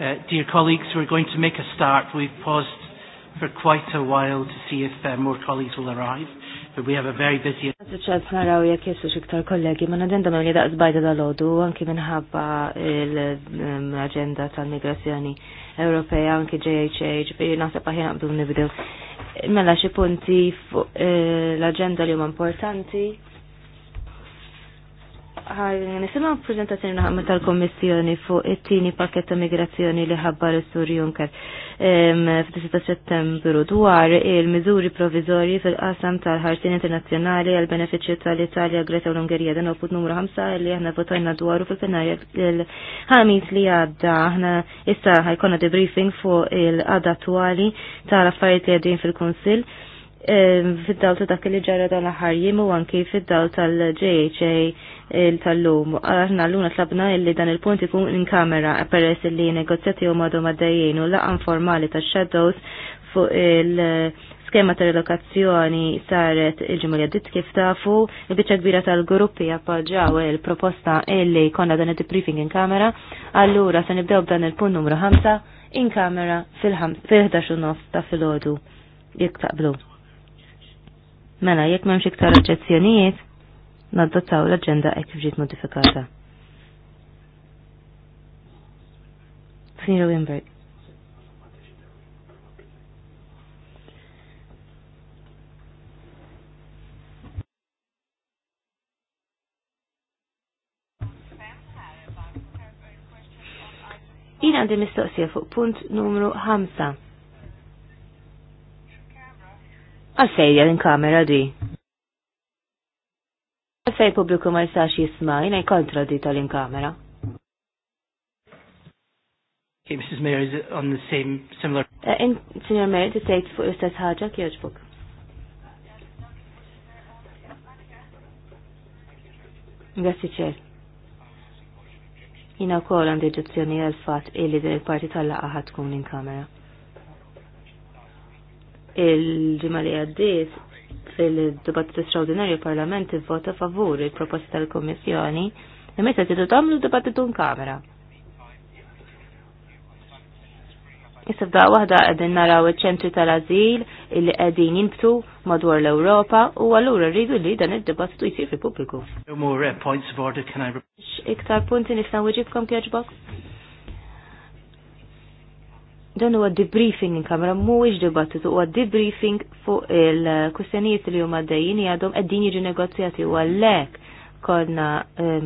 Uh, dear colleagues, we're going to make a start. We've paused for quite a while to see if uh, more colleagues will arrive. But we have a very busy... Ċans naraw jek jessu xiktar kollegi, ma nadendam li daqs bajda dal-ħodu, anki minħabba l-agenda um, tal migrazjoni Ewropeja, anki JHA, ġifiri naħseb għahina għabdu nibdew. Mela xie punti eh, l-agenda li huma importanti ħajrin prezentazzjoni preżentazzjoni naħma tal komissjoni fuq it-tieni pakket ta' migrazzjoni li ħabbar is-Sur Juncker f 16 Settembru dwar il-miżuri proviżorji fil-qasam tal-ħarsin internazzjonali għal benefiċċju tal-Italja, Greta u l-Ungerija dan oput numru 5 li aħna votajna dwaru fil-plenarja il-ħamis li għadda aħna issa ħajkonna debriefing fuq il-qada attuali tal-affarijiet li għaddin fil-Kunsill fid-dawl ta' dak li ġara dan aħħar jiem u anki fid-dawl tal-JHA tal-lum. Aħna l-luna tlabna illi dan il-punt ikun in kamera peress li negozjati u madu maddejjien u laqan formali ta' shadows fuq il- skema ta' relokazzjoni saret il-ġimulja ditt kif tafu, il-bicċa kbira tal-gruppi appoġġaw il-proposta illi konna dan il-debriefing in kamera, allura se nibdew b'dan il-punt numru 5 in kamera fil-11 nofs ta' fil-ħodu. Jek Mela, jekk m'hemmx iktar oġġezzjonijiet, nadottaw l-aġenda qed ġiet modifikata. Sinjora Wimberg. Jina għandi mistoqsija fuq punt numru 5 għalfejja l-inkamera di. Għalfej pubbliku ma jistax jisma' jina jkontra di tal-inkamera. Okay, Mrs. Mayor, is it on the same, similar... Uh, in, Senior Mayor, t-tejt fuq istess ħagġa kjoġbuk. Grazzi ċer. Jina kol għandi ġezzjoni għal-fat illi din il-parti tal-laqa ħatkun in kamera il ġimali li għaddiet fil-dibattit straordinarju parlament vota favur il-proposta tal-Kommissjoni imma tidu tagħmlu dibattitu n-kamera. Issa f'daq waħda qegħdin naraw iċ-ċentri tal-azil illi qegħdin jinbtu madwar l-Ewropa u allura rridu li dan id-dibattitu jsir fil-pubbliku. Uh, Iktar punti nifna wieġibkom kieġbok? dan huwa debriefing in kamra mhuwiex dibattitu huwa debriefing fuq il-kwistjonijiet li huma dejjin għadhom qegħdin jiġu negozjati eh, u għalhekk kodna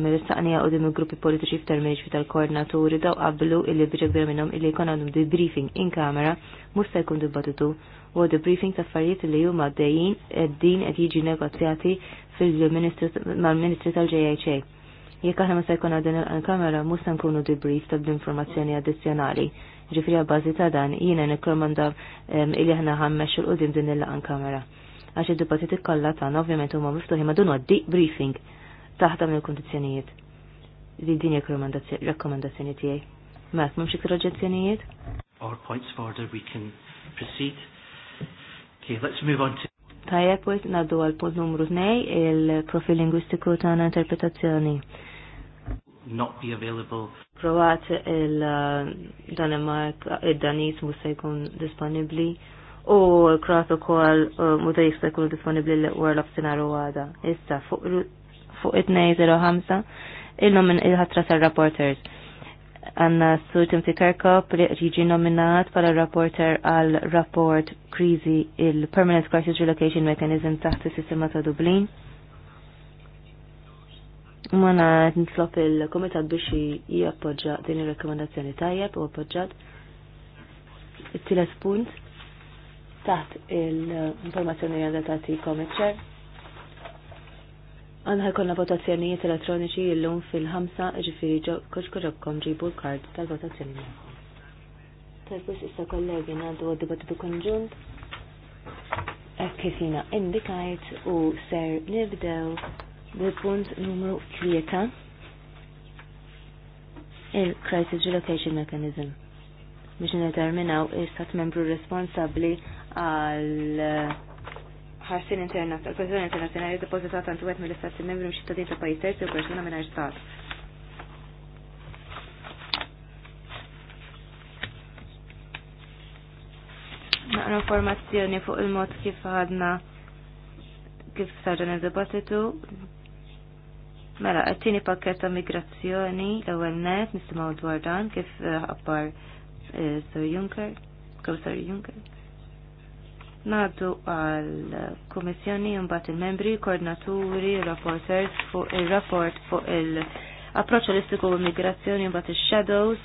mir-istaqnija dim il-gruppi politiċi f'termini tal-koordinaturi daw qablu illi biġa kbira minnhom illi jkun għandhom debriefing in kamera mhux se jkun dibattitu u debriefing ta' affarijiet li huma dejjin qegħdin qed jiġi negozjati fil-Ministru mal-Ministri tal-JHA jekk aħna ma se jkun għadin il-kamera mhux se nkunu debrief ta' bl-informazzjoni addizzjonali. Ġifri għal-bazi ta' dan jiena nikkomanda illi ħna ħammex il qudim din il-laqan kamera. Għax id-dibattit kollha tagħna ovvjament huma miftuħi ma dun għaddi briefing taħt mill kundizzjonijiet. Din din rakkomandazzjoni tiegħi. Mek, mhux iktar oġġezzjonijiet? Our points further we can proceed. Okay, let's move on to Tajjeb, wis naddu għal punt numru 2, il-profil lingwistiku tagħna interpretazzjoni not be available. Provat il-Danimark, uh, uh, il-Danis mu se jkun disponibli u l u kol mu da jista jkun disponibli li għar l-afsinaru għada. Issa, fuq it-205, il-nomin il-ħatra tal-rapporters. Għanna uh, Sur Timti Kerkop li jiġi nominat pala rapporter għal rapport krizi il-Permanent Crisis Relocation Mechanism taħt il-sistema ta' Dublin. Mana nitlop il-komitat biex jappoġġa din il-rekomendazzjoni tajjeb u appoġġat. It-tielet punt taħt il-informazzjoni għadha tagħti komiċer. Għandha jkollna votazzjonijiet elettroniċi llum fil-ħamsa ġifieri koġkoġobkom ġibu l-kard tal-votazzjoni Tarbus issa kollegi ngħaddu għad-dibattitu konġunt. Kif jina indikajt u ser nibdew Bil-punt numru 3 il-Crisis Relocation Mechanism biex nedeterminaw il-stat membru responsabli għal eh, ħarsin internazjonali, għal internazjonali, Internazzjonali għan t għet mill-Istati Membru mx ta' pajis terzi u persuna minn stat. Naqra informazzjoni fuq il-mod kif għadna kif sarġan il debattitu Mela, għattini pakket ta' migrazzjoni, l-ewel net, nisimaw dwar dan, kif għabbar eh, eh, Sir Juncker, kif Sir Juncker. Naddu għal komissjoni jumbat il-membri, koordinaturi, rapporters fuq il-rapport fuq il-approċ holistiku u migrazzjoni jumbat il-shadows.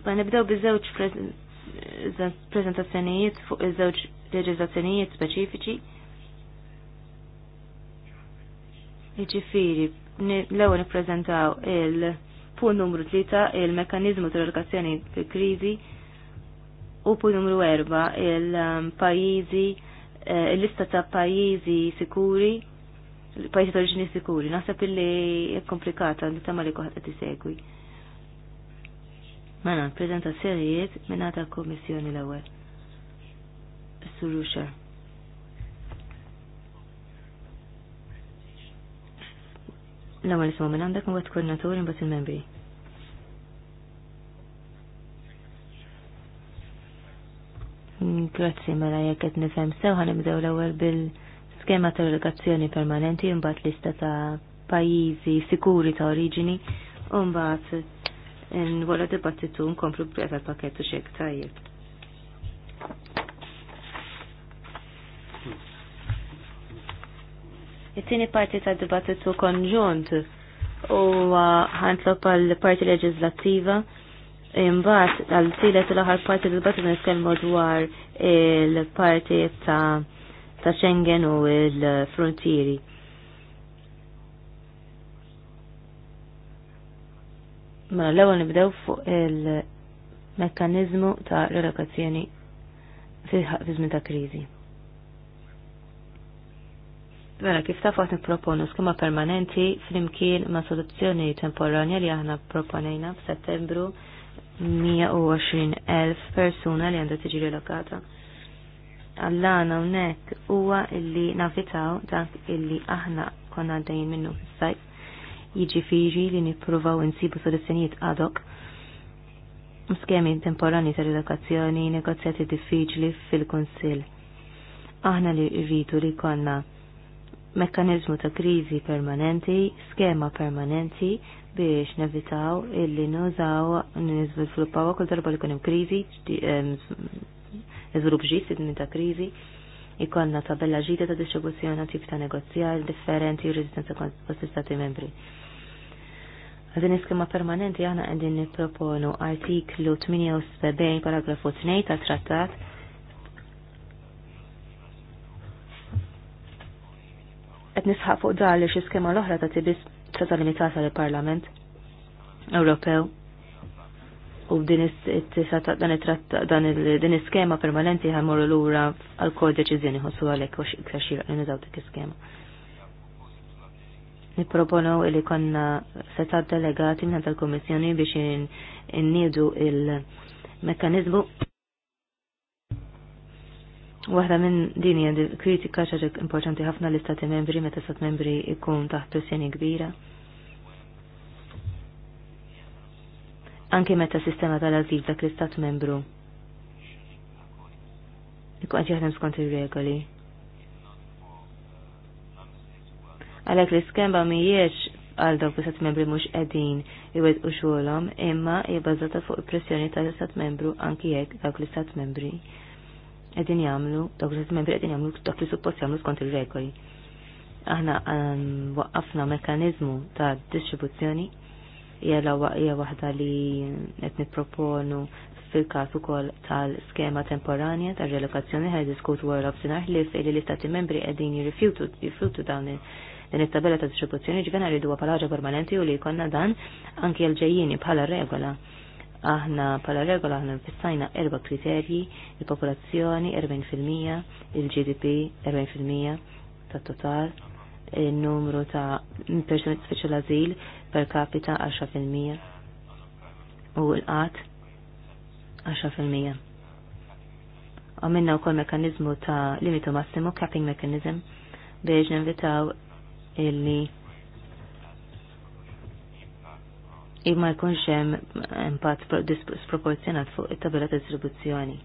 Ba nibdew biżewġ prezentazzjonijiet fuq iż-żewġ leġizazzjonijiet speċifiċi. Iġifiri, l-ewwel nippreżentaw il-punt numru 3 il-mekkaniżmu ta' relokazzjoni fil-kriżi u punt numru 4 il-pajjiżi um, eh, il-lista ta' pajjiżi sikuri pajjiżi ta' oriġini sikuri. Naħseb illi hija komplikata li tagħmel li koħat qed isegwi. Mela, prezentazzjonijiet minn ta' l l-ewwel. Surusha. l ewwel isma minn għandek mwet koordinatur imbat il-membri. Grazzi mela jekk qed nifhem sew ħanibdew l-ewwel bil-skema ta' relegazzjoni permanenti imbagħad lista ta' pajjiżi sikuri ta' oriġini u mbagħad wara dibattitu nkomplu b'qiegħed tal-pakett u xejn tajjeb. It-tieni parti ta' dibattitu konġunt u ħantlop għal parti leġislattiva imbagħad għal tielet u l-aħħar parti dibattitu nitkellmu dwar il-parti ta' ta' Schengen u l-frontieri. Mela l-ewwel nibdew fuq il-mekkaniżmu ta' relokazzjoni fi żmien ta' kriżi. Mela, kif ta' fuq nipproponu skema permanenti flimkien ma' soluzzjoni temporanja li aħna proponejna f'Settembru 120.000 persuna li għandha tiġi relokata. Għallana unnek huwa illi navitaw dak illi aħna konna għaddejjin minnu fis-sajf. Jiġifieri li nippruvaw insibu soluzzjonijiet ad hoc skemi temporani ta' relokazzjoni negozjati diffiċli fil-Kunsill. Aħna li rridu li konna mekkanizmu ta' krizi permanenti, skema permanenti biex nevitaw illi nużaw nizviluppaw kull darba li kunem krizi, iżvilupp ġit sidni ta' krizi, ikonna tabella ġita ta' distribuzzjoni tip ta' negozjar differenti u rezistenza fost istati membri. Għadin iskema permanenti għana għandin niproponu artiklu 78 paragrafu 2 ta' trattat qed nisħaq fuq dar li xi skema l-oħra ta' tibis seta' limitata lill parlament Ewropew u din din is-skema permanenti ħamorru lura għal kod deċiżjoni ħossu għalhekk u iktar xieraq li niżaw dik iskema. Nipproponu li konna setat delegati minn tal-Kummissjoni biex innidu il-mekkanizmu Waħda minn din hija kritika xi importanti ħafna l istati membri meta stat membri jkun taħt pressjoni kbira. Anke meta sistema tal-azil dak l-istat membru ikun qed jaħdem skont ir-regoli. Għalhekk l-iskemba mhijiex għal dawk l-istat membri mhux qegħdin iwettqu xogħolhom imma hija bbażata fuq il-pressjoni tal-istat membru anki jekk dawk l-istat membri qegħdin jagħmlu dawk l membri għedin jagħmlu dawk li suppost jagħmlu skont ir-regoli. Aħna ehm, waqqafna mekkaniżmu ta' distribuzzjoni hija waħda li qed nipproponu fil-każ ukoll tal-skema temporanja tar-relokazzjoni ħaj diskut wara f'sinar ħlief li l-istati membri qegħdin jirrifjutu jirrifjutu dawn din it-tabella ta' distribuzzjoni ġvena rridu bħala permanenti u li jkollna dan anke l-ġejjini bħala regola Aħna pala regola aħna nfissajna erba kriterji, il-popolazzjoni 40%, il-GDP 40% ta' total, il-numru ta' persuni speċjal azil per capita 10% u l-qat 10%. Għamilna u kol mekanizmu ta' limitu massimu, capping mekanizm, biex il illi imma jkunx hemm impatt disproporzjonat fuq it-tabela ta' distribuzzjoni.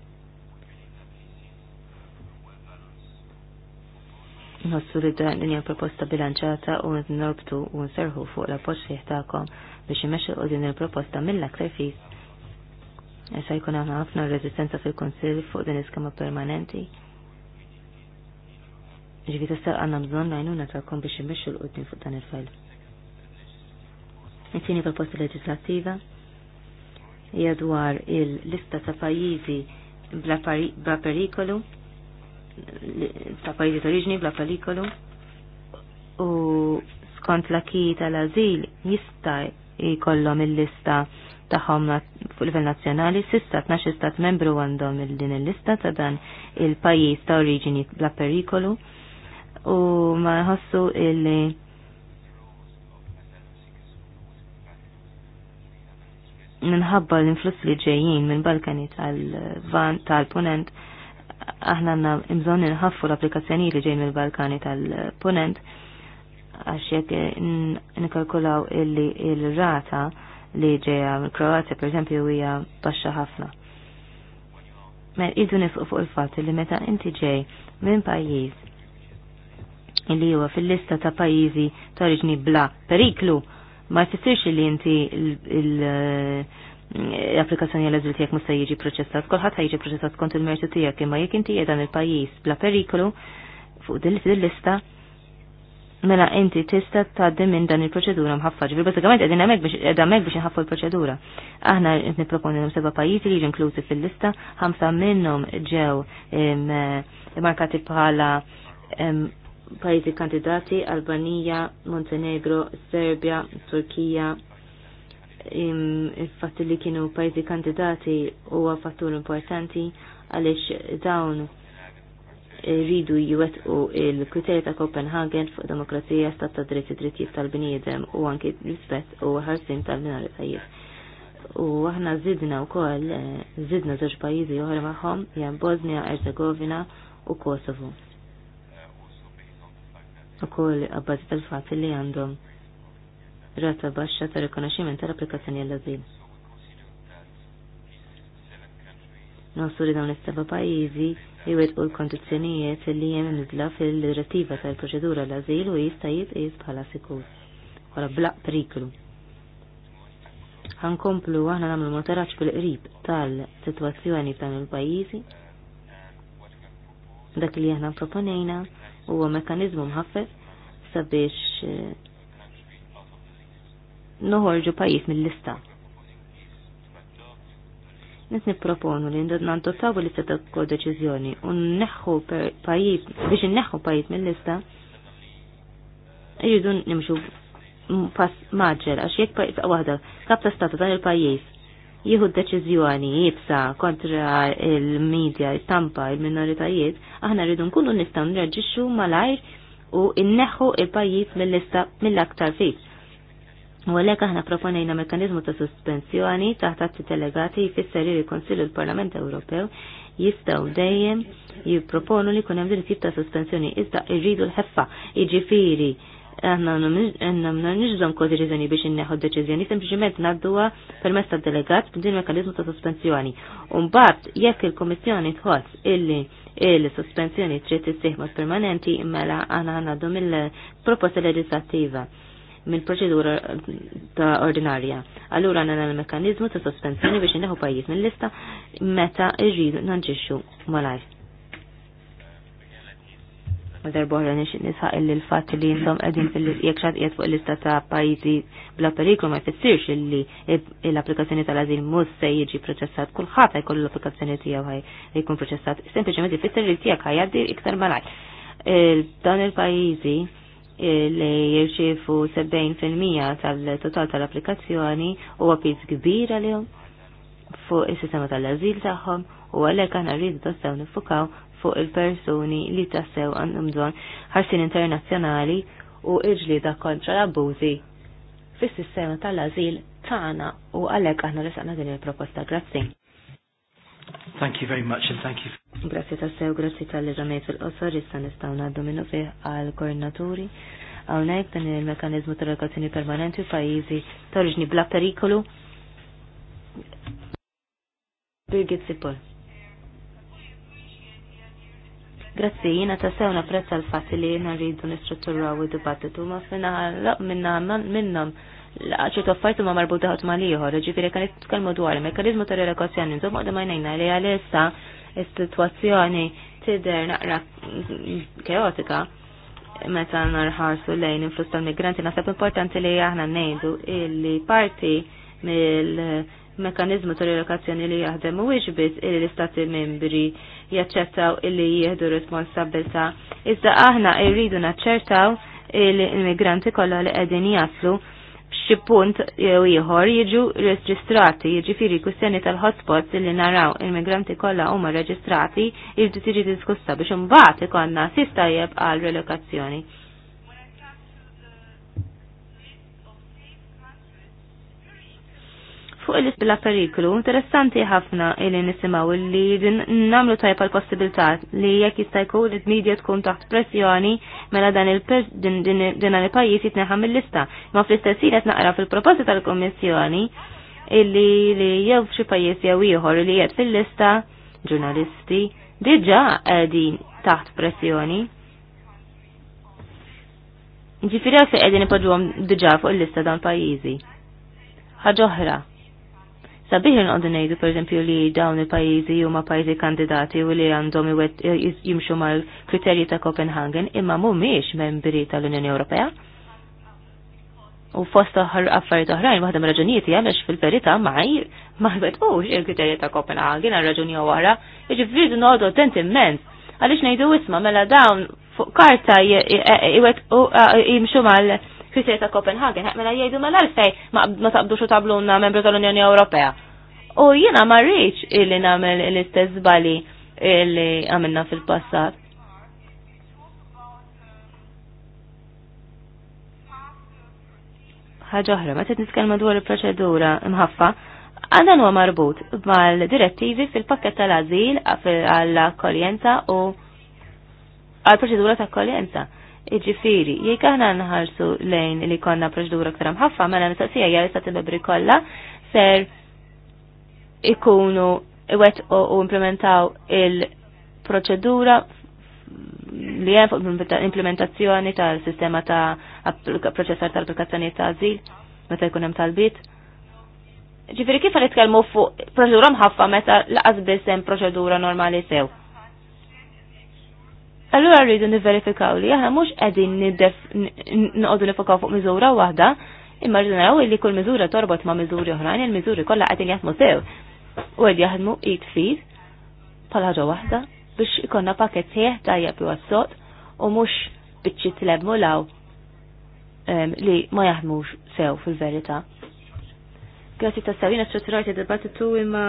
Nħossu li dan din proposta bilanċata u norbtu u nserħu fuq la appoġġ li tagħkom biex jimmeċi u din il-proposta mill-aktar fis. Issa jkun hawn ħafna rezistenza fil konsil fuq din iskema permanenti. Ġivi tista' għandna bżonn għajnuna tagħkom biex jimmeċi l-qudiem fuq dan il-fajl. It-tieni proposta leġislattiva jadwar il-lista ta' pajjiżi bla perikolu ta' pajjiżi t-oriġni bla perikolu u skont l ki tal-azil jista' jkollhom il-lista tagħhom fuq livell nazzjonali sissa 12 stat membru għandhom il din il-lista ta' dan il-pajjiż ta' oriġini bla perikolu u ma jħossu il- minħabba l-influss li ġejjin minn Balkani tal-Van tal-Ponent aħna għanna imżon nħaffu l-applikazzjoni li ġejjin mill balkani tal-Ponent għax jekk nikalkulaw illi il-rata li ġeja mill-Kroazja per eżempju hija baxxa ħafna. Ma mela, idu nifqu fuq il fat li meta inti ġej minn pajjiż illi huwa fil-lista ta' pajjiżi ta' bla periklu ma jfissirx li inti l-applikazzjoni eh, għal eżil tiegħek musta jiġi proċessat, kolħadd ħajġi proċessat kont il-mertu tiegħek imma jekk inti qiegħda il-pajjiż bla perikolu fuq dil lista mela inti tista tgħaddi minn dan il-proċedura mħaffa ġifier bażikament qegħdin hemmhekk biex qed hemmhekk biex inħaffu l-proċedura. Aħna qed nipproponi lhom seba' pajjiżi li jiġu inklużi fil-lista, ħamsa minnhom ġew eh, markati bħala pajjiżi kandidati Albanija, Montenegro, Serbja, Turkija. Il-fatt li kienu pajjiżi kandidati huwa fattur importanti għaliex dawn rridu jwetqu il-kriterji ta' Copenhagen fuq demokrazija, stat ta' dritti drittijiet tal-bniedem u anki rispett u ħarsim tal-minoritajiet. U aħna zidna u koll, eh, zidna zoċ pajizi oħra maħħom, jgħan Bosnia, Erzegovina u Kosovo u koll abbażi tal fat li għandhom rata baxxa ta' rikonoxximent tal-applikazzjoni għall-azil. Nossu li dawn l is-seba' pajjiżi u l kondizjonijiet li jem nizla fil-direttiva tal-proċedura l-azil u jista' jitqies bħala sikur wara blaq periklu. Ħankomplu għahna namlu motaraċ fil-qrib tal situazzjoni f'dan il-pajjiżi dak li jahna proponejna huwa mekanizmu mħaffef sabiex eh, noħorġu pajjiż mill-lista. Nis nipproponu li nandottaw li seta kol deċiżjoni u neħħu pajis biex neħħu pajjiż mill-lista jridu nimxu pass maġġel għax jekk waħda kap ta' statu dan il-pajjiż jihud deċiżjoni jibsa kontra il-medja, il-stampa, il-minoritajiet, aħna rridu nkunu nistgħu mal malajr u inneħu il-pajjiż mill-lista mill-aktar fit. U għalhekk aħna proponejna mekkaniżmu ta' sospensjoni taħt atti delegati jfisser li konsilju l-Parlament Ewropew jistaw dejjem jipproponu li kunem din tip ta' sospensjoni iżda irridu l-ħeffa jiġifieri għanna għanna nġżom kodi rizjoni biex inneħu deċizjoni, sempliciment naddua permess ta' delegat b'din mekanizmu ta' sospensjoni. Umbat, jekk il-Komissjoni tħoss illi il-sospensjoni trid tissieħma permanenti mela għanna għaddu mill-proposta leġislattiva mill-proċedura ta' ordinarja. Allura għanna l-mekanizmu ta' sospensjoni biex inneħu pajjiż mill-lista meta irridu nanġixxu malajr. Għal darbohra nix nisħaq illi l-fat li jinsom għedin fil-jek xad jgħet fuq l-lista ta' pajzi bla periklu ma jfessirx illi l-applikazzjoni tal-azil mus se jiġi proċessat kullħat jkollu l-applikazzjoni tijaw għaj jkun proċessat. Sempliciment jfessir li tijak għajaddi iktar malaj. Dan il pajzi li jirċifu 70% tal-total tal-applikazzjoni u għapiz kbira li fuq il-sistema tal-azil taħħom u għalek għana rridu tostaw nifukaw fuq il-persuni li tassew għandhom bżonn ħarsin internazzjonali u da kontra l-abbużi fis-sistema tal-azil tagħna u għalhekk aħna resaqna din il-proposta. Grazzi. Thank you very much and thank you. Grazzi tassew, grazzi tal leġamiet fil-qosor, jistan nistgħu ngħaddu minnu fih għal-koordinaturi għawnek dan il-mekanizmu tal relokazzjoni permanenti f'pajjiżi tal-riġni bla perikolu. Birgit Sipol. Grazzi, jina ta' sewna prezza l-fat li jina rridu nistrutturaw id-dibattitu ma' minna minnom ċertu affajtu ma' marbuta ħot ma' liħor, ġifiri kan itkalmu dwar il-mekanizmu ta' relokazzjoni, nżommu għadda ma' jnajna li għalessa situazzjoni tider naqra kaotika meta narħarsu lejn influss tal-migranti, nasab importanti li aħna nejdu illi parti mill- mekanizmu ta' relokazzjoni li jaħdem mhuwiex biss li l-istati membri jaċċettaw illi jieħdu responsabilta. Iżda aħna irridu naċċertaw il-immigranti kollha li qegħdin jaslu b'xi punt jew ieħor jiġu reġistrati, jiġifieri kwistjoni tal-hotspots li naraw il-migranti kollha huma reġistrati, jiġu tiġi diskussa biex imbagħad ikollna sista jeb għal relokazzjoni. Fuq il bla periklu, interessanti ħafna illi nisimaw illi namlu tajpa l-possibilità li jekk jista' jkun id-medja tkun taħt pressjoni mela dan din il pajis jitneħam mill-lista. Ma fl-istess qed naqra fil-proposti tal-Kummissjoni illi li jew xi pajjiż jew ieħor li jgħed fil-lista ġurnalisti diġà qegħdin taħt pressjoni. Ġifieri għalfejn qegħdin ipoġġuhom diġà fuq il-lista dan pajjiżi. Ħaġa oħra Sabiħ nqoddu ngħidu pereżempju li dawn il-pajjiżi huma pajjiżi kandidati u li għandhom jimxu mal-kriterji ta' Copenhagen imma mhumiex membri tal-Unjoni Ewropea. U fost oħar affarijiet oħrajn waħda mir-raġunijiet għaliex fil-verità maj ma jbetqux il-kriterji ta' Copenhagen għal raġuni oħra, jiġifieri du noqgħdu attent immens għaliex ngħidu isma' mela dawn fuq karta jimxu mal fisir ta' Copenhagen, mela jgħidu l-alfej mela ma taqbdux tablu tablunna membru tal-Unjoni Ewropea. U jiena ma rridx illi nagħmel l-istess żbali illi għamilna fil-passat. ħaġa oħra, meta nitkellma dwar il-proċedura mħaffa, għandan huwa marbut mal-direttivi fil-pakket tal-azil għall-akkoljenza u għal-proċedura tal akkoljenza. Iġifiri, jek aħna nħarsu lejn li konna proċedura ktar mħaffa, mela nistaqsija jgħal sa' tibabri kolla ser ikunu iwet u implementaw il-proċedura li jen fuq implementazzjoni tal-sistema ta' proċessar tal-applikazzjoni ta' azil, meta jkun hemm tal-bit. Ġifieri kif għal fuq proċedura mħaffa meta laqas biss hemm proċedura normali sew. Allura rridu niverifikaw li aħna mhux qegħdin noqogħdu nifokaw fuq miżura waħda, imma rridu naraw li kull miżura torbot ma' miżuri oħrajn, il-miżuri kollha qegħdin jaħdmu sew. U qed jaħdmu qid fid bħal ħaġa waħda biex ikonna pakett sejħ tajjeb u għas u mhux biċċi tlebmu law li ma jaħdmux sew fil-verità. Grazzi ta' sawina ċoċrajti dibattitu imma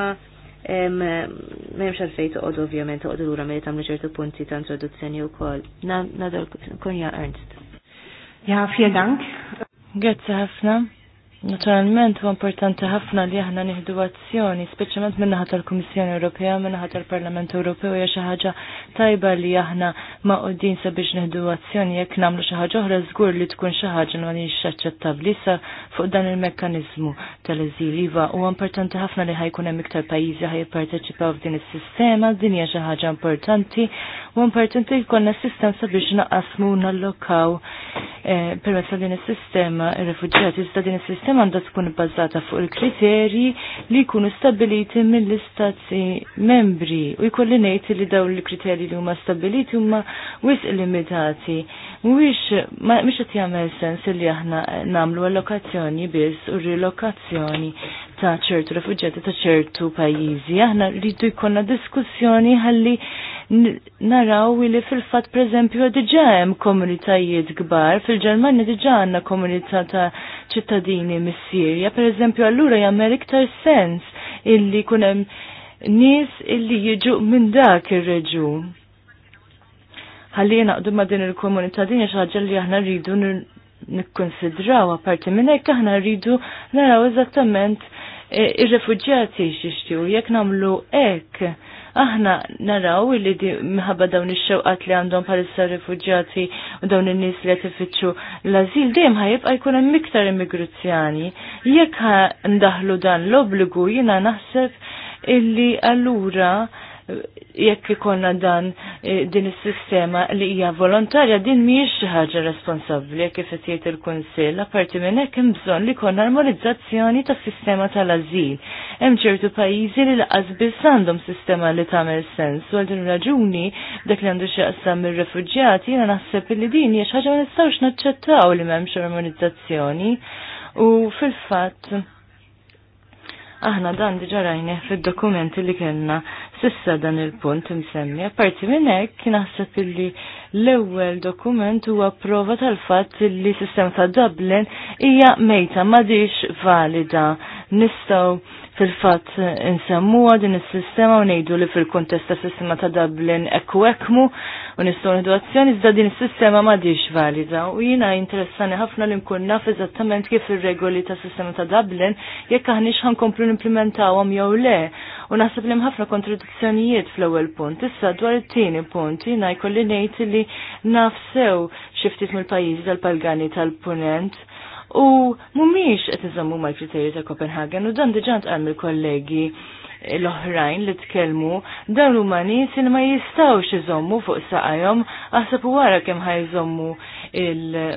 Memx għalfej toqod ovvjament toqod l-ura li tamlu ċertu punti ta' introduzzjoni u kol. Nadal Kunja Ernst. Ja, fjedank. Dank. Grazie ħafna. Naturalment huwa importanti ħafna li aħna nieħdu azzjoni, speċjalment min-naħa tal-Kummissjoni Ewropea, min-naħa tal-Parlament Ewropew hija xi ħaġa tajba li aħna ma' qudin sabiex nieħdu azzjoni jekk nagħmlu xi ħaġa oħra żgur li tkun xi ħaġa li mhix aċċettabbli sa fuq dan il-mekkaniżmu tal-eżil iva huwa importanti ħafna li ħajkun hemm iktar pajjiżi ħajjipparteċipaw f'din is-sistema, din hija xi ħaġa importanti u importanti jkollna sistem sabiex naqasmu nallokaw eh, permezz din is-sistema ir-refuġjati iżda din is-sistema tagħhom tkun bazzata fuq il-kriterji li jkunu stabiliti mill-istati membri u jkolli ngħid li dawn il-kriterji li huma stabiliti huma wisq limitati Mwix, mwix għet jgħamil sens li aħna namlu allokazzjoni biss u rilokazzjoni ta' ċertu refugġati ta' ċertu pajizi. Aħna rridu jkonna diskussjoni għalli naraw li fil-fat per diġa hemm komunitajiet gbar, fil-Ġermanja diġa għandna komunità ta' ċittadini mis-Sirja, per allura jagħmel iktar sens illi kunem nies illi jiġu minn dak ir-reġun ħalli naqdu ma' din il-komunità din xaġġa li aħna rridu nikkonsidraw apparti minn hekk aħna rridu naraw eżattament e, ir-refuġjati xixtiju jekk nagħmlu hekk aħna naraw li di mħabba dawn ix-xewqat li għandhom bħalissa rifuġjati u dawn in-nies li qed ifittxu l-ażil dejjem ħajibqa' jkun hemm iktar immigrazzjani. Jekk ndaħlu dan l-obbligu jiena naħseb illi allura jekk ikonna dan e, din is-sistema li hija volontarja din mhijiex xi ħaġa responsabbli kif qed jgħid il-Kunsill, apparti minn hekk hemm bżonn li jkollna armonizzazzjoni tas-sistema tal-ażil. Hemm ċertu pajjiżi li laqas biss għandhom sistema li tagħmel sens u għal din raġuni dak li għandu x'jaqsam mir-refuġjati jiena naħseb li din hija xi ħaġa ma nistgħux naċċettaw li m'hemmx armonizzazzjoni u fil-fatt aħna dan diġa rajneh fil-dokumenti li kellna sissa dan il-punt msemmi. Parti minn hekk naħseb illi l-ewwel dokument huwa prova tal-fatt li sistema ta' Dublin hija mejta m'għadix valida. Nistgħu fil-fat insemmuha din is-sistema u ngħidu li fil-kuntest sistema ta' Dublin ekku ekmu u nistgħu nieħdu azzjoni iżda din is-sistema m'għadix valida u jiena interessani ħafna li nkun naf eżattament kif ir-regoli ta' sistema ta' Dublin jekk aħniex ħankomplu nimplementawhom jew le u naħseb li ħafna kontradizzjonijiet fl-ewwel punt. Issa dwar it-tieni punt jiena jkolli ngħid li naf sew xi ftit mill-pajjiżi tal palgani tal-Punent u mumiex qed iżommu mal-kriterji ta' Copenhagen u dan diġant għal mill-kollegi l-oħrajn li tkellmu dawn huma nies li ma jistgħux iżommu fuq saqajhom aħseb wara kemm ħajżommu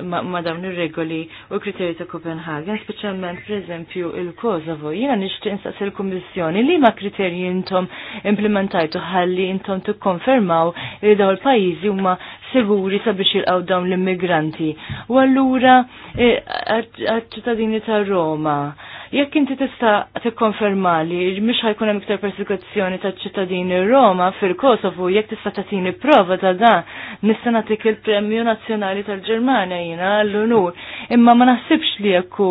ma dawn ir-regoli u l-kriterji ta' Copenhagen, speċjalment pereżempju il-Kosovo. Jiena nixtieq instaqsi il kummissjoni li ma kriterji intom implementajtu ħalli intom tikkonfermaw li dawn il-pajjiżi huma siguri sabiex jilqgħu dawn l-immigranti. U allura eh, għal-ċittadini ta' Roma Jekk inti tista' tikkonferma li mhux ħajkun hemm iktar persekuzzjoni taċ ċittadini Roma fil-Kosovo, jekk tista' tagħtini prova ta' dan, nista' nagħtik il-Premju Nazzjonali tal-Ġermanja jiena l-unur. Imma ma naħsibx li jekku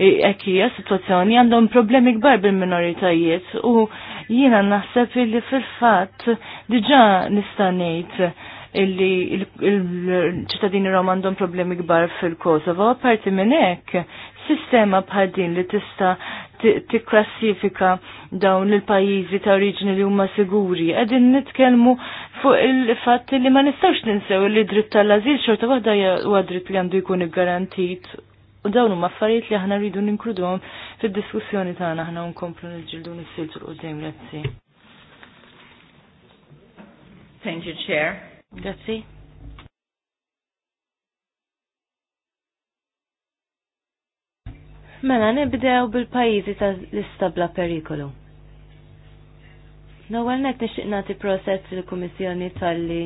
hekk hija sitwazzjoni għandhom problemi kbar bil-minoritajiet u jiena naħseb li fil-fatt diġà nista' ngħid illi il-ċittadini Roma għandhom problemi kbar fil-Kosovo, parti minn hekk sistema bħal din li tista' tikklassifika dawn il-pajjiżi ta' oriġini li huma siguri. Qegħdin nitkellmu fuq il-fatt li ma nistgħux ninsew li dritt tal-ażil xorta waħda huwa dritt li għandu jkun iggarantit. U dawn huma affarijiet li aħna rridu ninkludhom fid-diskussjoni tagħna aħna nkomplu niġġieldu nissiltu qudiem grazzi. Thank you, Chair. Grazie. Mela nibdew bil-pajjiżi ta' l-istabla perikolu. L-ewwel net nixtieq nagħti proċess il-Kummissjoni tal-li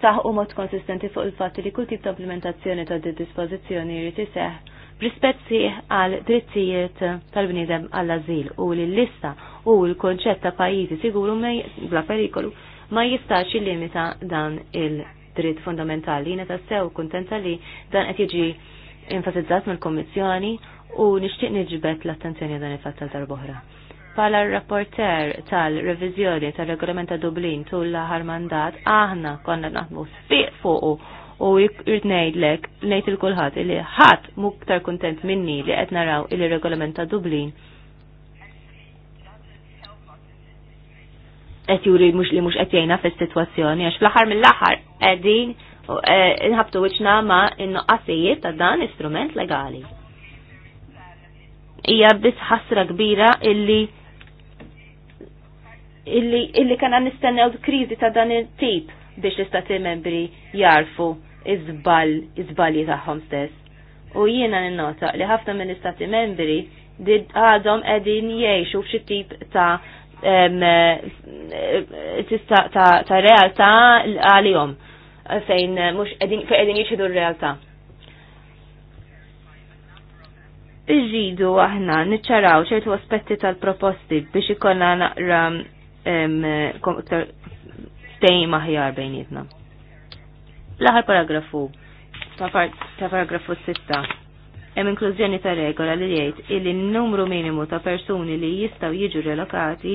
staħu mod konsistenti fuq il fat li kull tip ta' implementazzjoni ta' di dispożizzjoni jrid iseħħ b'rispetti għal drittijiet tal-bniedem għall-azil u li l-lista u l-konċett ta' pajjiżi siguru bla perikolu ma jistax il-limita dan il-dritt fundamentali. Jina ta' sew kontenta li dan qed jiġi enfasizzat mill komissjoni u nixtieq niġbet l-attenzjoni dan il-fatt tal darboħra. Pala rapporter tal-revizjoni tal-regolament ta' Dublin tul l-aħar mandat, aħna konna naħmu sfiq fuqu u jirtnejd ngħidlek nejt il kulħadd li ħadd muktar kuntent minni li qed naraw il-regolament ta' Dublin qed juri mhux li mhux qed jgħinha fis-sitwazzjoni għax fl-aħħar mill-aħħar qegħdin eh, inħabtu wiċċna ma' in-noqqasijiet ta' dan istrument legali hija biss ħasra kbira illi illi illi kana nistennew krizi ta' dan il-tip biex l-istati membri jarfu izbal, iżbalji tagħhom stess. U jiena n-nota li ħafna minn istati membri għadhom qegħdin jgħixu f'xi tip eh, ta' ta' realtà għalihom fejn mhux qegħdin jiexu r-realtà. irridu aħna niċċaraw ċertu aspetti tal-proposti biex ikonna naqra stejn aħjar bejnietna. L-aħar paragrafu, ta' paragrafu 6, hemm inklużjoni ta' regola li jgħid illi n-numru minimu ta' persuni li jistgħu jiġu relokati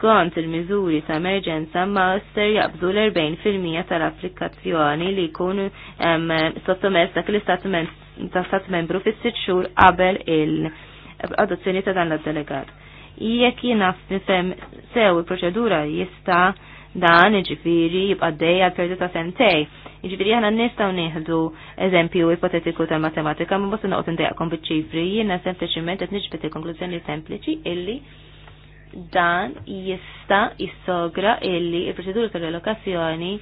kont il-miżuri ta' emerġenza ma ser jaqbdu l-40% tal-applikazzjoni li jkunu sottomessa dak l-istatment ta' stat membru fis sitt xhur qabel il-adozzjoni ta' dan l-delegat. Jekk jiena nifhem sew il-proċedura jista' dan iġifiri jibqa' dejja l-perdu ta' sentej. Iġifiri aħna nistgħu nieħdu eżempju ipotetiku tal-matematika ma bosta noqgħod indejjaqkom biċ-ċifri, jiena sempliċiment qed niġbed il-konklużjoni sempliċi illi dan jista' jissogra illi il-proċedura tal-relokazzjoni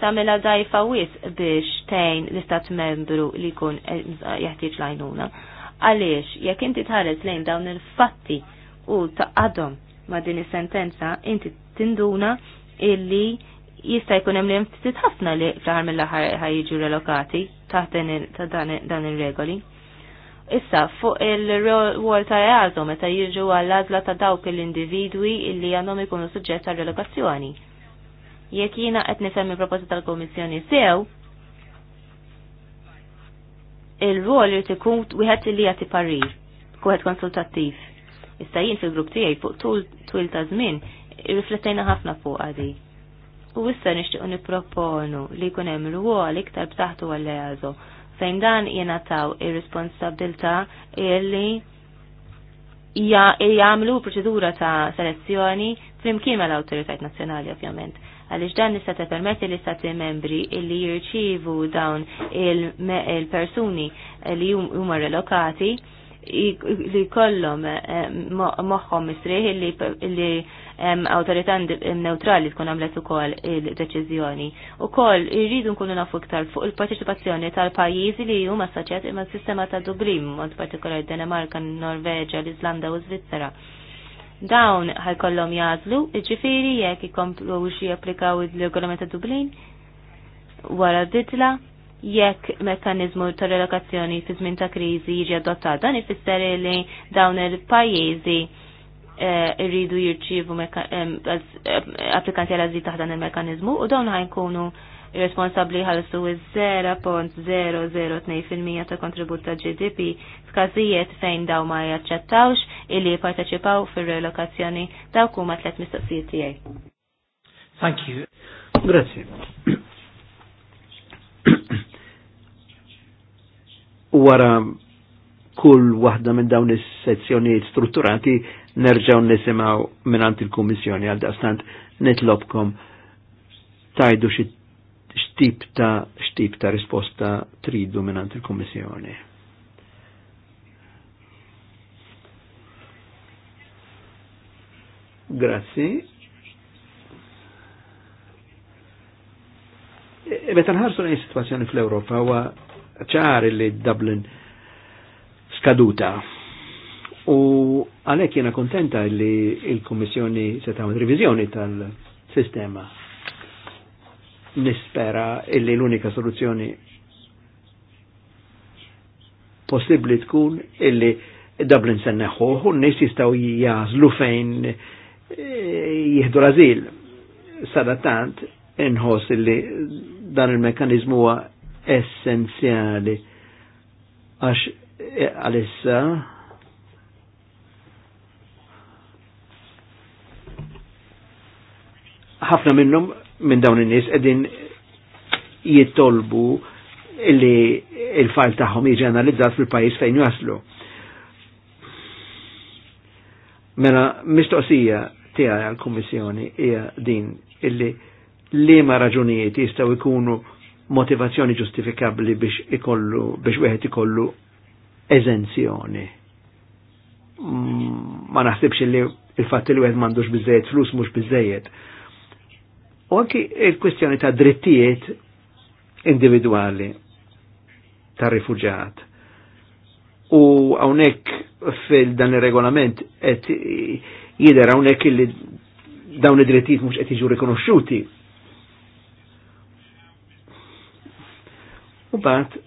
tamela dajfa wis biex tejn l-istat membru li kun eh, jahtiċ lajnuna. Għaliex, jekk inti tħares lejn dawn il-fatti u taqadhom ma' din is-sentenza, inti tinduna illi jista' jkun hemm li ħafna li fl-aħħar mill-aħħar ħajjiġu relokati taħt dan ir-regoli. Issa, fuq il-rol ta' għazom meta jiġu għall għażla ta' dawk l-individwi illi għandhom ikunu suġġett għal relokazzjoni Jekk jiena qed nifhem il-proposta tal-Kummissjoni sew, il-rol li ikun wieħed li jagħti parir, wieħed konsultattiv. Issa jien fil-grupp tiegħi fuq tul ta' żmien riflettejna ħafna fuq għadi. U issa nixtiequ nipproponu li jkun hemm rwol iktar b'taħtu għall-eażo fejn dan taw ir-responsabilta illi jgħamlu proċedura ta' selezzjoni flimkien mal autoritajt nazzjonali ovvjament għaliex dan nista' permetti li stati membri illi jirċievu dawn il-persuni li huma relokati li kollom eh, moħħom misriħ li autorità neutrali tkun għamlet ukoll il-deċiżjoni. Ukoll irridu nkunu nafu iktar fuq il-parteċipazzjoni tal-pajjiżi li huma assoċjati ma' sistema ta' Dublin, mod partikolari Danimarka, Norveġa, l-Iżlanda u Svizzera dawn ħajkollhom jazlu, ġifiri jekk ikomplu xi japplikaw ir regolament ta' Dublin wara ditla jekk mekkaniżmu ta' relokazzjoni fi żmien ta' kriżi jiġi adottat dan ifisser li dawn il-pajjiżi eh, irridu jirċievu applikanti għal azil taħdan dan il-mekkanizmu u dawn ħajkunu irresponsabbli ħalsu iż-0.002% ta' kontribut ta' GDP f'każijiet fejn daw ma jaċċettawx illi jipparteċipaw fir-relokazzjoni ta' huma tliet mistoqsijiet tiegħi. Thank you. Grazie. Wara kull waħda minn dawn is-sezzjonijiet strutturati nerġgħu nisimgħu minant il-Kummissjoni għal daqstant nitlobkom tajdu xi xtip ta', xtip ta risposta tridu minnant il-Kommissjoni. Grazzi. E, e meta nħarsu lejn situazzjoni fl-Ewropa huwa ċar li Dublin skaduta. U għalhekk jiena kontenta li il-Kummissjoni se tagħmel riviżjoni tal-sistema nispera illi l-unika soluzzjoni possibli tkun illi Dublin se neħuħ n-nis jistaw jazlu fejn eh, jihdu l-azil. Sadatant inħoss illi dan il-mekanizmu huwa essenzjali għax eh, għalissa ħafna minnum minn dawn in-nies qegħdin jittolbu li il-fajl tagħhom jiġi analizzat fil-pajjiż fejn jaslu. Mela mistoqsija tiegħi għall-Kummissjoni hija din illi liema raġunijiet jistgħu jkunu motivazzjoni ġustifikabbli biex ikollu biex wieħed ikollu eżenzjoni. Mm, ma naħsibx li il-fatt li wieħed m'għandux biżejjed flus mhux biżejjed U anki il-kwestjoni ta' drittijiet individuali ta' rifugjat. U għawnek fil-dan il-regolament et jider għawnek il dawn id-drittijiet mux qed jiġu rikonoxxuti. U bat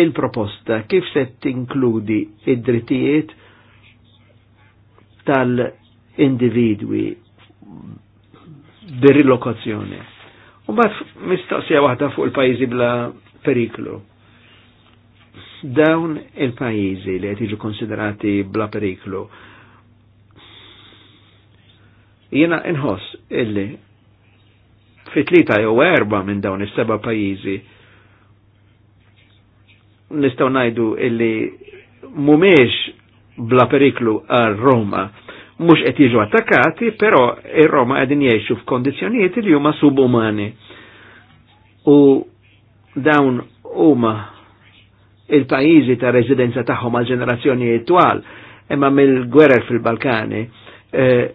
il-proposta kif se tinkludi id-drittijiet tal-individwi derilokazzjoni. U bat mistaqsija waħda fuq il-pajizi bla periklu. Dawn il-pajizi li qed jiġu konsiderati bla periklu. Jiena inħoss illi fitlita jew erba' minn dawn is-seba' pajjiżi nistgħu ngħidu illi mhumiex bla periklu għal Roma mhux qed jiġu attakkati, però ir-Roma qegħdin jgħixu f'kondizzjonijiet li huma subumani. U dawn huma il-pajjiżi ta' residenza tagħhom għal ġenerazzjoni twal, imma mill-gwerer fil-Balkani eh,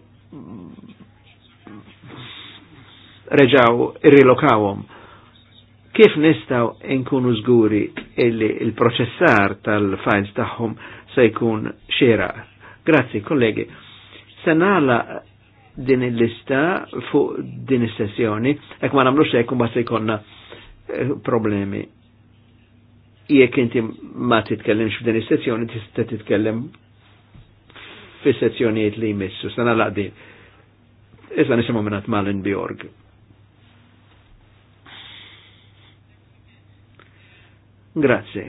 reġaw irrilokawhom. Kif nistaw inkunu żguri illi il-proċessar tal-files tagħhom se jkun xieraq? Grazzi, kollegi. Senala din il-lista fuq din is-sessjoni, ek ma namlu xe imbagħad se jkollna eh, problemi. Jek inti ma titkellimx f'din is-sessjoni tista' titkellem fis-sezzjonijiet li jmissu. senala din. Issa nisimgħu minn Malin biorg. Grazie.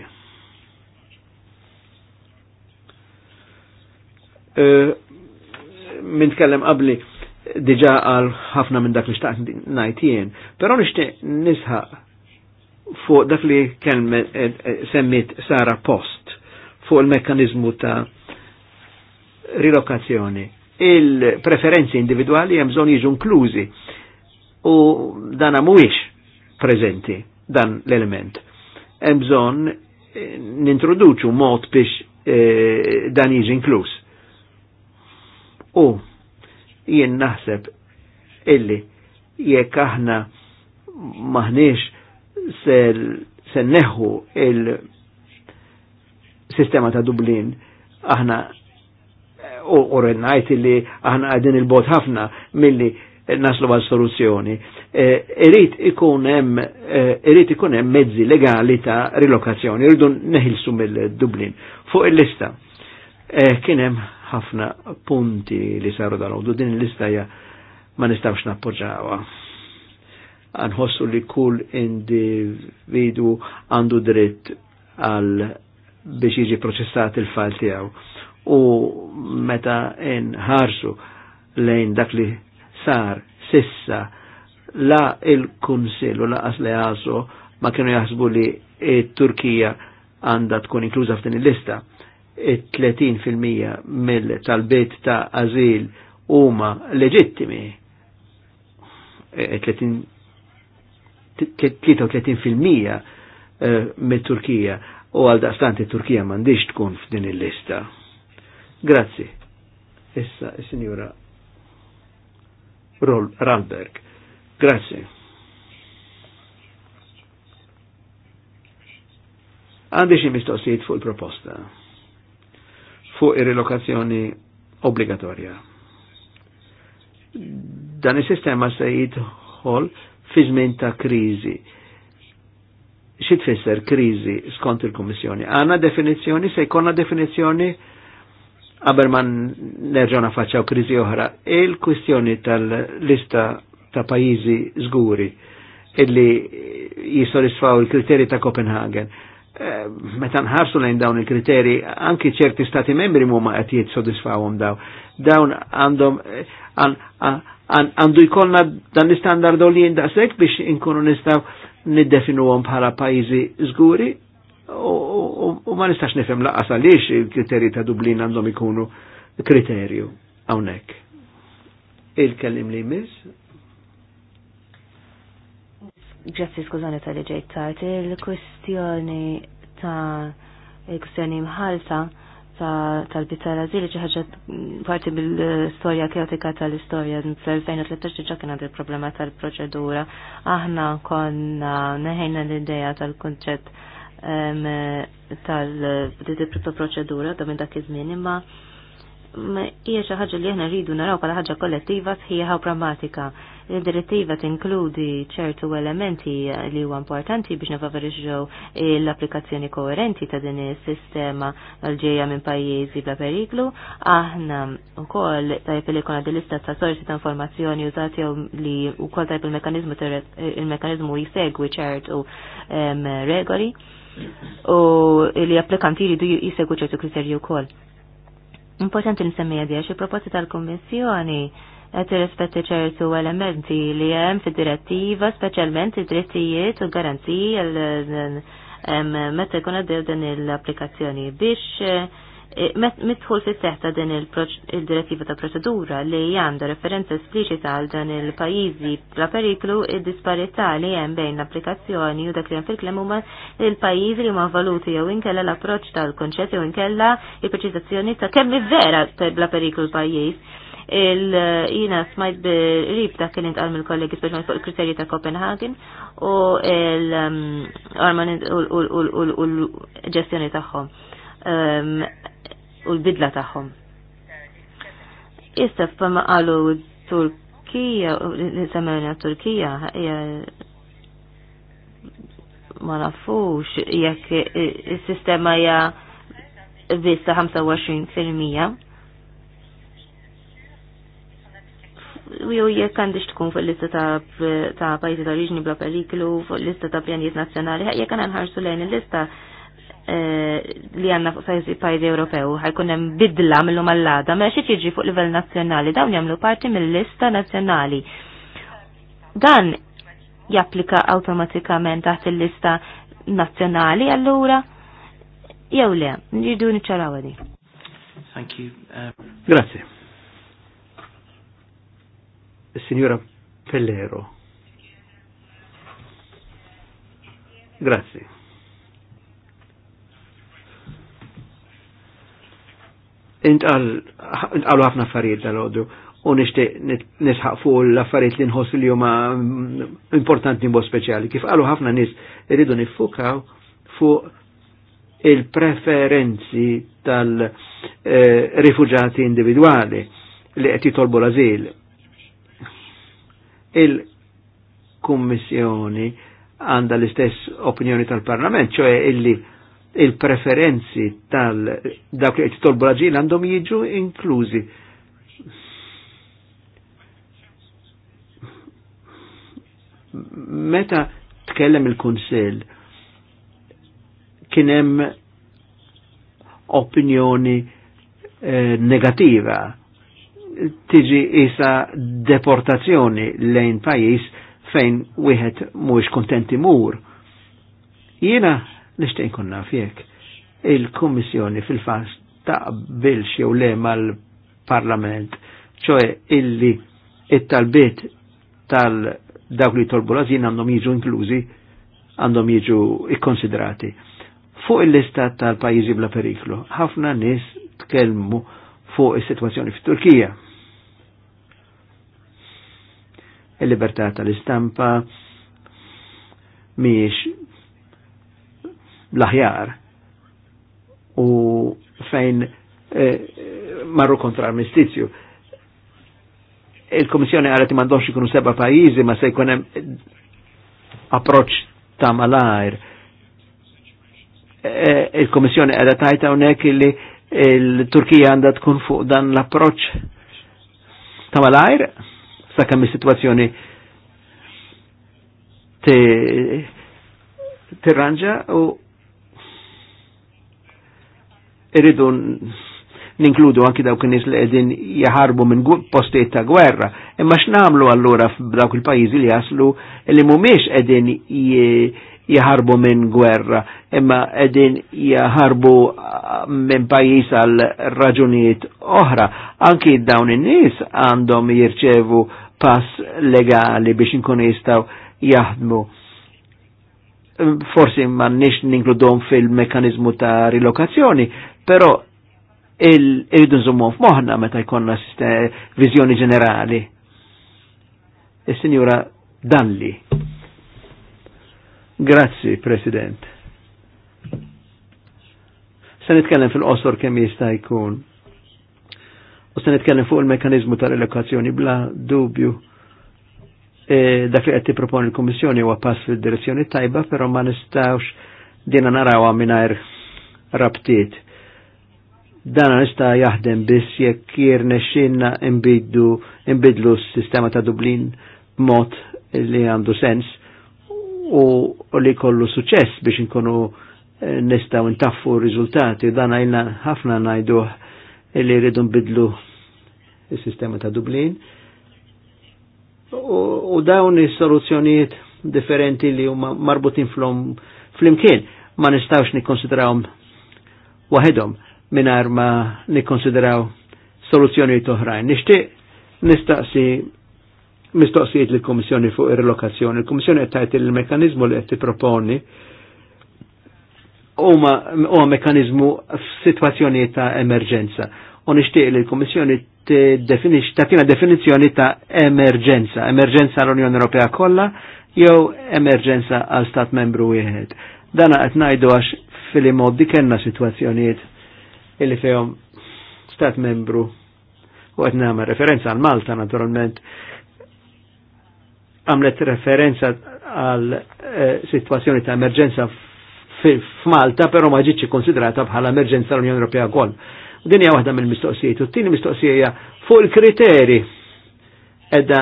Uh, minn tkellem qabli diġa għal ħafna minn dak li xtaqt ngħid jien, pero nixtieq nisħaq fuq dak li kelm eh, eh, semmit Sara Post fuq il-mekkanizmu ta' rilokazzjoni. Il-preferenzi individuali hemm bżonn jiġu inklużi u dan mhuwiex preżenti dan l-element. Hemm bżonn eh, nintroduċu mod biex dan jiġi inkluż U jien naħseb illi jekk aħna maħniex ser, neħu il-sistema ta' Dublin, aħna u, u rennajt li aħna għadin il-bot ħafna milli naslu għal soluzzjoni. Irrit e, ikun hemm e, irrit ikun hemm mezzi legali ta' rilokazzjoni, irridu neħilsu mill-Dublin. Fuq il-lista e, kien hemm ħafna punti li saru dan u din l-lista hija ma nistawx nappoġġawha. Anħossu li kull individu għandu dritt għal biex jiġi proċessat il-fall tiegħu. U meta nħarsu lejn dak li sar sissa la il-Kunsill u laqas li ma kienu jaħsbu li t Turkija għandha tkun inkluża f'din il-lista 30% mill-talbiet ta' azil huma leġittimi. 33% e, e, e, mit-Turkija u għal daqstant turkija mandiġ tkun f'din il-lista. Grazzi. Issa, signora Ralberg. Grazzi. Għandi xi mistoqsijiet fuq il-proposta fuq ir-relokazzjoni obbligatorja. Dan is-sistema se jidħol fi żmien ta' kriżi. Xi tfisser kriżi skont il-Kummissjoni? Għandna definizzjoni se jkollna definizzjoni qabel ma nerġgħu nafaċċaw kriżi oħra. Il-kwistjoni tal-lista ta' pajjiżi żguri illi jissolisfaw il-kriterji ta' Copenhagen Eh, meta nħarsu lejn dawn il-kriteri, anki ċerti stati membri mumma qed jitsodisfawhom daw. Dawn għandhom eh, għandu jkollna dan l u li jindasek biex inkunu nistaw niddefinuhom bħala pajjiżi żguri u ma nistax nifhem laqas għalix il-kriteri ta' Dublin għandhom ikunu kriterju hawnhekk. Il-kellim li mis? Grazzi skużani tal-ġejt tard. Il-kwestjoni ta' il kustjoni mħalta tal-bitar azil ħaġa parti bil-storja kjotika tal-istorja fl-2013 ġa kien għandi problema tal-proċedura. Aħna konna neħejna l-ideja tal-konċett tal-proċedura da' minn dak iż-żmien imma hija xi ħaġa li aħna rridu naraw bħala ħaġa kollettiva sħiħa u pragmatika Il-direttiva tinkludi ċertu elementi li huwa importanti biex nifavorixxew l-applikazzjoni koerenti ta' din is-sistema għal ġejja minn pajjiżi bla periklu. Aħna wkoll tajb li jkun lista ta' sorsi ta' informazzjoni użati li wkoll tajb il-mekkaniżmu il mekanizmu jsegwi ċertu regoli u li applikanti jridu jisegwu ċertu kriterju wkoll. Importanti nsemmija di għax il-proposti tal-Kommissjoni qed tirrispetti ċertu elementi li hemm fid-direttiva, speċjalment id-drittijiet u garanziji meta jkun għaddew din l-applikazzjoni biex eh, mitħul fis seħta din il-direttiva ta' procedura li għandha referenza esplicita għal dan il-pajjiżi bla periklu id-disparità li hemm bejn l-applikazzjoni u dak li hemm fil-klem huma il-pajjiżi li huma valuti jew inkella l-approċċ tal-konċett jew inkella il-preċizazzjoni ta' kemm vera bla periklu l-pajjiż il-jina eh, smajt bil-rib ta' kien intqal mill-kollegi speċjalment fuq il-kriterji ta' Copenhagen u um, l-ġestjoni tagħhom um, u l-bidla tagħhom. Issa f'ma qalu Turkija, li semmejna Turkija, ma nafux jekk is-sistema hija biss 25 fil-mija u jekk għandix tkun fuq lista ta' ta' pajjiżi ta' oriġini bla periklu, fuq lista ta' pjanijiet nazzjonali, jekk għandna nħarsu lejn il-lista eh, li għanna fuq pajjiżi Ewropew ħajkun hemm bidla mill-lum għall-għada, ma xi jiġi fuq livell nazzjonali, dawn jagħmlu parti mill-lista nazzjonali. Dan japplika awtomatikament taħt il-lista nazzjonali allura jew le, nridu niċċaraw Thank you. Uh... Grazie. Signora Pellero. Grazie. Intqal ħafna affarijiet dal ħodru u nixtieq nisħaq fuq l-affarijiet li nħoss li huma importanti mod speċjali. Kif qalu ħafna nies iridu niffukaw fuq il-preferenzi tal-rifuġati eh, individwali li qed jitolbu l-azil il-Kummissjoni għanda l-istess opinjoni tal-Parlament, ċoħe illi il-preferenzi tal-dak li jtolbu l-ġil għandhom jiġu inklużi. Meta tkellem il kunsell kienem opinjoni eh, negativa tiġi isa deportazzjoni lejn pajis fejn wieħed mhuwiex kontent mur. Jiena nixtieq nkun naf jekk il-Kummissjoni fil-fas taqbilx jew le mal-Parlament, ċoe illi it-talbiet tal dawk li tolbu lażin għandhom jiġu inklużi, għandhom jiġu ikkonsidrati. Fuq il-lista tal-pajizi bla periklu, ħafna nis tkellmu fuq is-sitwazzjoni fit-Turkija. il-libertà tal-istampa miex l-aħjar u fejn eh, marru kontra armistizju. Il-Komissjoni għalet mandox ikunu seba pajizi ma se jkunem approċ ta' malajr. Eh, Il-Komissjoni għalet tajta unek li il-Turkija għanda tkun fuq dan l-approċ ta' malajr sakemm is-sitwazzjoni tirranġa u irridu ninkludu anki dawk nies li qegħdin jaħarbu minn postijiet ta' gwerra. Imma x'namlu allura f'dawk il-pajjiżi li jaslu li mhumiex qegħdin jaharbu minn gwerra, imma edin jaharbu ah, minn pajis għal raġunijiet oħra. Anki dawn in-nies għandhom jirċevu pass legali biex inkun jistaw jaħdmu. Forsi ma nix ninkludom fil-mekanizmu ta' rilokazzjoni, pero irridu nżummon f'moħna meta jkonna vizjoni ġenerali. Is-Sinjura e Grazzi, President. Se nitkellem fil-qosor kemm jista' jkun. U se nitkellem fuq il-mekanizmu tal elokazzjoni bla dubju. E, dak li qed tipproponi l-Kummissjoni huwa pass fid-direzzjoni tajba, però ma nistgħux dina narawha mingħajr rabtiet. Dan nista' jaħdem biss jekk jirnexxinna imbidlu imbidlu s-sistema ta' Dublin mod li għandu sens u li kollu suċess biex nkunu eh, nistaw ntaffu rizultati Dan għajna ħafna najdu li rridu nbidlu il-sistema ta' Dublin. U, u dawn is-soluzzjonijiet differenti li huma marbutin flom flimkien ma nistawx nikkonsidrawhom waħedhom mingħajr ma nikkonsidraw soluzzjonijiet oħrajn. Nixtieq nistaqsi mistoqsijiet li l-Komissjoni fuq ir-relokazzjoni. Il-Komissjoni qed il-mekanizmu li qed tipproponi huwa mekanizmu f-situazzjoni ta' emerġenza. U nixtieq li l-Komissjoni tagħtina definizzjoni ta' emerġenza, emerġenza l-Unjoni Ewropea kollha jew emerġenza għal stat membru wieħed. Dana qed ngħidu għax fil-modi kellna sitwazzjonijiet illi fejhom stat membru u għet referenza għal Malta naturalment għamlet referenza għal eh, situazzjoni ta' emerġenza f'Malta, però ma ġietx konsidrata bħala emerġenza l-Unjoni Ewropea wkoll. Din hija waħda mill-mistoqsijiet. U t-tieni mistoqsija fuq il-kriteri edda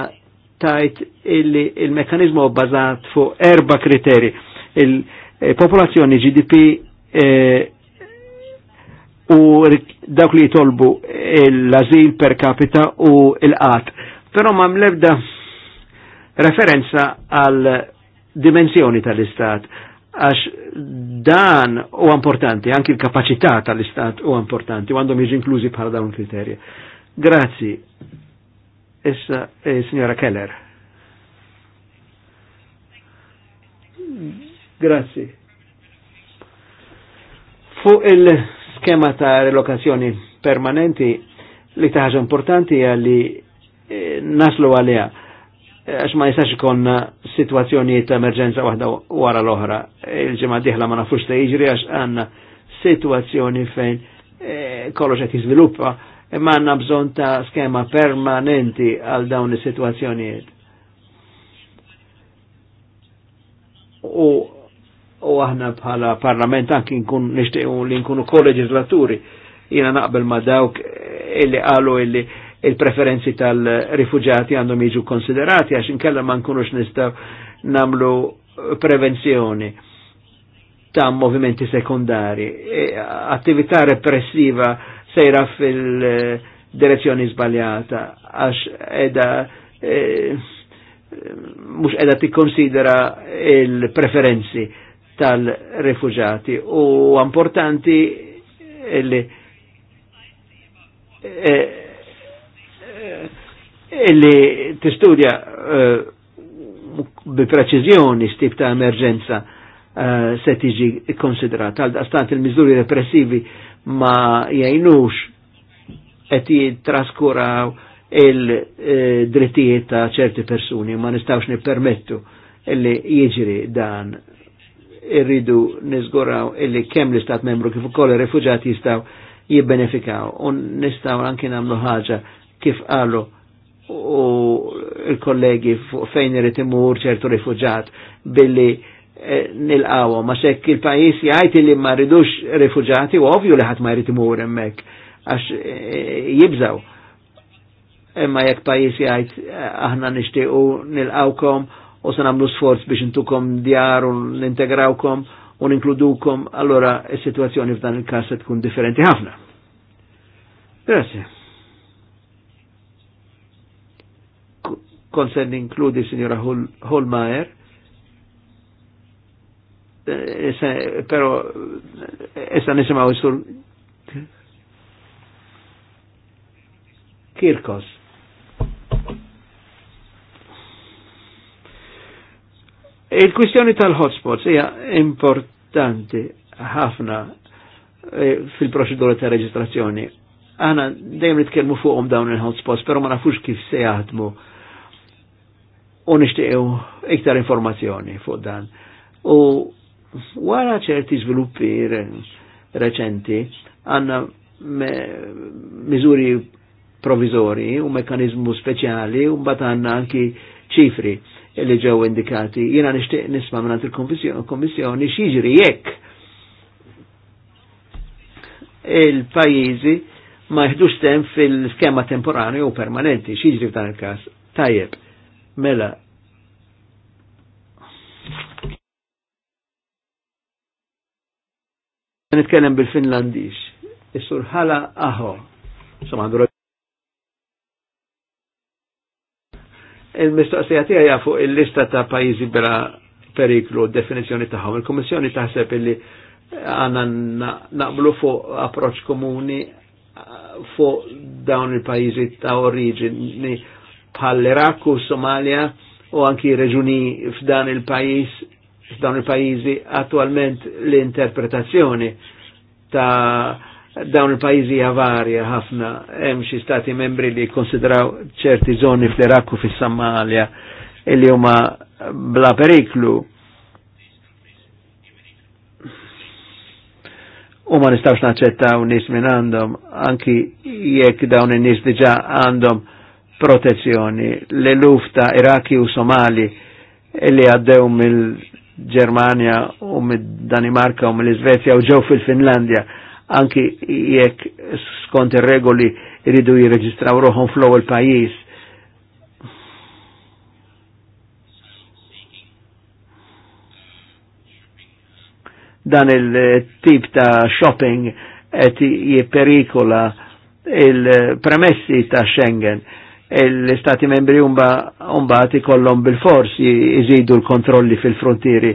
tajt illi il-mekanizmu bbażat fuq erba' kriteri. Il-popolazzjoni eh, GDP eh, u dawk li jitolbu l-azil per capita u l-qat. Però ma mlebda referenza għal dimensjoni tal-istat għax dan u importanti, anki l-kapacità tal-istat u importanti, għandhom jiġi inklużi bħala dawn kriterji. Grazzi. Issa, e, signora Keller. Grazzi. Fu il-skema ta' relokazzjoni permanenti li taħġa importanti għalli eh, naslu għalija għax ma jistax ikon eh, situazzjoni ta' emerġenza wahda wara l-oħra. Il-ġimgħa diħla ma nafux ta' jiġri għax għandna situazzjoni fejn eh, kollox qed jiżviluppa imma għandna bżonn ta' skema permanenti għal dawn is-sitwazzjonijiet. U u aħna bħala parlament anki nkun nixtiequ li nkunu koleġislaturi jiena naqbel ma dawk eh, illi qalu illi il-preferenzi tal-rifugjati għandhom jiġu konsiderati għax inkella ma nkunux nistaw namlu prevenzjoni ta' movimenti sekundari. E, attività repressiva sejra fil-direzzjoni sbagliata għax edha e, mux edha ti konsidera il-preferenzi tal rifugjati u importanti li illi tistudja uh, eh, bi preċizjoni stib ta' emerġenza eh, se tiġi konsiderata. Għal stant il-miżuri repressivi ma jajnux qed jitraskuraw il-drittijiet ta' ċerti persuni, ma nistawx nippermettu illi jiġri dan irridu nizguraw illi kemm l-istat membru kif ukoll ir-refuġati jistgħu jibbenefikaw. U nistaw anke nagħmlu ħaġa kif qalu u il-kollegi fejn irid imur ċertu rifugġat billi eh, nilqawa ma sekk il-pajis jgħid li ma rridux rifugġati u ovvju li ħadd ma jrid imur hemmhekk għax eh, jibżaw. Imma jekk pajis jgħid eh, aħna nixtiequ nilqawkom u se nagħmlu sforz biex intukom djar u nintegrawkom u ninkludukom, allora is-sitwazzjoni f'dan il-każ se tkun differenti ħafna. Grazie. konsen inkludi sinjora signora Holmaer, eh, pero issa eh, nisimaw sul Kirkos. Il-kwistjoni tal-hotspots hija importanti ħafna eh, fil-proċedura ta' reġistrazzjoni. Għana dejjem nitkellmu fuqhom dawn il-hotspots, però ma nafux kif se jaħdmu u nishtiqew iktar informazzjoni fuq dan. U wara ċerti sviluppi reċenti għanna miżuri provizori u mekanizmu speċjali u mbagħad għandna anki ċifri li ġew indikati. Jiena nixtieq nisma' mingħand il-Kommissjoni x'jiġri jekk il-pajjiżi ma jħdux tem fil-skema temporanju u permanenti, x'jiġri f'dan il-każ. Tajjeb Mela, nitkellem bil-Finlandix. Is-sur ħala aħo. Il-mistoqsija tiegħi fuq il-lista ta' pajjiżi bra periklu definizzjoni tagħhom. Il-Kummissjoni taħseb illi għandna naqblu fuq approċċ komuni fuq dawn il-pajjiżi ta' oriġini bħal iraq u Somalia u anki reġuni f'dan il-pajis f'dan il-pajizi attualment l-interpretazzjoni ta' dawn il-pajizi javarja ħafna hemm xi stati membri li konsidraw ċerti zoni fl-Iraq u fis-Somalia illi huma bla periklu u ma nistawx naċċettaw nies minn għandhom anki jekk dawn in-nies diġà għandhom protezzjoni l-eluf ta' Iraki u Somali e li għaddew mill-Germania u mid danimarka u mill-Svezja u ġew fil-Finlandja anki jekk skont ir-regoli iridu jirreġistraw roħom fl-ewwel pajjiż. Dan il-tip ta' shopping qed jipperikola il-premessi ta' Schengen l-Stati membri umbati kollom bil-fors jizidu l-kontrolli fil-frontieri.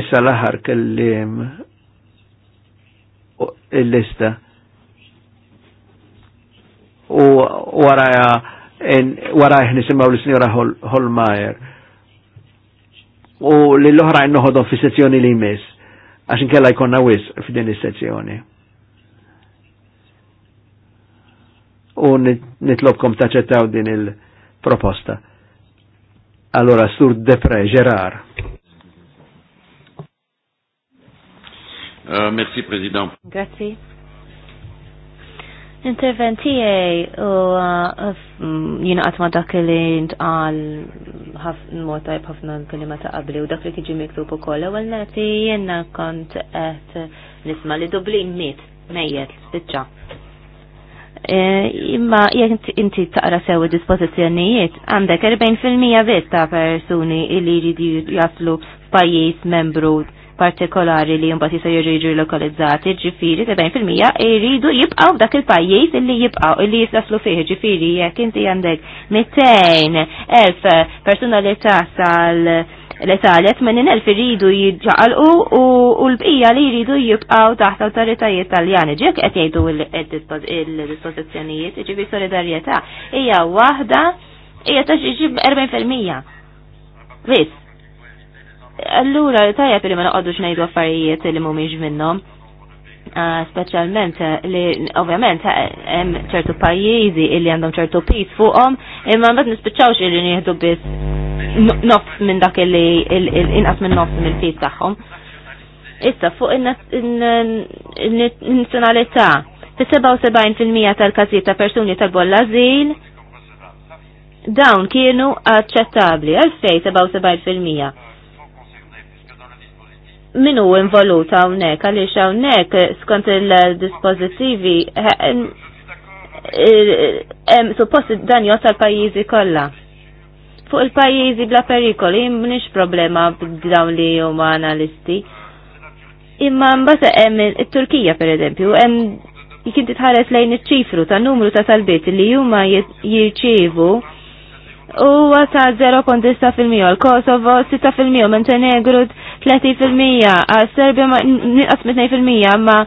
Issa l-aħar kellim il-lista. U waraja warajh nisimaw l-Sinjora Holmajer. U l-oħrajn noħodhom fi sezzjoni li mis għaxin kella jkonna wis f'din is-sezzjoni. u nitlobkom taċċettaw din il-proposta. Allora, sur Depre, Gerard. Uh, merci, President. Grazie. e u uh, mm, jina għatma dak li ntqal mod tajb ħafna l-kelima ta' qabli u dak li tiġi miktub ukoll ewwel nati jiena kont qed nisma' li Dublin miet mejjed spiċċa. Eh, imma jek inti taqra sew id-dispożizzjonijiet għandek 40% biss ta' persuni li jridu jaslu f'pajjiż membru partikolari li jumbat jisa jirriġu lokalizzati, ġifiri, 70% jridu jibqaw dak il-pajjiż illi jibqaw, illi jislaslu fih, ġifiri, jek inti għandek 200.000 personalità sal li talet minn elf iridu jitġaqalqu u l-bqija li jridu jibqaw taħt autoritajiet taljani. Ġek qed jgħidu l dispożizzjonijiet ġifi solidarjetà hija waħda hija ta' ġib 40%. Biss. Allura tajjeb li ma noqgħodux ngħidu affarijiet li mhumiex minnhom. Ah, specialment eh, li ovvjament eh, hemm ċertu pajjiżi illi għandhom ċertu pis fuqhom imma mbagħad nispiċċawx illi nieħdu biss nofs minn dak illi inqas minn nofs mill-pis tagħhom. Issa fuq in-nazzjonalità fi 77% tal-każijiet ta' persuni talbu l-azil dawn kienu aċċettabbli għal fejn 77% minu involuta hawnhekk għaliex hawnhekk skont il-dispożittivi supposti dan josal pajjiżi kollha. Fuq il-pajjiżi bla perikoli nix problema b'dawn li huma analisti. Imma mbagħad hemm it-Turkija pereżempju jem jikinti titħares lejn iċ-ċifru tan numru ta' talbiet li huma jirċievu huwa ta' 0.9%, Kosovo 6%, Montenegro 30%, Serbia nqas 2% ma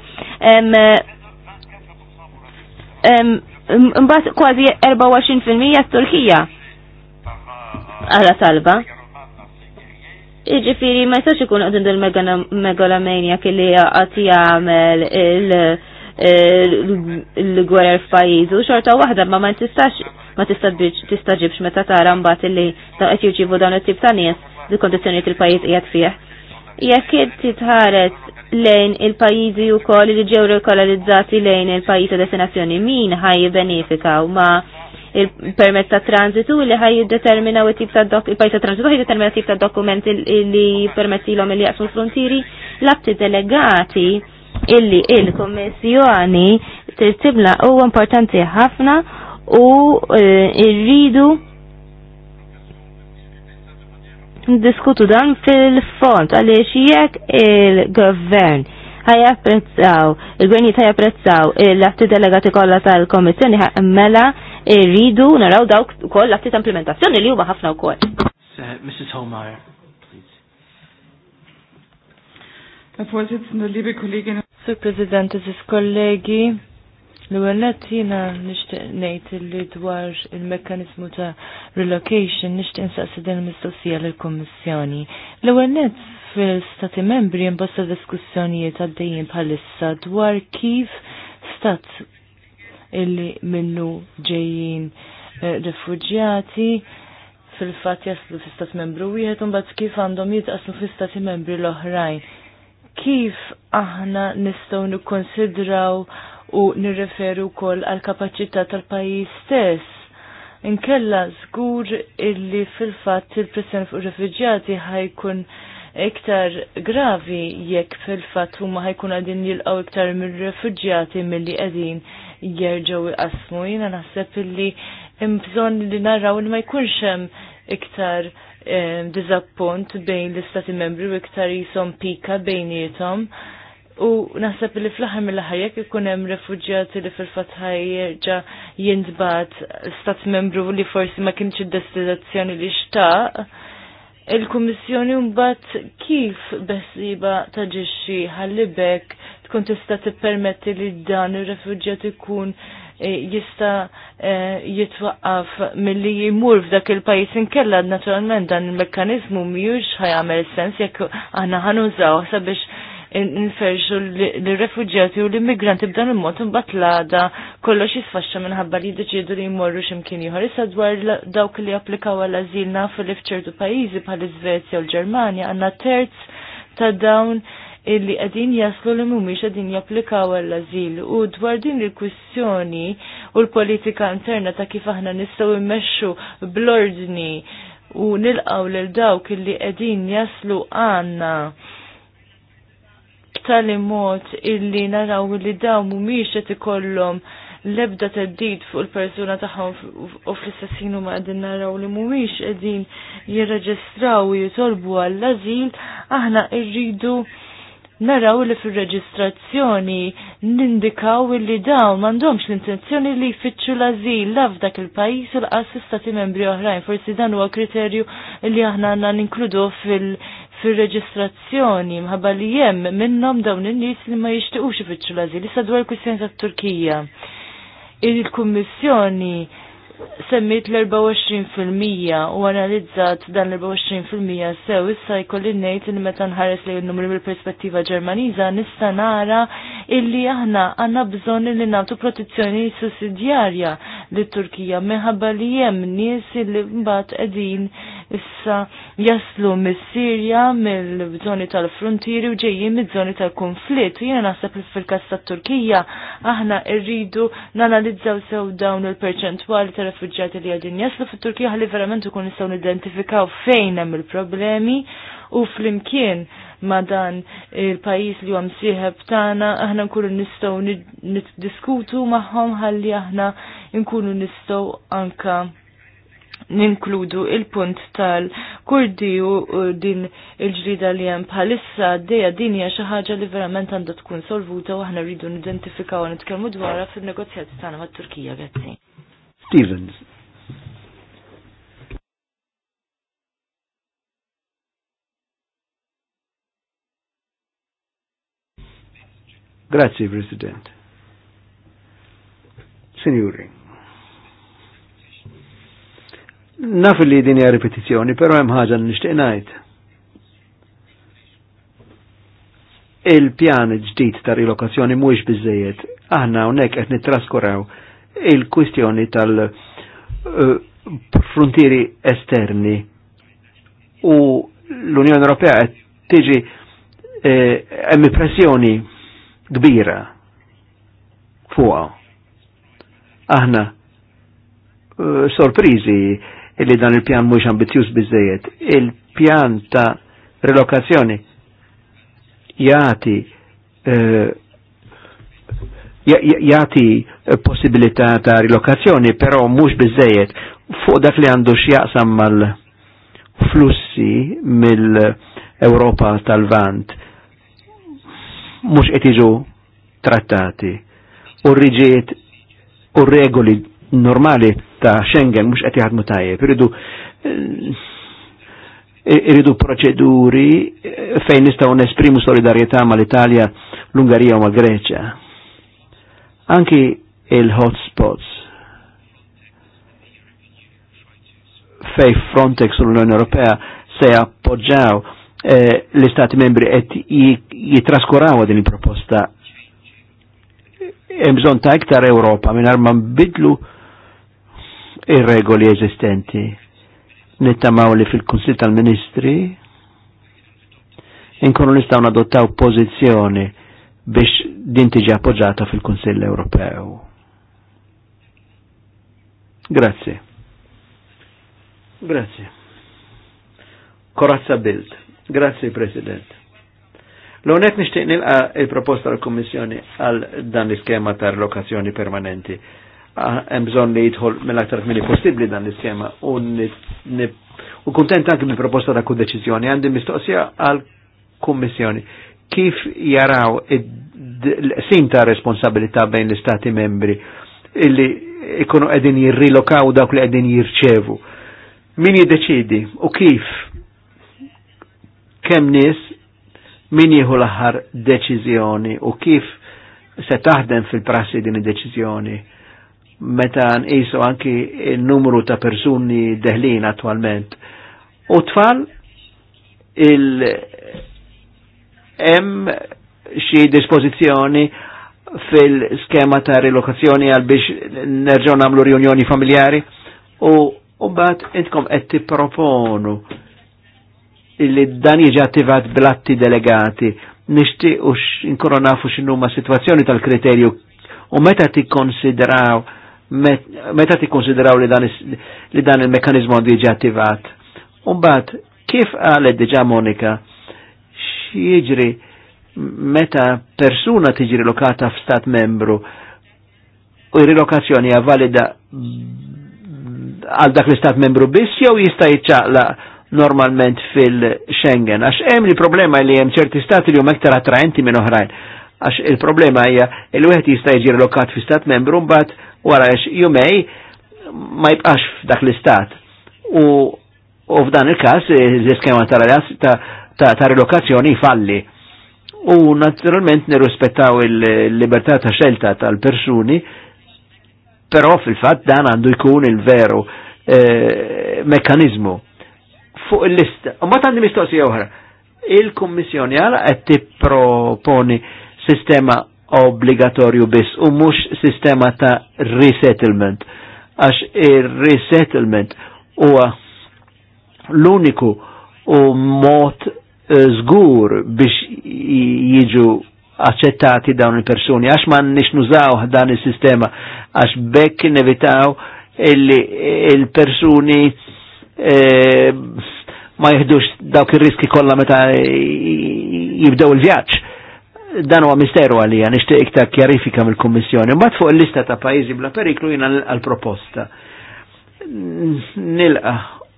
mbagħad kważi 24% Turkija. Għala salba. Iġifiri ma jistax ikun għadin dil-megalomania kelli għati għamel il- l-gwerer f'pajizu, xorta wahda ma ma jistax ma tista' ġibx meta tara mbagħad illi ta' qed jiġibu dawn it-tip ta' nies li kondizzjonijiet il-pajjiż qiegħed fih. Jekk inti tħares lejn il-pajjiżi wkoll li ġew rekolarizzati lejn il-pajjiż ta' destinazzjoni min ħaj ma' il-permess ta' transitu li ħaj jiddeterminaw it-tip ta' dok il-pajjiż ta' transitu ħaj jiddetermina tip ta' dokumenti li permettilhom li jaqsmu l-frontieri l abti delegati illi il-Kommissjoni tirtibla huwa importanti ħafna u eh, irridu diskutu dan fil-fond għaliex jekk il-govern ħajapprezzaw, il-gvernijiet ħajapprezzaw l-atti delegati kollha tal-Komissjoni mela irridu naraw dawk ukoll l-atti ta' implementazzjoni li huma ħafna wkoll. Mrs. Eh, Holmeyer, please. Herr Vorsitzender, liebe Kolleginnen. Sir President, es ist Kollegi. L-għallet jina nishtiq nejt li dwar il-mekkanizmu ta' relocation nishtiq nsaqsi din mistoqsija l-Kommissjoni. L-għallet fil-Stati membri imbosta diskussjonijiet għaddejjien bħalissa dwar kif stat illi minnu ġejjin eh, rifugjati fil-fat jaslu fil-Stat membru wieħed bat kif għandhom jitqasmu fil-Stati membri l-oħrajn kif aħna nistaw nikkonsidraw u nirreferu kol għal kapacità tal-pajis stess. Inkella zgur illi fil-fat il presen fuq refugjati ħajkun iktar gravi jekk fil-fat huma ħajkun għadin jilqaw iktar mir-refugjati milli qegħdin jerġgħu iqasmu. Jiena naħseb illi hemm bżonn li naraw li ma jkunx hemm iktar eh, diżappunt bejn l-istati membri u iktar jisom pika bejnietom. U naħseb li fl-aħħar mill-aħħar ikun hemm refuġjati li fil-fatt ħajja jintbagħat stat membru li forsi ma kienx id-destinazzjoni li xtaq, il-Kummissjoni mbagħad kif besiba taġixxi ħallibek tkun tista' tippermetti li dan ir-refuġjat ikun eh, jista eh, jitwaqqaf mill-li jimur f'dak il-pajis inkella naturalment dan il-mekkanizmu miux ħajamel sens jekk aħna ħanużaw sabiex nferxu l refugġati u l-immigranti b'dan il-mod imbagħad l-għada kollox jisfaxxa minħabba li jiddeċiedu li jmorru x'imkien ieħor. Issa dwar dawk li applikaw għal nafu fil-fċertu pajjiżi bħal iżvezja u l-Ġermanja għandna terz ta' dawn illi għadin jaslu li mhumiex għadin japplikaw għall-azil u dwar din il-kwissjoni u l-politika interna ta' kif aħna nistaw immexxu blordni u nilqaw lil dawk illi qegħdin jaslu għanna b'tali mod illi naraw li dawn mhumiex qed ikollhom l-ebda teddid fuq il-persuna tagħhom u fl-istessin huma qegħdin naraw li mhumiex qegħdin jirreġistraw u jitolbu għall-ażil, aħna rridu naraw li fil-reġistrazzjoni nindikaw li dawn m'għandhomx l-intenzjoni li jfittxu l-azil la dak il pajjiż u l-qas stati membri oħrajn. Forsi dan huwa kriterju li aħna għandna ninkludu fil- fil-reġistrazzjoni mħabba li jem minnom dawn in-nies li ma jishtiqux ifittxu l-azil. Issa dwar kwistjoni tat Turkija. Il-Kummissjoni semmit l-24% u analizzat dan l-24% sew issa jkolli ngħid li meta nħares li n-numri mill-perspettiva Ġermaniża nista' nara illi aħna għandna bżonn li nagħtu protezzjoni sussidjarja li turkija minħabba li hemm nies li mbagħad qegħdin issa jaslu mis-Sirja mill-żoni tal-frontieri u ġejjin miż-żoni tal-konflitt. Jiena naħseb li fil-każ tat-Turkija aħna rridu nanalizzaw sew dawn il-perċentwali ta' refuġġjati li għadin jaslu fit-Turkija ħalli verament ukoll nistgħu nidentifikaw fejn hemm il-problemi u flimkien ma dan il-pajis li għam siħeb tana, aħna nkunu nistaw nid-diskutu maħħom ħalli aħna nkunu nistaw anka ninkludu il-punt tal-kurdi u din il-ġrida li hemm bħalissa d din hija xi ħaġa li verament għandha tkun solvuta u aħna rridu nidentifikaw u nitkellmu dwarha fin-negozjati tagħna mat-Turkija grazzi. Stevens. Grazie President. Signori. Naf li din hija ripetizzjoni, però hemm ħaġa nixtieq ngħid. Il-pjan ġdid ta' rilokazzjoni mhuwiex biżejjed. Aħna hawnhekk qed nittraskuraw il-kwistjoni tal-frontieri eh, esterni u l-Unjoni Ewropea qed tiġi eh, hemm pressjoni kbira fuqha. Aħna eh, sorpriżi illi dan il-pjan mhux ambizjuż biżejjed. Il-pjan ta' relokazzjoni jagħti eh, jagħti possibilità ta' relokazzjoni, però mhux biżejjed fuq dak li għandu x'jaqsam mal-flussi mill europa tal-Vant mhux qed jiġu trattati u rriġiet u regoli normali ta' Schengen mux qed jaħdmu tajjeb. Iridu eh, iridu proċeduri eh, fejn nistgħu nesprimu solidarjetà mal-Italja, l-Ungarija u mal-Greċja. Anki il-hotspots fej Frontex u l-Unjoni Ewropea se appoġġaw eh, l-Istati membri et jitraskuraw din il-proposta. Hemm bżonn ta' iktar Ewropa mingħajr ma bidlu ir-regoli eżistenti. Nittamaw li fil-Kunsil tal-Ministri inkunu nistaw nadottaw pozizjoni biex din tiġi appoġġata fil-Kunsill Ewropew. Grazie. Grazie. Korazza Bild. Grazie President. L-onet nishtiq nilqa il-proposta l kommissjoni għal dan l-iskema tar lokazzjoni permanenti. Ah, hemm bżonn li jidħol mill-aktar kmini possibbli dan l-iskema u kuntent anke minn proposta ta' kull deċiżjoni għandi mistoqsija għal kummissjoni kif jaraw sin ta' responsabilità bejn l-istati membri illi ikunu qegħdin jirrilokaw dawk li qegħdin jirċevu. Min jiddeċidi u kif kemm nies min jieħu l-aħħar deċiżjoni u kif se taħdem fil-prassi din id-deċiżjoni meta nqisu anki n-numru ta' persuni deħlin attualment. U tfal il hemm xi dispożizzjoni fil-skema ta' relokazzjoni għal biex nerġgħu nagħmlu riunjoni familjari u mbagħad intkom qed tipproponu illi dan jiġi attivat blatti delegati u inkunu nafu x'inhuma situazzjoni tal-kriterju u meta tikkonsidraw meta ti li dan, li dan il-mekanizmu diġi attivat. Umbat, kif għalet diġa Monika, xieġri meta persuna tiġi rilokata f'stat membru u rilokazzjoni hija valida għal dak l-istat membru biss jew jista' jiċċaqla normalment fil-Schengen. Għax hemm li problema li hemm ċerti stati li huma iktar attraenti minn oħrajn. Għax il-problema hija il-wieħed jista' jiġi relokat fi stat membru mbagħad wara jumej ma jibqax f'dak l-istat. U, f'dan il-każ l-iskema ta', ta, relokazzjoni falli. U naturalment nirrispettaw il-libertà ta' xelta tal-persuni, però fil-fatt dan għandu jkun il-veru eh, mekkanizmu. Fuq il-lista, ma tandi mistoqsija oħra, il-Kommissjoni għala qed tipproponi proponi sistema obbligatorju biss u mhux sistema ta' resettlement għax il resettlement huwa l-uniku u mod żgur eh, biex jiġu accettati dawn il-persuni, għax ma nix nużaw dan il-sistema, għax bekk nevitaw il-persuni eh, ma jihdux dawk il-riski kolla meta jibdew il-vjaċ dan huwa misteru għalija, nixtieq iktar kjarifika mill-Kummissjoni. Mbagħad fuq il-lista ta' pajjiżi bla periklu jiena għal proposta. Nilqa'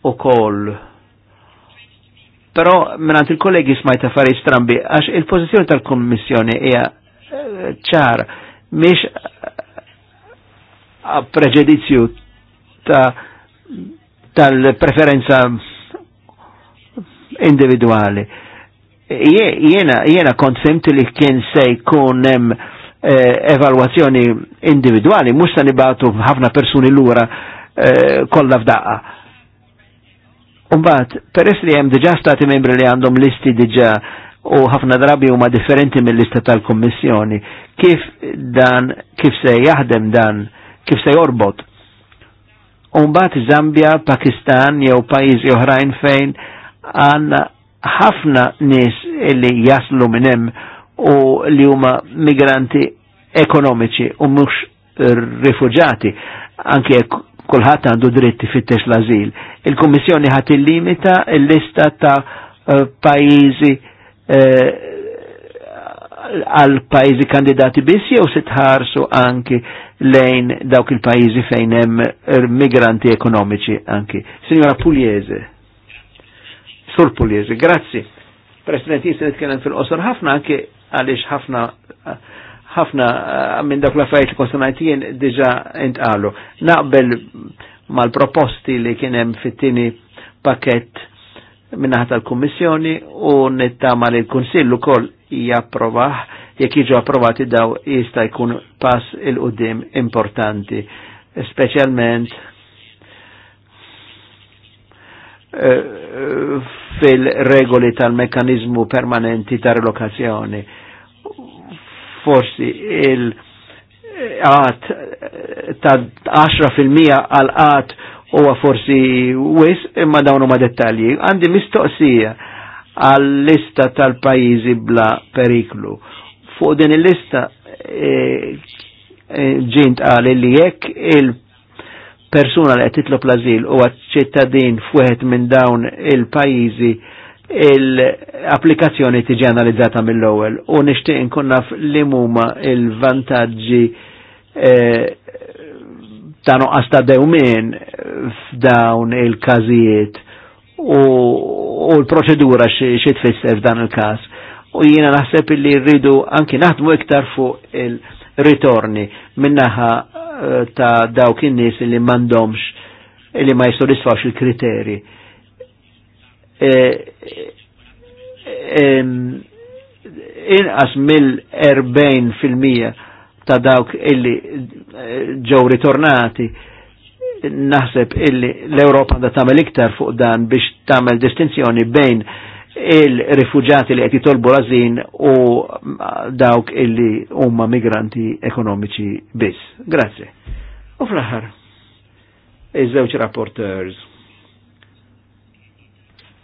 ukoll. Però mingħand il-kollegi smajt affarijiet strambi għax il-pożizzjoni tal-Kummissjoni hija eh, ċar miex a preġedizzju ta' tal-preferenza individuali Jiena kont fimt li kien se jkun hemm eh, evalwazzjoni individwali, mhux se nibatu ħafna persuni lura eh, kolla f'daqqa. Umbat, peress li jem diġa stati membri li għandhom listi diġa u ħafna drabi huma differenti mill-lista tal-Kommissjoni. Kif dan, kif se jaħdem dan, kif se jorbot? Umbat Zambia, Pakistan jew pajjiżi oħrajn fejn għanna ħafna nis li jaslu minnem u li huma migranti ekonomiċi u mhux rifugjati anke kulħadd għandu dritti fittex l-azil. il kommissjoni ħat il-limita l-lista ta' eh, pajjiżi eh, għal pajizi pajjiżi kandidati biss jew sitħarsu anki lejn dawk il-pajjiżi fejn hemm er migranti ekonomiċi anki. Signora Pugliese. Sur Puliesi, grazzi. President, jista nitkellem fil-qosor ħafna anke għaliex ħafna ħafna eh, minn dak l-affarijiet li najtien diġa intqalu. Naqbel mal-proposti li kienem fit-tini pakett minnaħat tal-Kummissjoni u nittama li l-Kunsillu kol japprovaħ, jekk jiġu approvati daw jista' jkun pass il-qudiem importanti, specialment Eh, fil-regoli tal-mekanizmu permanenti ta' relokazzjoni. Forsi il- eh, għat eh, ta' 10% għal għat u forsi wis imma dawn huma dettalji. Għandi mistoqsija għall-lista tal-pajjiżi bla periklu. Fuq din il-lista ġint e, għal li jekk il persuna li qed titlob l-azil u ċittadin fuħet minn dawn il-pajjiżi l-applikazzjoni tiġi analizzata mill-ewwel u nixtieq nkun naf li huma il-vantaġġi eh, ta' noqqas ta' dewmien f'dawn il-każijiet u, u l-proċedura xi tfisser f'dan il-każ. U jiena naħseb li rridu anki naħdmu iktar fuq il-ritorni minnaħa Eh, ta' dawk in-nies li m'għandhomx li ma jsodisfawx il-kriteri. E, e, inqas mill-40% ta' dawk illi eh, ġew ritornati naħseb illi l ewropa għandha tagħmel iktar fuq dan biex tagħmel distinzjoni bejn il-rifugġati li qed jitolbu razin u mm, dawk illi huma migranti ekonomiċi biss. Grazie. U fl-aħħar, iż-żewġ rapporteurs,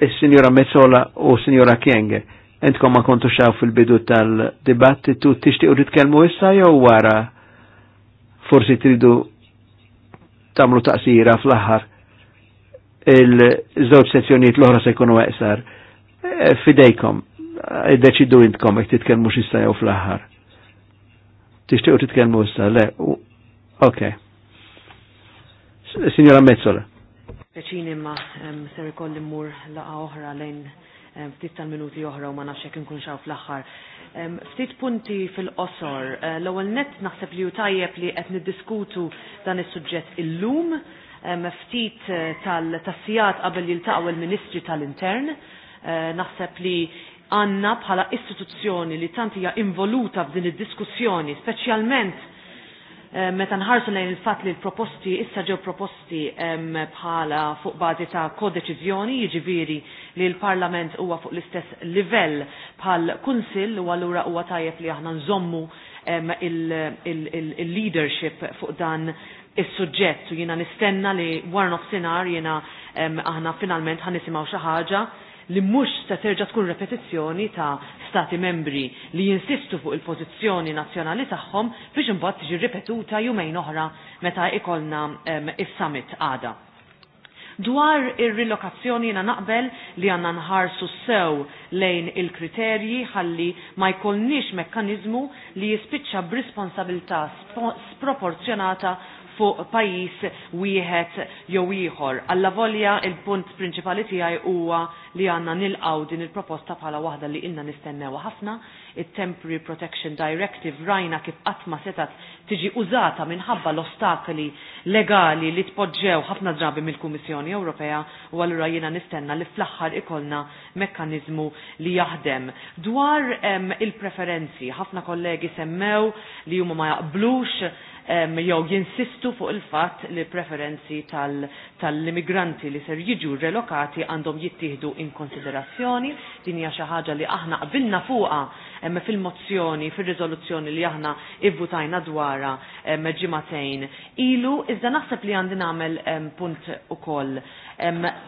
il sinjora Mezzola u Sinjora Kienge, entkom ma kontu xaw fil-bidu tal-dibattitu tixtiqu titkellmu issa jew wara forsi tridu tamlu taqsira fl-aħħar il-żewġ sezzjoniet l ħra se jkunu eqsar Eh, fidejkom, id-deċidu eh, intkom, jek titkenmu xista jew fl-aħħar. Tixtiqu titkenmu issa, le, ok. Signora Mezzola. Peċin imma ser ikolli mmur laqa oħra lejn ftit tal-minuti oħra u ma nafx jekk xaw fl-aħħar. Ftit punti fil-qosor, eh, l-ewwel nett naħseb li hu tajjeb li qed niddiskutu dan is-suġġett illum ftit tal-tassijat qabel jiltaqgħu il-Ministri tal-Intern Eh, naħseb li għanna bħala istituzzjoni li tant hija involuta f'din id-diskussjoni, speċjalment eh, meta nħarsu lejn il-fatt li l-proposti issa ġew proposti bħala fuq bażi ta' kodeċiżjoni, jiġifieri li l-Parlament huwa fuq l-istess livell bħal kunsill u allura huwa tajjeb li aħna nżommu il-leadership fuq dan is-suġġett u jiena nistenna li warnof sinar jiena aħna finalment ħanisimgħu xi ħaġa li mhux se terġa' tkun repetizzjoni ta' stati membri li jinsistu fuq il-pożizzjoni nazzjonali tagħhom biex imbagħad tiġi ripetuta jumejn oħra meta ikolna ehm, is-summit għada. Dwar ir-rilokazzjoni jiena naqbel li għandna nħarsu sew lejn il-kriterji ħalli ma jkollniex mekkaniżmu li jispiċċa b'responsabilità sproporzjonata fuq pajjiż wieħed jew ieħor. Alla volja il-punt prinċipali tiegħi huwa li għandna nilqgħu din il-proposta bħala waħda li ilna nistennewha ħafna, it-Temporary Protection Directive rajna kif qatt ma setat tiġi użata minħabba l ostakli legali li tpoġġew ħafna drabi mill-Kummissjoni Ewropea u allura jiena nistenna li fl-aħħar ikollna mekkaniżmu li jaħdem. Dwar il-preferenzi, ħafna kollegi semmew li huma ma jaqblux jew jinsistu fuq il-fatt li preferenzi tal-immigranti tal li ser jiġu relokati għandhom jittieħdu in konsiderazzjoni. Din hija xi ħaġa li aħna qbilna fuqha fil-mozzjoni, fil-riżoluzzjoni li aħna ivvutajna dwarha ġimatejn ilu, iżda naħseb li għandi nagħmel punt ukoll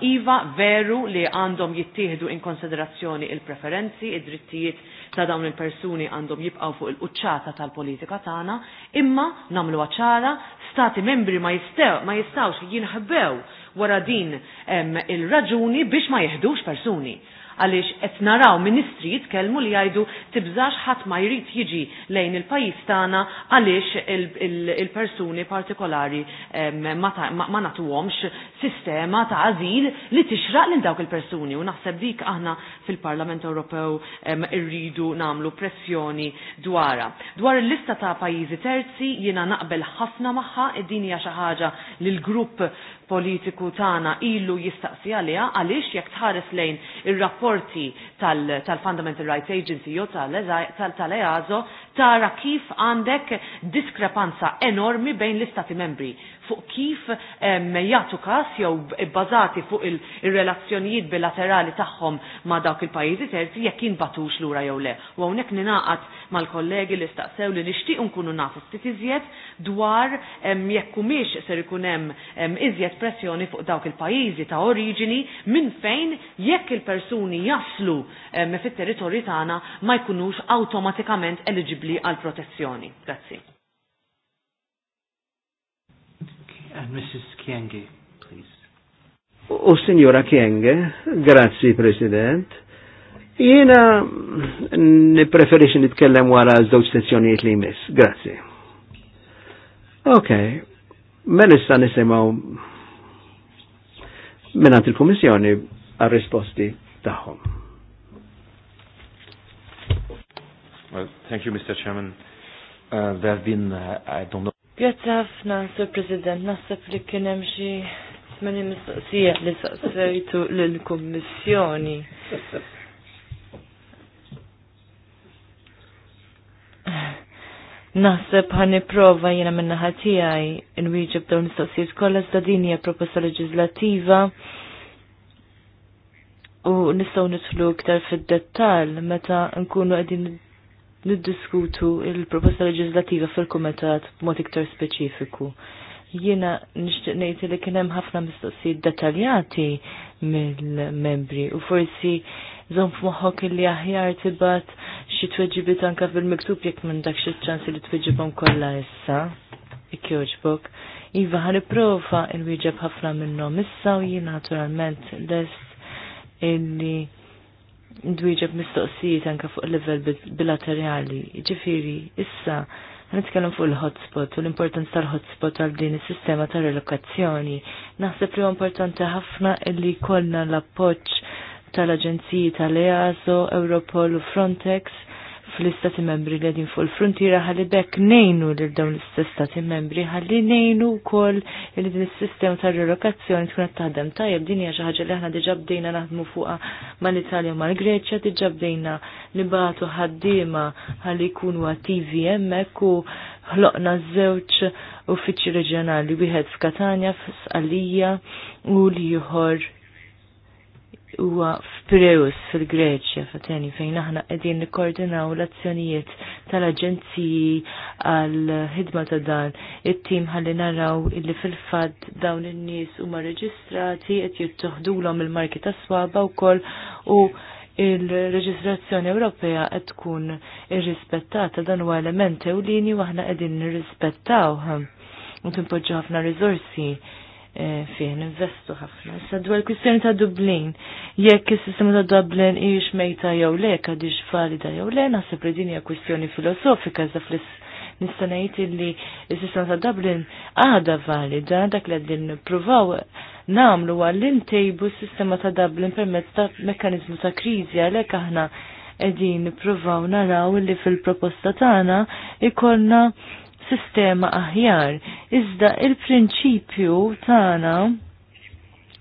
Iva veru li għandhom jittieħdu in konsiderazzjoni il-preferenzi, id-drittijiet ta' dawn il-persuni għandhom jibqaw fuq il quċċata tal-politika tagħna, imma nagħmlu ċara stati membri ma jistew ma jistawx jinħbew wara din il-raġuni biex ma jeħdux persuni għaliex qed naraw ministri jitkellmu li jgħidu tibżax ħadd ma jrid jiġi lejn il-pajjiż tagħna għaliex il-persuni partikolari ma nagħtuhomx sistema ta' għażil li tixraq lil dawk il-persuni u naħseb dik aħna fil-Parlament Ewropew irridu nagħmlu pressjoni dwara. Dwar il-lista ta' pajjiżi terzi jiena naqbel ħafna magħha id dinja xi ħaġa li l-grupp politiku tagħna ilu jistaqsi għaliha għaliex jekk tħares lejn ir-rapporti tal-Fundamental Rights Agency jo tal-EASO tara kif għandek diskrepanza enormi bejn l-istati membri fuq kif jagħtu każ jew bbażati fuq il-relazzjonijiet bilaterali tagħhom ma' dawk il-pajjiżi terzi jekk jinbatux lura jew le. U hawnhekk ninaqat mal-kollegi li staqsew li nixtieq nkunu nafu ftit iżjed dwar jekk kumiex ser ikun hemm iżjed pressjoni fuq dawk il-pajjiżi ta' oriġini minn fejn jekk il-persuni jaslu fit-territorju tagħna ma jkunux awtomatikament eligibbli għal protezzjoni. Grazzi. and Mrs. Kienge, please. O Signora Kienge, grazie President. Jena ne preferisci nitkellem wara żewġ sezzjoniet li jmiss. Grazie. Ok, men issa nisimaw minnant il-Komissjoni għal-risposti tagħhom. Well, thank you, Mr. Chairman. Uh, there have been, uh, I don't know, Grazzi ħafna, Sur President, naħseb li kien hemm xi tmeni mistoqsija li saqsejtu lill-Kummissjoni. Naħseb ħan nipprova jiena minna ħatijaj inwieġeb dawn mistoqsijiet kollha iżda din hija proposta leġislattiva u nistgħu nidħlu iktar fid-dettall meta nkunu qegħdin niddiskutu il-proposta leġislativa fil-Kumitat mod iktar speċifiku. Jiena nixtieq ngħid li kien hemm ħafna mistoqsijiet dettaljati mill-membri u forsi żomm f'moħħok li aħjar tibgħat xi tweġibiet anke fil-miktub jekk minn dak xi ċansi li tweġibhom kollha issa. Ikkjoġbok. Iva ħan prova il-wieġeb ħafna minnhom issa u jien naturalment lest illi dwiġeb mistoqsijiet anka fuq level bilaterali. Ġifiri, issa, Nitkellem fuq il-hotspot u l-importanza tal-hotspot għal din is-sistema tal relokazzjoni. Naħseb li importanti ħafna illi kollna l-appoġġ tal-Aġenziji tal-EASO, Europol u Frontex fl-istati membri li għedin fuq il-frontiera għalli bekk nejnu l dawn l-istati membri ħalli nejnu kol li din il-sistema ta' relokazzjoni tkun qed taħdem tajjeb din hija xi ħaġa li aħna diġà bdejna naħdmu fuqha mal-Italja u mal-Greċja diġà bdejna nibatu ħaddiema ħalli jkunu attivi jemmek u ħloqna żewġ uffiċċji reġjonali wieħed f'Katania f'Sqalija u l-ieħor huwa f'Pireus fil-Greċja fateni fejn aħna qegħdin nikkoordinaw l-azzjonijiet tal-aġenziji għal ħidma ta' dan it-tim ħalli naraw illi fil-fatt dawn in-nies huma reġistrati qed jittoħdulhom il-marki ta' swaba wkoll u il-reġistrazzjoni Ewropea qed tkun irrispettata dan huwa element ewlieni u aħna qegħdin nirrispettawha u timpoġġu ħafna riżorsi E, fih investu ħafna. Issa dwar kwistjoni ta' Dublin, jekk is-sistema ta' Dublin hijiex mejta jew le, għadix valida jew le, naħseb li din hija kwistjoni filosofika iżda fl nista' ngħid li s-sistema ta' Dublin għadha valida dak li qegħdin nippruvaw nagħmlu għall intejbu s-sistema ta' Dublin permezz ta' mekkaniżmu ta' kriżi għalhekk aħna qegħdin nippruvaw naraw illi fil-proposta tagħna ikollna sistema aħjar. Iżda il-prinċipju tagħna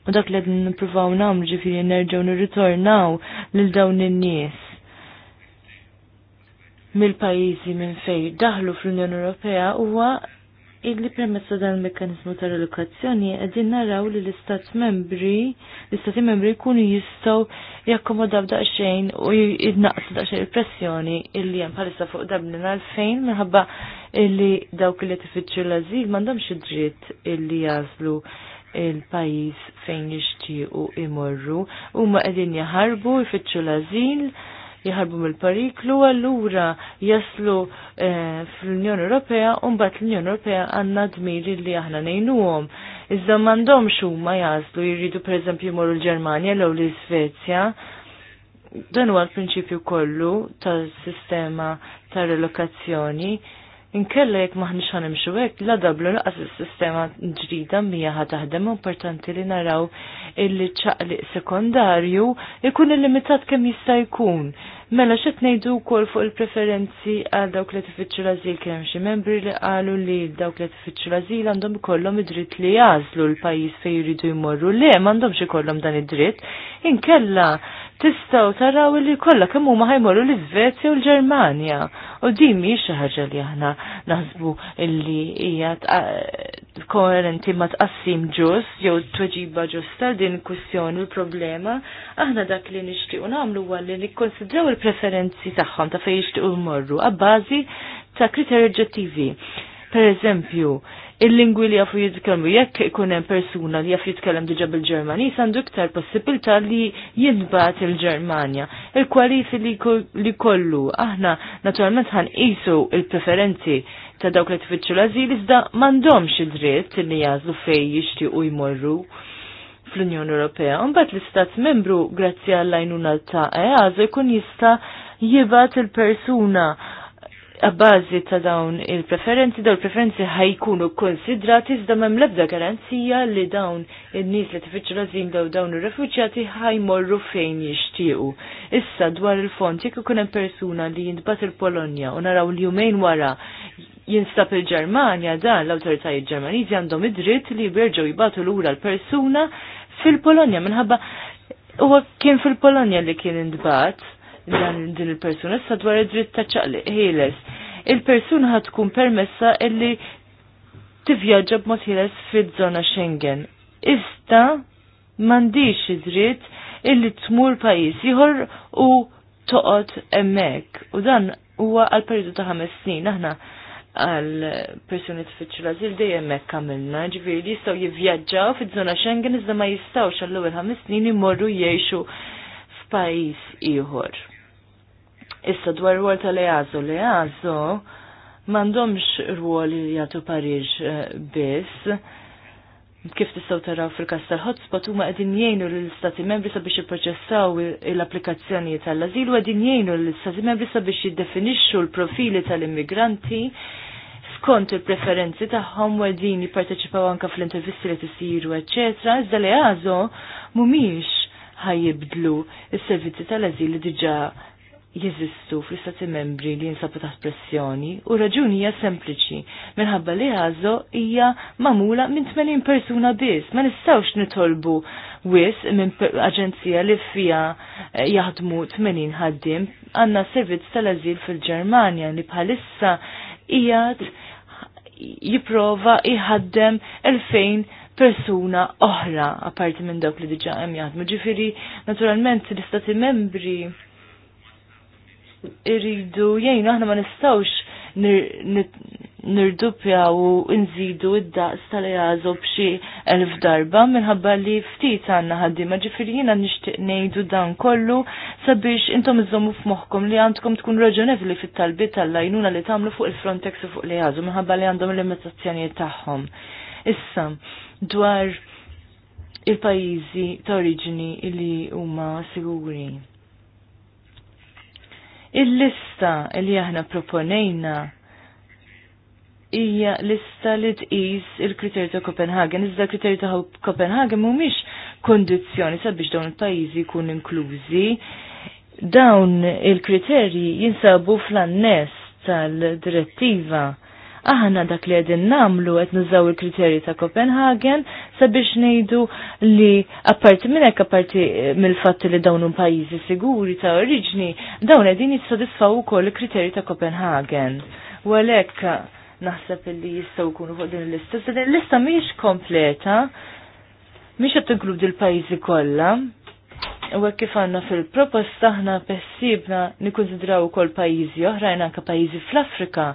u dak li nippruvaw nagħmlu ġifieri nerġgħu nirritornaw lil dawn in-nies mill-pajjiżi minn fejn daħlu fl-Unjoni Ewropea huwa illi premessa dan il-mekkanizmu tal-edukazzjoni qegħdin naraw li l-istat membri, l-istati membri jkunu jistgħu jakkomodaw daqxejn u jidnaqsu daqsxejn il-pressjoni illi hemm bħalissa fuq Dublin għalfejn minħabba illi dawk li tifittxu l-azil m'għandhomx id illi jażlu il-pajjiż fejn jixtiequ imorru. Huma qegħdin jaħarbu jfittxu l-azil jħarbu mill-pariklu, allura jaslu eh, fl-Unjoni Ewropea, u mbagħad l-Unjoni Ewropea għandna dmiri li aħna ngħinuhom. Iżda m'għandhomx huma jirridu jridu pereżempju jmorru l-Ġermanja jew l-Iżvezja. Dan huwa l-prinċipju kollu tas-sistema tal relokazzjoni Inkella jekk maħniex ħanimxu hekk, la dablu laqas is-sistema ġdida mija ħa taħdem importanti li naraw illi ċaqliq sekondarju ikun illimitat kemm jista' jkun. Mela xet nejdu wkoll fuq il-preferenzi għal dawk li tifittxu l-ażil xi membri li qalu li dawk li tifittxu l għandhom ikollhom id-dritt li jażlu l-pajjiż fejn jridu jmorru għandhom xie ikollhom dan id-dritt. Inkella tistaw taraw li kolla kemm huma ħajmorru l-Iżvezja u l-Ġermanja. U din mi xi ħaġa li aħna naħsbu li hija koherenti ma tqassim ġust jew tweġiba ġusta din kwistjoni u problema. Aħna dak li nixtiequ nagħmlu għalli li konsidraw il-preferenzi tagħhom ta' fejn jixtiequ jmorru għabbażi ta' kriterji oġġettivi. Per eżempju, il-lingwi li jafu jitkellmu jekk ikun hemm persuna li jaf jitkellem diġà bil-Ġermaniż għandu iktar possibilità li jinbat il-Ġermanja. Il-kwalifi li kollu aħna naturalment ħanqisu il-preferenzi ta' dawk li tfittxu l-azil iżda m'għandhomx id-dritt li jażlu fejn jixtiequ jmorru fl-Unjoni Ewropea. Mbagħad l-Istat Membru grazzi għall-għajnuna ta' EASO jkun jista' jibat il-persuna għabbażi ta' dawn il-preferenzi, dawn il-preferenzi ħajkunu konsidrati iżda m'hemm l-ebda garanzija li dawn in-nies li tifittxu l daw dawn ir-refuġjati ħajmorru fejn jixtiequ. Issa dwar il font jekk ikun hemm persuna li jindbat il-Polonja u naraw li jumejn wara jinstab il-Ġermanja dan l-awtoritajiet Ġermaniżi għandhom id-dritt li jerġgħu jibatu lura l-persuna fil-Polonja minħabba huwa kien fil-Polonja li kien intbat dan din il-persuna issa dwar id-dritt ta' ċaqli ħiles il-persuna ħad tkun permessa illi tivvjaġġa b'mod ħieles fiż-żona Schengen. Iżda m'għandix id-dritt illi tmur pajjiż ieħor u toqgħod hemmhekk. U dan huwa għal periodu ta' ħames snin aħna għal persuni tfittxu l-azil dejjem hekk għamilna, ġifieri jistgħu jivvjaġġaw fiż-żona Schengen iżda ma jistgħux għall-ewwel ħames snin imorru jgħixu f'pajjiż ieħor. Issa dwar rwol ta' Leazo, Leazo easo mandomx rwol li jagħtu Pariġ eh, biss. Kif tistgħu taraw fil kast tal-hotspot huma qegħdin jgħinu lill-Istati Membri sabiex jipproċessaw l-applikazzjoni tal-ażil u qegħdin jgħinu l istati Membri sabiex jiddefinixxu l-profili tal-immigranti skont il-preferenzi tagħhom u għedin jipparteċipaw anke fl-intervisti li tisiru, eccetera, iżda li għażu mhumiex ħajibdlu il-servizzi tal-azil li diġa jeżistu fl-istati membri li jinsabu taħt pressjoni u raġuni hija sempliċi minħabba li għazo hija mamula minn 80 persuna biss ma nistgħux nitolbu wis minn aġenzija li fija eh, jaħdmu 80 ħaddim, għandna servizz tal-ażil fil-Ġermanja li bħalissa hija jipprova iħaddem 2000 persuna oħra apparti minn dawk li diġa hemm jaħdmu. Ġifieri naturalment l-istati membri irridu jgħinu aħna ma nistawx nirdupja u nżidu id-daqs tal-jazo bxi elf darba minħabba li ftit għanna ħaddima ġifiri jina nishtiq nejdu dan kollu sabiex intom iżommu f'moħkom li għandkom tkun raġonevli fit-talbi tal-lajnuna li tamlu fuq il-Frontex u fuq li għazu minħabba li għandhom limitazzjonijiet tagħhom. Issa, dwar il-pajizi ta' oriġini li huma siguri. Il-lista li aħna proponejna hija lista li tqis il-kriterju ta' Copenhagen. Iżda kriterju ta' Copenhagen mhumiex kondizzjoni sabiex dawn il-pajjiżi jkun inklużi. Dawn il-kriterji jinsabu fl-annes tal-direttiva aħna dak li għedin namlu għed nużaw il-kriterji ta' Kopenhagen sabiex nejdu li apparti minn hekk apparti eh, mill-fatt li dawn un pajjiżi siguri ta' oriġni dawn qegħdin jissodisfaw ukoll il-kriterji ta' Kopenhagen. U għalhekk naħseb li jistgħu jkunu fuq din il-lista. Se din l lista mhijiex kompleta, mhix qed tinkludi l-pajjiżi kollha. U għek kif għanna fil-proposta ħna pessibna nikonsidraw kol pajizi oħrajn anka pajizi fl-Afrika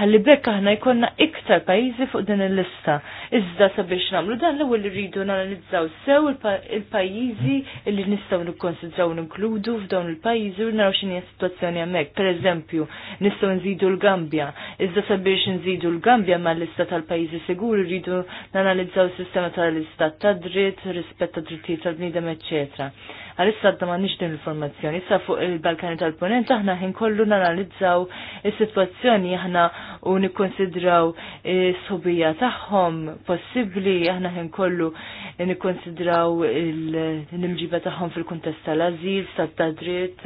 ħalli bekk aħna jkollna iktar pajjiżi fuq din il-lista. Iżda sabiex nagħmlu dan l-ewwel irridu nanalizzaw sew il-pajjiżi li nistgħu nikkonsidraw ninkludu f'dawn il-pajjiżi u naraw x'inhi situazzjoni hemmhekk. Pereżempju, nistgħu nżidu l-Gambja. Iżda sabiex nżidu l-Gambja mal-lista tal-pajjiżi siguri rridu nanalizzaw s sistema tal-lista tad dritt, rispetta tad drittijiet tal-bniedem, eccetera għalissa għadda ma nix din l-informazzjoni. Issa fuq il-Balkani tal-Ponent aħna ħin kollu nanalizzaw il-situazzjoni aħna u nikkonsidraw s-sobija tagħhom possibbli aħna ħin kollu nikkonsidraw l-imġiba tagħhom fil-kuntest tal-azil, tad-dritt.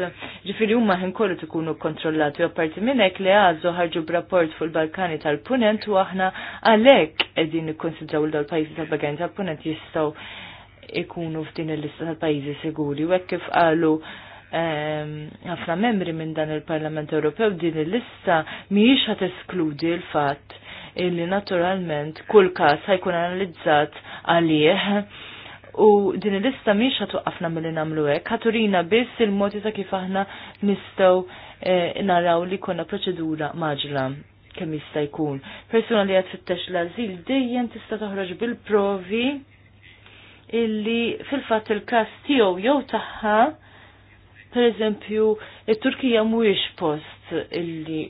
ġifiri huma ħin kollu tikunu kontrollati u apparti minn hekk li għażu ħarġu b'rapport fuq il-Balkani tal-Punent u aħna għalhekk qegħdin nikkonsidraw l-dal pajzi tal-Balkani tal-Punent jistgħu ikunu f'din il-lista ta' pajjiżi siguri. U hekk kif qalu ehm, ħafna membri minn dan il-Parlament Ewropew din il-lista mhijiex ħat eskludi l-fatt illi naturalment kull każ ħajkun analizzat għalih u din il-lista mhijiex ħat waqqafna milli nagħmlu hekk, ħaturina biss il moti ta' kif aħna nistgħu eh, naraw li konna proċedura maġla kemm jista' jkun. Persuna li qed fittex l-ażil dejjem tista' toħroġ bil-provi illi fil-fat il-kas tiegħu jew tagħha pereżempju it-Turkija mhuwiex post illi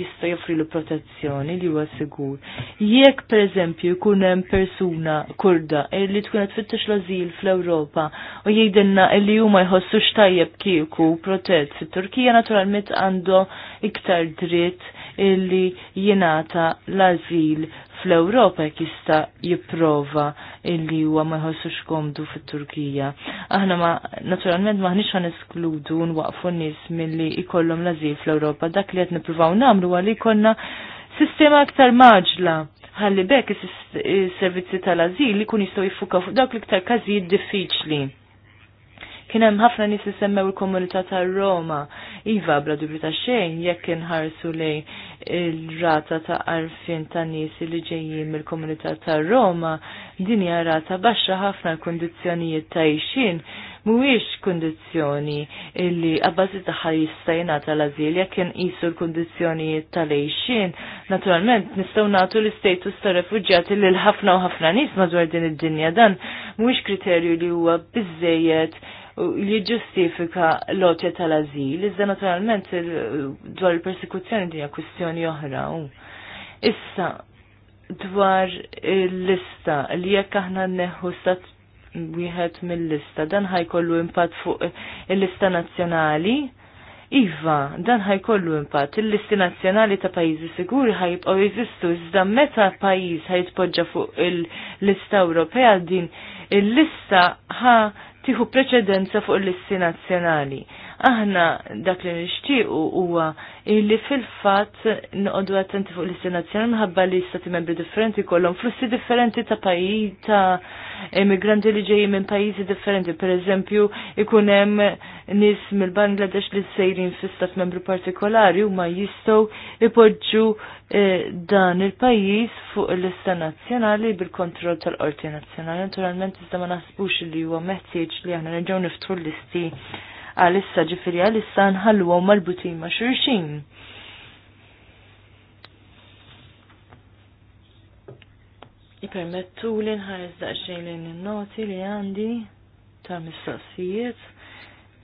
jista' joffri l protezzjoni li huwa sigur. Jekk pereżempju jkun hemm persuna kurda illi tkun qed tfittex l-ażil fl-Ewropa u jgħidilna illi huma jħossux tajjeb kieku protezz, fit-Turkija naturalment għandu iktar dritt illi jingħata l azil fl-Ewropa jekk jista' jipprova illi huwa ma jħossux komdu fit-Turkija. Aħna ma naturalment maħniex ħniex eskludu nwaqfu nies milli jkollhom l azil fl-Ewropa dak li qed nippruvaw nagħmlu għalli jkollna sistema aktar maġla ħalli bekk is-servizzi tal-azil li kun jistgħu jiffukaw fuq dawk l-iktar każijiet diffiċli kien hemm ħafna nies li semmew il-komunità tar-Roma. Iva bla dubju ta' xejn jekk inħarsu lejn il-rata ta' arfin ta' nies li ġejjin mill-komunità tar-Roma, din hija rata baxxa ħafna l-kundizzjonijiet ta' ixin mhuwiex kundizzjoni illi abbażi tagħha jista' jingħata l-ażil jekk inqisu l-kundizzjonijiet tal-għejxin. Naturalment nistgħu nagħtu l-istatus ta' refuġjati lil ħafna u ħafna nies madwar din id-dinja dan mhuwiex kriterju li huwa biżejjed li ġustifika loċja tal-azil, iżda naturalment dwar il-persekuzzjoni dija kwistjoni oħra. Issa, dwar il-lista li jekk aħna neħu stat wieħed mill-lista, dan ħajkollu impatt fuq il-lista nazzjonali. Iva, dan ħajkollu impatt, il-listi nazzjonali ta' pajjiżi siguri ħajibqgħu jeżistu iżda meta pajjiż ħajtpoġġa fuq il-lista Ewropea din il-lista ħa tiħu preċedenza fuq l-listi nazzjonali aħna dak li nixtiequ huwa illi fil-fatt noqogħdu attenti fuq l-istinazzjoni minħabba li stati membri differenti kollhom flussi differenti ta' pajjiż ta' immigranti li ġejjin minn pajjiżi differenti. Pereżempju ikun hemm nies mill-Bangladesh li sejrin fi stat membru partikolari huma jistgħu ipoġġu eh, dan il-pajjiż fuq l-lista nazzjonali bil-kontroll tal-qorti nazzjonali. Naturalment iżda ma naħsbux li huwa meħtieġ li aħna nerġgħu niftru l-listi għalissa ġifiri għalissa nħalluhom marbutin ma' xurxin. Ipermettu li nħares daqsxejn li in-noti li għandi ta' mistoqsijiet.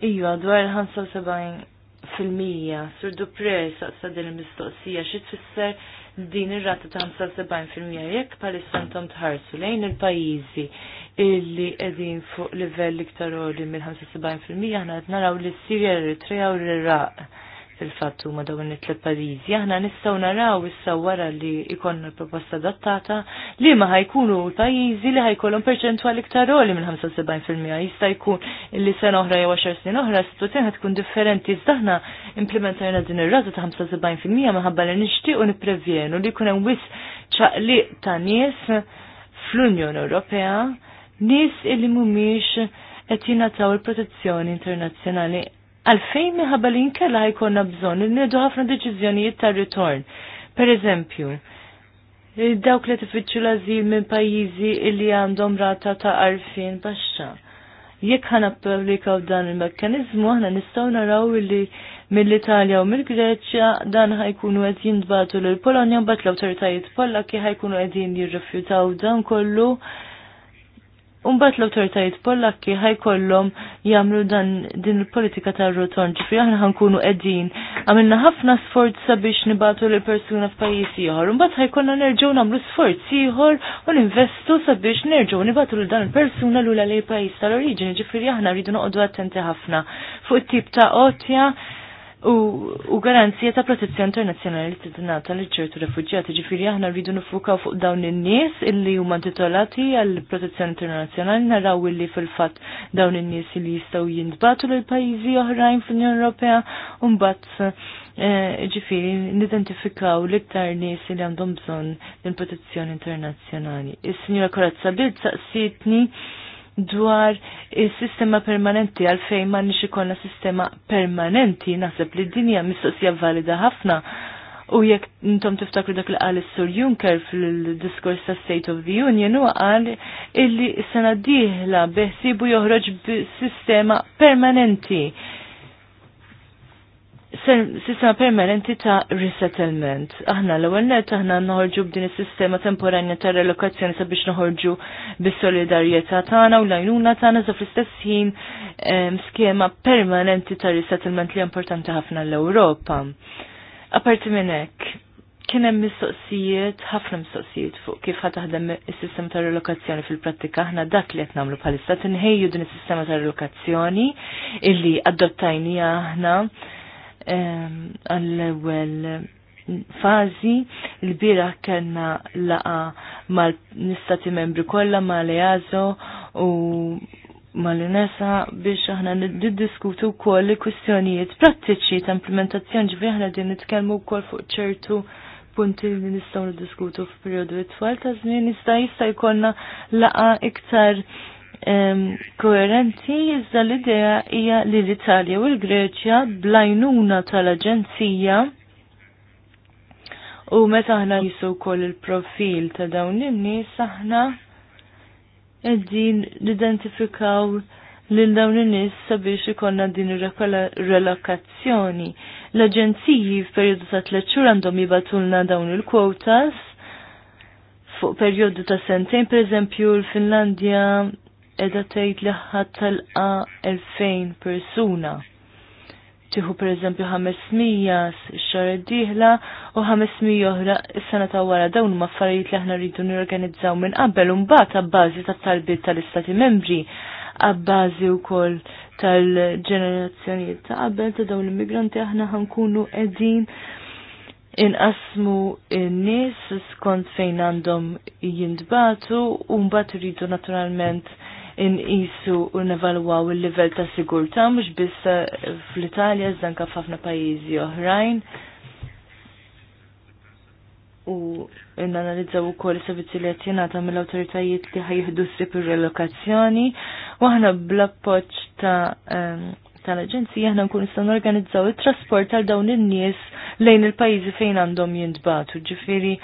Iju għadwar 75 fil-mija, sur Dupre saqsa din il-mistoqsija xi tfisser din ir-rata ta' 75% jekk palissa intom tħarsu lejn il-pajjiżi illi qegħdin fuq livell iktar għoli mill-75% aħna qed naraw li s-Sirja, l-Eritrea u l-Iraq il fatt huma dawn it-tliet pajjiżi. Aħna nistgħu naraw issa wara li ikonna l-proposta adattata li ma ħajkunu pajjiżi li ħajkollhom perċentwal iktar għoli minn 75% jista' jkun li sena oħra jew 10 snin oħra situazzjoni tkun differenti iżda aħna implementajna din ir-rata ta' 75% minħabba li nixtiequ nipprevjenu li jkun hemm wis ċaqliq ta' nies fl-Unjoni Ewropea nies illi mhumiex qed jingħataw il-protezzjoni internazzjonali Għalfejn minħabba li nkella jkollna bżonn nidu ħafna deċiżjonijiet ta' ritorn. Per eżempju, dawk li tifittxu l-azil minn pajjiżi li għandhom rata ta' arfin baxxa. Jekk ħana publikaw dan il-mekkanizmu, aħna nistgħu naraw li mill-Italja u mill-Greċja dan ħajkunu qed jintbatu lil Polonja mbagħad l-awtoritajiet Pollakki ħajkunu qegħdin jirrifjutaw dan kollu Umbat l-autoritajiet pollakki ħajkollhom jagħmlu dan din il-politika tar-roton, ġifri aħna ħankunu qegħdin. Għamilna ħafna sforz sabiex nibatu lil persuna f'pajjiż ieħor, imbagħad ħajkollna nerġgħu nagħmlu sforz ieħor u ninvestu sabiex nerġgħu nibatu lil dan il-persuna lula lej pajjiż tal-oriġini, ġifri aħna rridu noqogħdu attenti ħafna fuq it-tip ta' qotja U, garanzija ta' protezzjoni internazzjonali li tingħata li ċertu refuġjati, ġifieri aħna rridu nifukaw fuq dawn in-nies illi huma titolati għall protezzjoni internazzjonali naraw illi fil-fatt dawn in-nies li jistgħu jindbatu l pajjiżi oħrajn fl-Unjoni Ewropea u mbagħad eh, ġifiri nidentifikaw l-iktar nies li għandhom bżonn din protezzjoni internazzjonali. is sinjora Korazza Bild saqsitni dwar il-sistema permanenti għalfejn ma nix ikolna sistema permanenti naħseb li d-dinja mistoqsija valida ħafna u jekk intom tiftakru dak li qal is-Sur Juncker fil-diskors ta' State of the Union huwa qal illi s-sena d-dieħla beħsibu joħroġ b'sistema permanenti sistema permanenti ta' resettlement. Aħna l-ewwel net aħna noħorġu b'din is-sistema temporanja ta' relokazzjoni sabiex noħorġu bis-solidarjetà tagħna u l-għajnuna tagħna sa fl-istess ħin skema permanenti ta' resettlement li importanti ħafna l-Ewropa. Aparti minn hekk, kien hemm mistoqsijiet, ħafna mistoqsijiet fuq kif ħad taħdem is-sistema ta' relokazzjoni fil-prattika aħna dak li qed nagħmlu bħalissa tinħejju din is-sistema ta' relokazzjoni illi adottajni aħna għall-ewwel fazi l-bira kellna laqa mal-nistati membri kollha ma' easo u mal-nesa biex aħna niddiskutu wkoll li kwistjonijiet prattiċi ta' implementazzjoni ġifi aħna din nitkellmu wkoll fuq ċertu punti li nistgħu niddiskutu f'perjodu it-twal ta' żmien jista' jista' jkollna laqa iktar koerenti iżda l-idea hija li l-Italja u l-Greċja blajnuna tal-Aġenzija u meta aħna jisu wkoll il-profil ta' dawn in-nies aħna qegħdin identifikaw lil dawn in-nies sabiex ikonna din ir-relokazzjoni. L-aġenziji f'perjodu ta' tliet leċur għandhom jibatulna dawn il kwotas fuq perjodu ta' sentejn, pereżempju l-Finlandja edha liħħa tal-a 2000 persuna. Tieħu pereżempju 500 xar diħla u 500 oħra is-sena ta' wara dawn huma affarijiet li aħna rridu nirganizzaw minn qabel u mbagħad abbażi tat-talbiet tal-Istati Membri għabbażi wkoll tal-ġenerazzjonijiet ta' qabel ta' dawn l-immigranti aħna ħankunu qegħdin inqasmu n-nies skont fejn għandhom jintbatu u mbagħad iridu naturalment inqisu u nevalwaw il-livell ta' sigurtà mhux biss eh, fl-Italja iżda f'ħafna pajjiżi oħrajn. U nanalizzaw ukoll is-servizzi li qed jingħata mill-awtoritajiet li ħajjieħdu ssib ir-relokazzjoni u aħna bl-appoġġ ta' ehm, tal-Aġenzija aħna nkun nistgħu organizzaw it-trasport tal dawn in-nies lejn il-pajjiżi fejn għandhom jintbatu. Ġifieri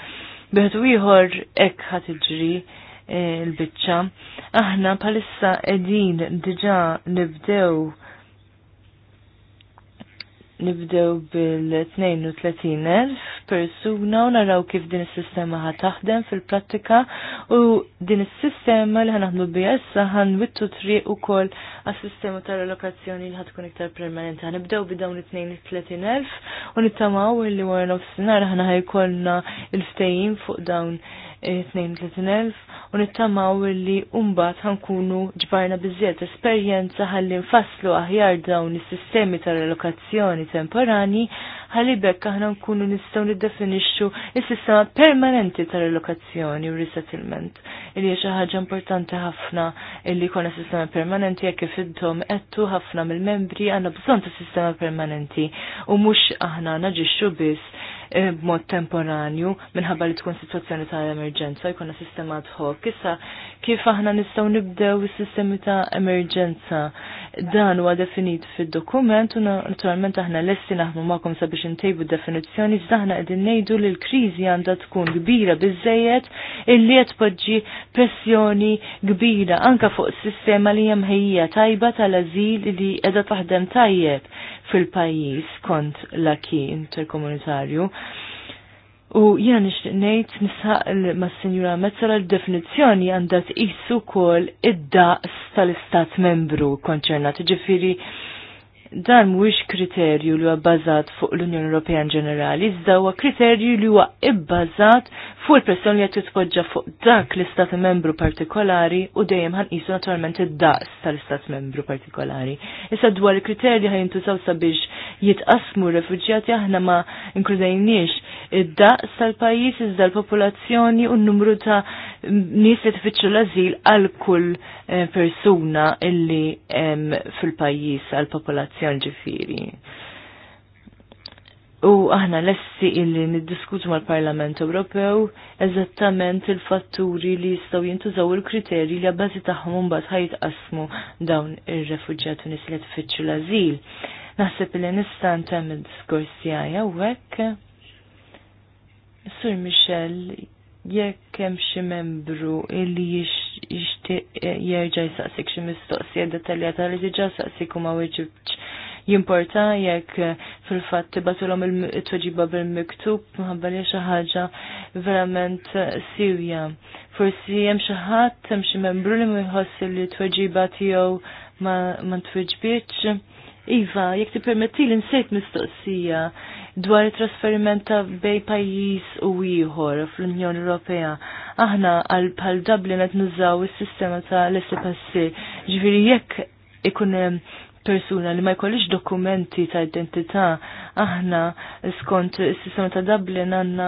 biħed ieħor hekk ħad iġri l-bicċa. Aħna palissa edin diġa nibdew nibdew bil-32.000 persuna u naraw kif din is-sistema ħa taħdem fil-prattika u din is-sistema li ħanaħdmu bija issa ħanwittu triq ukoll għas-sistema tal-allokazzjoni li ħatkun iktar permanenti. Ħanibdew b'dawn it-32.000 u nittamaw li wara nofsinhar ħana ħajkollna il-ftehim fuq dawn 32,000 eh, u nittamaw li umbat ħankunu ġbarna bizziet esperjenza ħalli nfasslu aħjar dawn is-sistemi ta' relokazzjoni temporani ħalli bekk aħna nkunu nistgħu niddefinixxu is-sistema permanenti ta' relokazzjoni u resettlement. Il hija xi ħaġa importanti ħafna illi jkollna sistema permanenti jekk kif intom qedtu ħafna mill-membri għandna bżonn ta' sistema permanenti u mhux aħna naġixxu biss Eh, b'mod temporanju minħabba li tkun situazzjoni ta' emerġenza jkunna sistema ad hoc. Issa kif aħna nistgħu nibdew is-sistemi ta' emerġenza dan huwa definit fid-dokument u naturalment aħna lesti naħdmu magħkom sabiex intejbu definizzjoni iżda aħna qegħdin ngħidu li l-kriżi għandha tkun kbira biżejjed illi qed poġġi pressjoni kbira anke fuq sistema li hemm ħejja tajba tal-ażil li qiegħda taħdem tajjeb fil-pajjiż kont l-aki interkomunitarju. U jena nishtiq ngħid nisaq mas Sinjura Mezzala l-definizzjoni għandha tqisu wkoll id-daqs tal-Istat Membru konċernat. Ġifieri dan mhuwiex kriterju li huwa bbażat fuq l-Unjoni Ewropea ġenerali, iżda huwa kriterju li huwa ibbażat fuq il-pressjoni li qed titpoġġa fuq dak l-istat membru partikolari u dejjem ħanqisu naturalment id-daqs tal-istat membru partikolari. Issa dwar il-kriterji ħajintużaw sabiex jitqasmu refuġjati aħna ma inkludejniex id-daqs tal-pajjiż iżda l-popolazzjoni u n-numru ta' nies li tfittxu l-ażil għal kull eh, persuna illi fil-pajjiż għal popolazzjoni ġudizzjar ġifiri. U aħna lessi illi niddiskutu mal-Parlament Ewropew eżattament il-fatturi li jistgħu jintużaw il-kriterji li għabbażi tagħhom mbagħad ħajtqasmu dawn ir refuġġjati nies li tfittxu l-ażil. Naħseb li nista' tagħmel id-diskors tiegħi Sur Michel, jekk hemm xi membru illi jix jixtieq eh, jerġa' jistaqsik xi mistoqsija dettaljata li diġà u ma weġibċ jimporta jekk eh, fil-fatt om il tweġiba bil-miktub minħabba li xi ħaġa verament eh, sirja. Forsi hemm xi ħadd hemm xi membru li jħossi li t-tweġiba tiegħu ma ntweġbitx. Iva, jekk ti permetti l nsejt mistoqsija, dwar it-trasferiment ta' bej pajjiż u ieħor fl-Unjoni Ewropea. Aħna għal bħal Dublin qed nużaw is-sistema ta' l-SPSC. Ġifieri jekk ikun hemm persuna li ma jkollix dokumenti ta' identità aħna skont is-sistema ta' Dublin għandna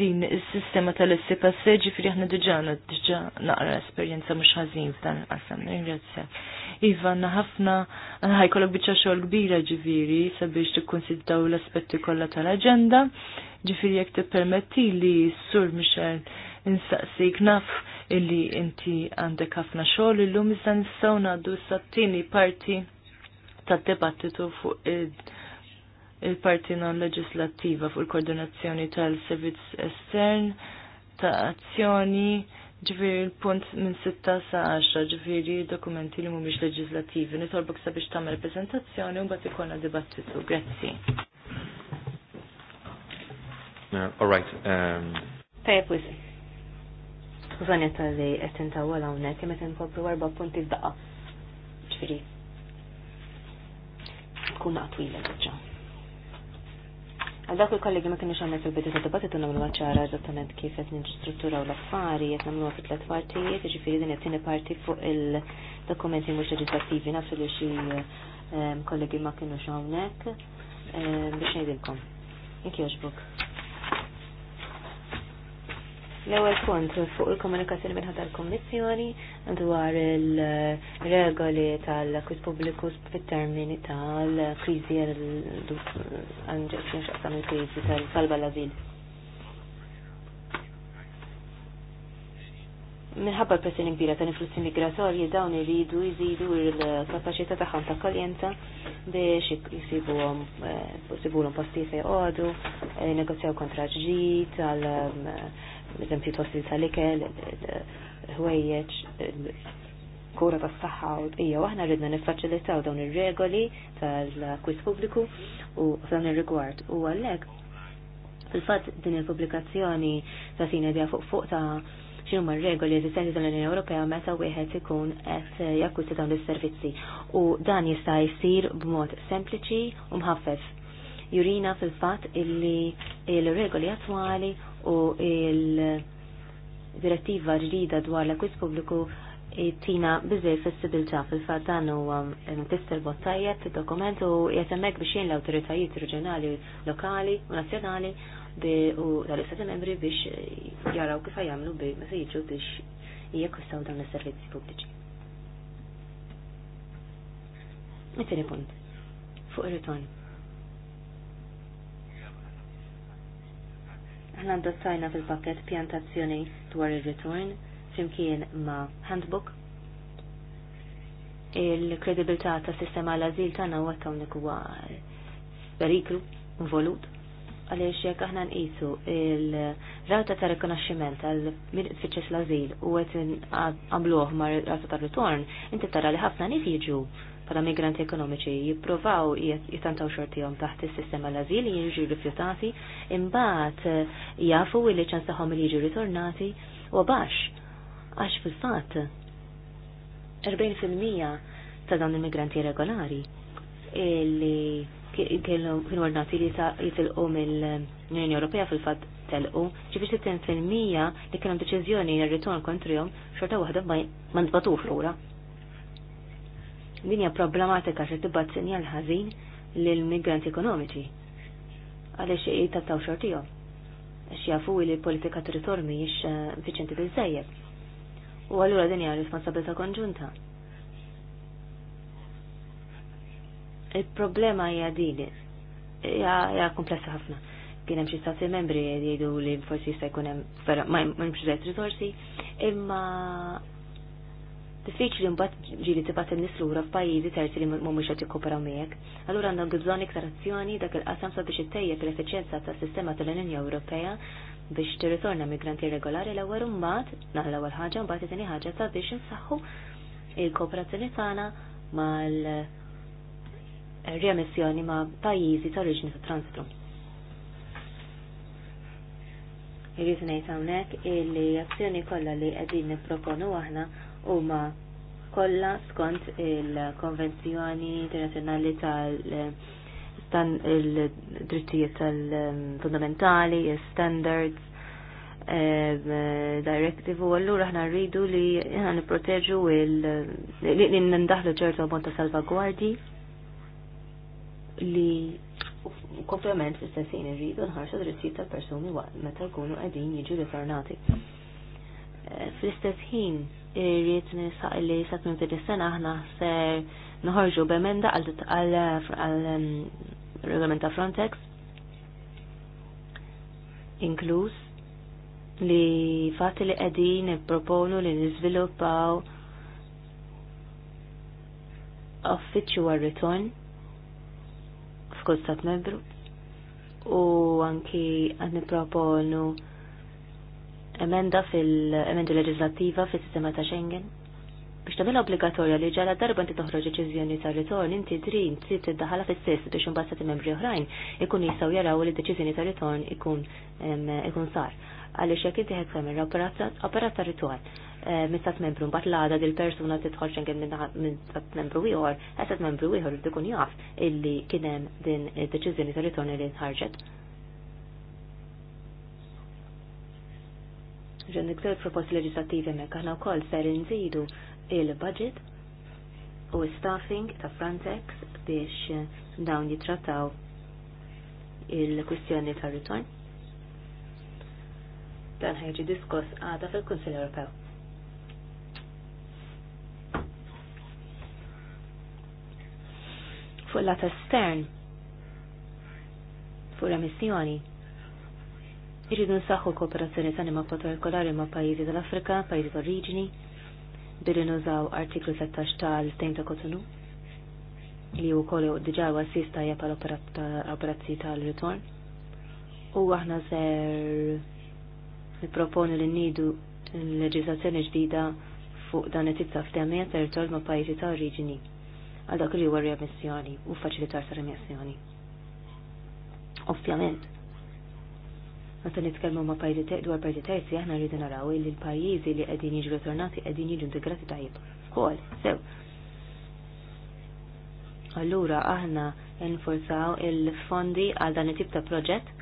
din is-sistema tal-essi passeġi firri aħna diġana diġa naqra esperjenza mhux ħażin f'dan qasam Ringrazzja. Iva, għanna ħafna ħajkollok bieċa xogħol kbira ġifiri sabiex tikkonsidraw l-aspetti kollha tal-aġenda. Ġifiri jekk tippermetti li s sur Michel insaqsik naf illi inti għandek ħafna xogħol illum iżda nistgħu ngħaddu s tieni parti tal debattitu fuq il-parti non leġislattiva fuq il-koordinazzjoni tal-servizz estern ta' azzjoni ġviri il punt minn 6 sa' 10 ġviri dokumenti li mumiex legislativi. Nitolbok sabiex tamel reprezentazzjoni un bat ikonna dibattitu. Grazzi. Uh, all right. Um... Tajab wizi. Zanjeta li għetin ta' għala unnek, jemet kopru għarba punti f'daqqa. Ġviri, tkun għatwila ġa. Għal dak il-kollegi ma kienx għamil fil-bidu ta' dibattitu namlu ċara eżattament kif qed u l-affari qed nagħmluha fi tliet partijiet, jiġifieri din it parti fuq il-dokumenti mhux leġislattivi nafsu li xie ehm, kollegi ma kienux hawnhekk ehm, biex ngħidilkom. Jekk L-ewwel punt fuq il-komunikazzjoni minn ħadar kommissjoni dwar il-regoli tal-akwit pubbliku fit-termini tal-kriżi għanġeċin xaqsam il-kriżi tal-salba l-azil. Minħabba l-pressjoni kbira ta' flussi migratorji dawn iridu jżidu l kapacità tagħhom ta' kaljenza biex jsibuhom eh, jisibulhom postijiet fejn jqogħdu, eh, negozjaw kontraġġi tal- l-eżempju tossil tal-ikel, ħwejjeġ, kura tas saħħa u t-ija u aħna rridna nifacilitaw dawn ir-regoli tal-kwis pubbliku u f'dan ir-rigward. U għalhekk fil-fatt din il-pubblikazzjoni ta' sina fuq fuq ta' xinu ma regoli eżistenti tal-Unjoni Ewropea meta wieħed ikun qed jakkwisti dawn is-servizzi u dan jista' jsir b'mod sempliċi u mħaffef. Jurina fil-fatt illi il-regoli attwali u il-direttiva ġdida dwar l akwist pubbliku tina bizzej flessibilta fil-fat dan u tistel bottajja fil-dokument u jatemmek biex jen l-autoritajiet reġjonali, lokali u nazzjonali u tal-istati membri biex jaraw kif jagħmlu bi ma jiġu biex jekkwistaw dawn is-servizzi pubbliċi. it punt fuq il ritorn Aħna ndossajna fil-pakket pjantazzjoni dwar ir-return flimkien ma' handbook il-kredibilità ta' sistema l-azil tagħna huwa hawnhekk huwa periklu involut għaliex jekk aħna nqisu il-rata ta' rikonoxximent għal min tfittxes l-azil u qed għamluh ma' rata ta' ritorn, inti tara li ħafna nies jiġu bħala migranti ekonomiċi jippruvaw jitantaw xortijom taħt is-sistema l-azil jiġu rifjutati imbagħad eh, jafu li ċansaħom li jiġu ritornati u baxx għax fil fat 40% ta' dawn il-migranti regolari illi kienu ordnati li jitilqu mill-Unjoni Ewropea fil-fatt telqu, ġifi 60% li kellhom deċiżjoni jirritorn kontrihom xorta waħda ma ntbatux lura. Dinja problematika xe t sinjal ħażin lill-migranti ekonomiċi għaliex jitattaw xortijom għax jafu li l-politika territorju mhijiex effiċjenti biżejjed. U allura din hija responsabilità konġunta. Il-problema hija din hija komplessa ħafna. Kien hemm xi stati membri jgħidu li forsi jista' jkun hemm ma jimx risorsi, imma diffiċli mbagħad ġieli tibgħat in nisura f'pajjiżi terzi li mhumiex qed jikkoperaw miegħek. Allura għandhom bżonn iktar azzjoni dak il-qasam sabiex ittejjeb l-effiċjenza tas-sistema tal-Unjoni Ewropea biex tirritorna migranti regolari l-ewwel mbagħad naħla l-ewwel ħaġa mbagħad it-tieni ħaġa sabiex insaħħu il-kooperazzjoni tagħna mal riemissjoni ma' pajjiżi ta' oriġini ta' transitu. Irrid ngħid hawnhekk illi azzjoni kollha li qegħdin nipproponu aħna huma kollha skont il-Konvenzjoni Internazzjonali tal-drittijiet tal-fundamentali, standards, eh, directive u għallur aħna rridu li aħna niproteġu il- li nindaħlu ċertu ammont ta' salvagwardi li komplement fil-sensin rridu nħarsu drittijiet tal-persuni meta jkunu qegħdin jiġu ritornati. Eh, fl-istess ħin irrit nisaq li sa' tmim sena aħna ser noħorġu b'emenda għal regolament ta' Frontex inkluż li fatti li qegħdin nipproponu li niżviluppaw uffiċċju għar-ritorn f'kull stat membru u anki qed nipproponu emenda fil emenda leġislattiva fil-sistema ta' Schengen biex tagħmel obbligatorja li ġala darba inti toħroġ deċiżjoni ta' ritorn inti trin trid tiddaħħalha fis-sess biex imbagħad stati membri oħrajn ikun jistgħu jaraw li deċiżjoni ta' ritorn ikun ikun sar. Għaliex jekk inti qed operata operat ta' ritorn eh, minn stat membru mbagħad l-għada dil persuna tidħol xengen minn stat membru ieħor, stat membru ieħor ikun jaf illi kien hemm din id-deċiżjoni ta' ritorn li nħarġet. ġen iktar proposti leġislattivi mek aħna wkoll ser inżidu il-budget u staffing ta' Frontex biex dawn jitrattaw il-kwistjoni ta' ritorn. Dan ħejġi diskuss għada fil-Kunsill Ewropew. Fuq l-lat estern, fuq l-emissjoni, Irridu nsaħħu kooperazzjoni tani ma' partikolari ma' pajjiżi tal-Afrika, pajjiżi tal-Oriġini, billi nużaw artiklu 17 tal-Tejn ta' Kotonu, li u kollu diġa assista tajja pal operazzi tal-ritorn. U aħna ser niproponu li nidu leġislazzjoni ġdida fuq dan it-tip ta' ftemmija territorju ma' pajjiżi tal oriġini għal dak li huwa remissjoni u faċilitar sar remissjoni. Ovvjament, Meta nitkellmu ma' pajjiżi terzi dwar pajjiżi terzi aħna rridu naraw li l-pajjiżi li qegħdin jiġu ritornati qegħdin jiġu integrati tajjeb. Kol, sew. Allura aħna nforzaw il-fondi għal dan it-tip ta' proġett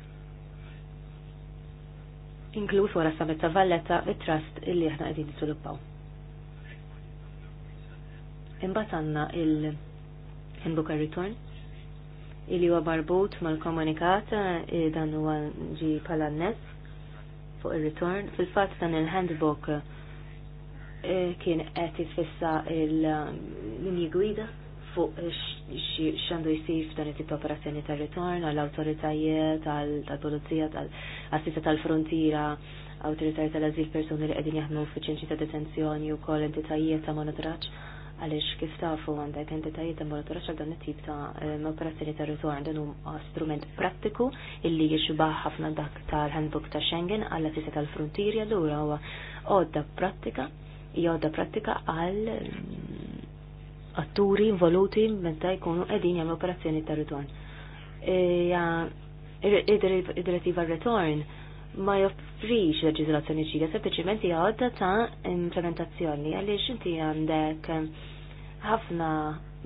inkluż wara samet ta' Valletta it-trust illi aħna qegħdin niżviluppaw. Imbagħad għandna il hinbuka Return il huwa barbut mal-komunikat eh, dan huwa ġi pala nes fuq ir-return. Fil-fatt dan il-handbook eh, kien qed jitfissa l-linji gwida fuq xandu jisir f'dan it-tip operazzjoni tal-return return għall awtoritajiet tal-pulizija, tal-assista tal-frontiera, awtoritajiet tal-azil persuni li qegħdin jaħdmu f'ċinċi ta' detenzjoni u kol entitajiet ta' monitoraġġ għaliex kif tafu għandek entitajiet ambulatorja xal dan it-tip ta' operazzjoni ta' rizwar għandek strument prattiku illi jixbaħ ħafna dak tal-handbook ta' Schengen għall fisa tal-frontieri allura huwa għodda prattika jgħodda prattika għal atturi involuti meta jkunu qegħdin jagħmlu operazzjoni ta' ritwan. Id-direttiva return ma joffrix leġiżlazzjoni ġdida, sempliciment hija ta' implementazzjoni għaliex inti għandek ħafna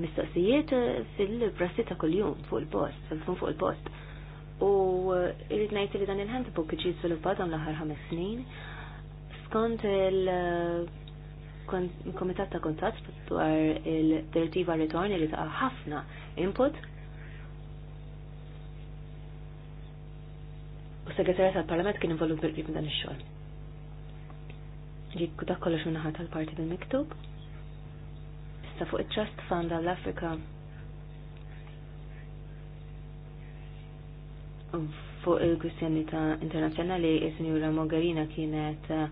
mistoqsijiet fil-prassi ta' kuljum fuq il-post, fil fuq il-post. U irrid ngħid li dan il-handbook ġi żviluppat dawn l-aħħar ħames snin skont il-Komitat ta' Kontatt dwar il-Direttiva Return li ta' ħafna input u segretarja tal-Parlament kien involut bil-qrib dan ix-xogħol. Ġikku dak kollox minn naħat tal-parti bil-miktub. Issa fuq it-Trust Fund għall-Afrika fuq il ta' internazzjonali is-Sinjura Mogherina kienet eh,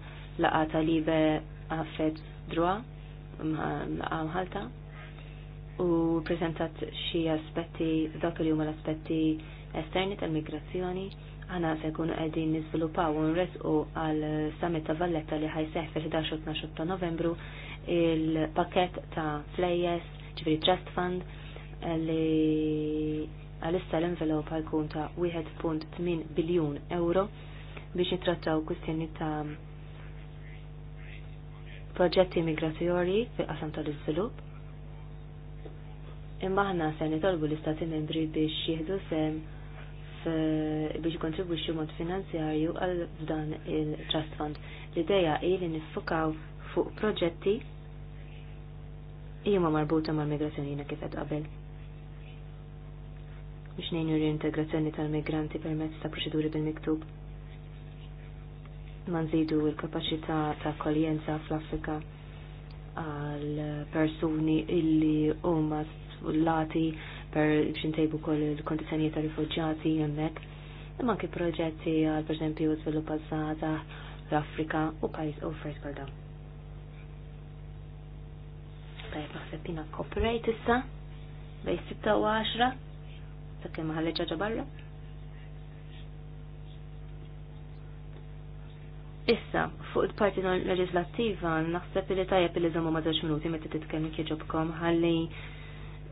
laqa ta' libe għaffet droa laqa mħalta u prezentat xi aspetti dak li huma l-aspetti esterni tal-migrazzjoni Għana se kunu għedin nizvilupaw un resqu għal summit ta' Valletta li seħ fil-11 12 ta' novembru il-pakket ta' Flejes, ġviri Trust Fund, li għalissa l-envelop għajkun ta' 1.8 biljun euro biex jitrattaw kustjoni ta' proġetti migratorji fil-qasam tal-izvilup imma ħna se nitolbu l-istati membri biex jieħdu sem Eh, biex kontribuċi mod finanzjarju għal f'dan il-trust fund. L-ideja i li niffukaw fuq proġetti huma marbuta mal-migrazzjoni jiena kif qed qabel. Biex ngħinu l-integrazzjoni tal-migranti permezz ta' proċeduri bil-miktub. Ma nżidu l-kapaċità ta' kolienza fl-Afrika għal persuni illi huma lati per xintejbu kol il kondizjoniet ta' rifugġati jemmek, imma anki proġetti għal per esempio sviluppa zata l-Afrika u pajis u fred kol dawn. Tajb naħseb jina copyright issa, bej 6 u 10, ta' kemm ħalleġa Issa, fuq il-parti leġislattiva, naħseb li tajjeb li zammu ma' minuti meta titkellmi kieġobkom ħalli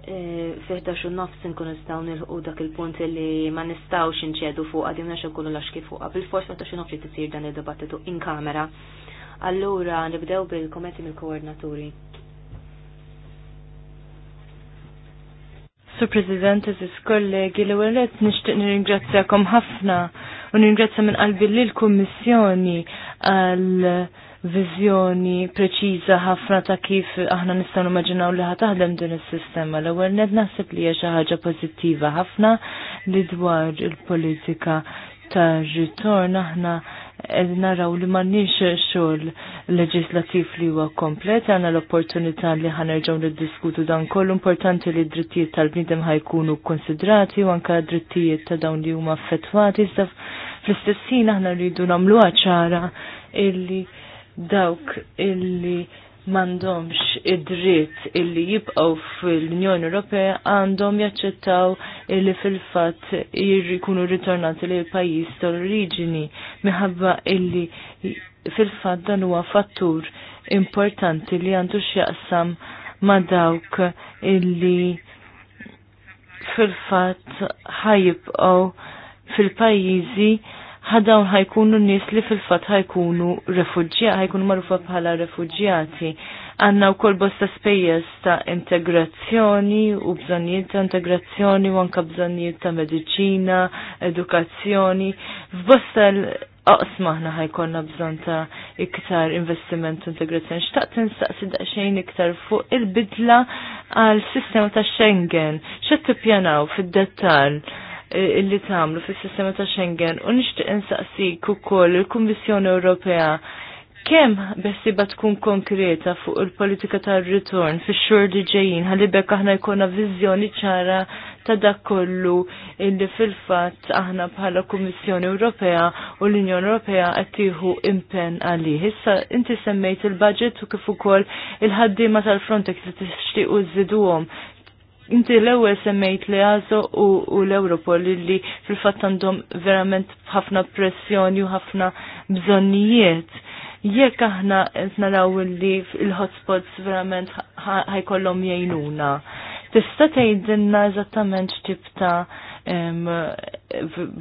E, fiħdax u nofs nkun nistaw nilħu dak il-punt li ma nistawx nċedu fuq għadim naxa lax kif fuq għabil forsi fiħdax u nofs li dan il-dibattitu in kamera. Allura nibdew bil kometi mill-koordinaturi. Sur President, eżis kollegi, li ewwel nishtiq nixtieq nirringrazzjakom ħafna u nirringrazzja minn qalbi lill kummissjoni għal viżjoni preċiża ħafna ta' kif aħna nistgħu nimmaġinaw li ħataħdem din is-sistema. L-ewwel ned naħseb li hija xi ħaġa pożittiva ħafna li dwar il-politika ta' ritorn aħna qed naraw li m'għandniex xogħol leġislattiv li huwa komplet, għandna l-opportunità li ħanerġgħu niddiskutu dan kollu importanti li d-drittijiet tal-bniedem ħajkunu konsidrati u anke d-drittijiet ta' dawn li huma affettwati, iżda fl-istess ħin aħna rridu nagħmluha ċara illi dawk illi mandomx id-dritt illi jibqaw fil-Unjoni Ewropea għandhom jaċċettaw illi fil-fatt jkunu ritornati li pajjiż tal-oriġini minħabba illi fil-fatt dan huwa fattur importanti li għandu x'jaqsam ma' dawk illi fil-fatt ħajibqaw fil-pajjiżi ħadawn ħajkunu nis li fil-fat ħajkunu refugġjati, ħajkunu marufa bħala refugġjati. Għanna u kol bosta spejjes ta' integrazzjoni u bżonijiet ta' integrazzjoni u anka bżonijiet ta' medicina, edukazzjoni. F'bosta l-oqsma ħna ħajkonna bżon ta' iktar investiment u integrazzjoni. Xtaqt nistaqsi daqxejn iktar fuq il-bidla għal sistema ta' Schengen. Xed tippjanaw fid-dettal? illi tagħmlu fis-sistema ta' Schengen u nixtieq insaqsik ukoll il-Kummissjoni Ewropea kem bessiba tkun konkreta fuq il-politika tar ritorn fi xur li ġejjin ħalibek aħna jkollna viżjoni ċara ta' dak kollu illi fil-fatt aħna bħala Kummissjoni Ewropea u l-Unjoni Ewropea qed tieħu impenn għalih. Issa inti semmejt il-budget u kif ukoll il-ħaddiema tal-Frontex li tixtiequ żiduhom Inti l-ewwel semmejt li għażo u l-Europol li fil-fatt għandhom verament ħafna pressjoni u ħafna bżonnijiet. Jekk aħna qed naraw li il-hotspots verament ħajkollhom jgħinuna. Tista' tgħidilna eżattament x'tib ta'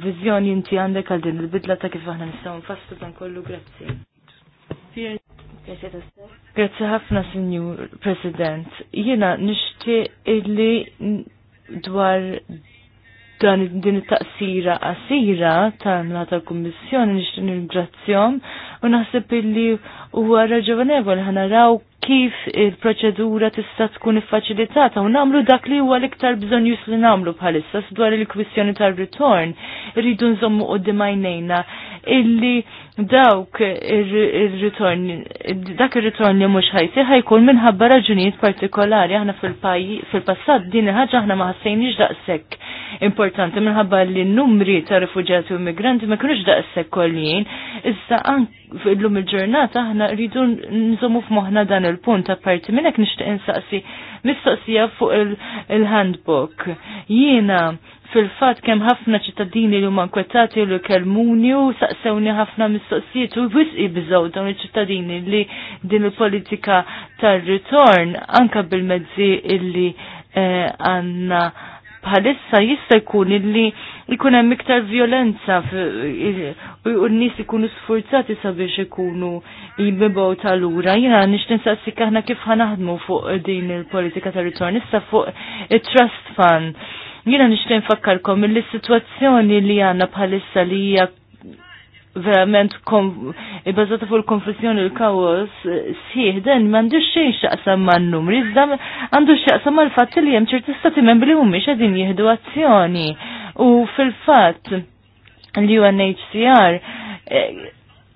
viżjoni inti għandek għal din il-bidla ta' kif aħna nistgħu nfassu dan kollu grazzi. Grazie ħafna, Signor President. Jena nishti illi dwar dan din it-taqsira qasira tal-mla tal-Kummissjoni nixtieq nirgrazzjom u naħseb illi huwa raġonevol ħanaraw kif il-proċedura tista' tkun iffaċilitata u nagħmlu dak li huwa l-iktar bżonn jus li nagħmlu bħalissa dwar il-kwistjoni tar-ritorn. Irridu nżommu qudiem għajnejna illi dawk ir-ritorn dak ir-ritorn li mhux ħajsi ħajkun minħabba raġunijiet partikolari aħna fil-passat din ħaġa aħna ma ħassejniex daqshekk importanti minħabba li n-numri ta' rifuġjati u immigranti ma kienux daqshekk kollin, issa fil-lum il-ġurnata aħna rridu nżomu f'moħħna dan il-punt apparti minn hekk nixtieq insaqsi mistoqsija fuq il-handbook. Jiena fil-fat kem ħafna ċittadini li huma nkwetati li kelmuni u saqsewni ħafna mistoqsijiet u wisqi biżgħu dawn iċ-ċittadini li din il-politika tar-ritorn anka bil-mezzi illi eh, għandna bħalissa jista' jkun illi ikun hemm iktar violenza u n-nies ikunu sfurzati sabiex ikunu jibbebaw tal-ura. Jiena nix ninsaqsi aħna kif ħanaħdmu fuq din il-politika ta' ritorn issa fuq it-trust fund. Jiena nixtieq nfakkarkom li s-sitwazzjoni li għandna bħalissa li hija verament bazzata fuq il-konfessjoni l-kawos sieħ den m'għandux xejn xaqsam man-numri, iżda għandu xaqsam mal-fatt li hemm ċerti stati membri mhumiex qegħdin jieħdu azzjoni. U fil-fatt l-UNHCR eh,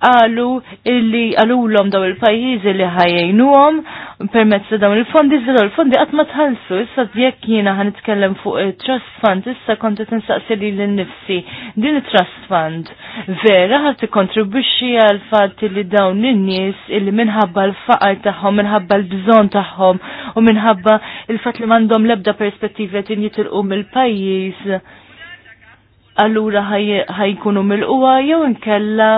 għalu illi għalu l-om daw il-pajizi li ħajajnu għom permezz ta' dawn il-fondi, zidu il-fondi għatma tħalsu, issa jekk jina għan itkellem fuq trust fund, issa t-insaqsi li l-nifsi, din trust fund, vera t-kontribuċi għal fat li dawn n-nies illi minħabba l-faqar taħħom, minħabba l-bżon taħħom, u minħabba il-fat li mandom lebda perspettivi għatin jitilqu mill-pajiz allura ħajkunu mill-qwa jew inkella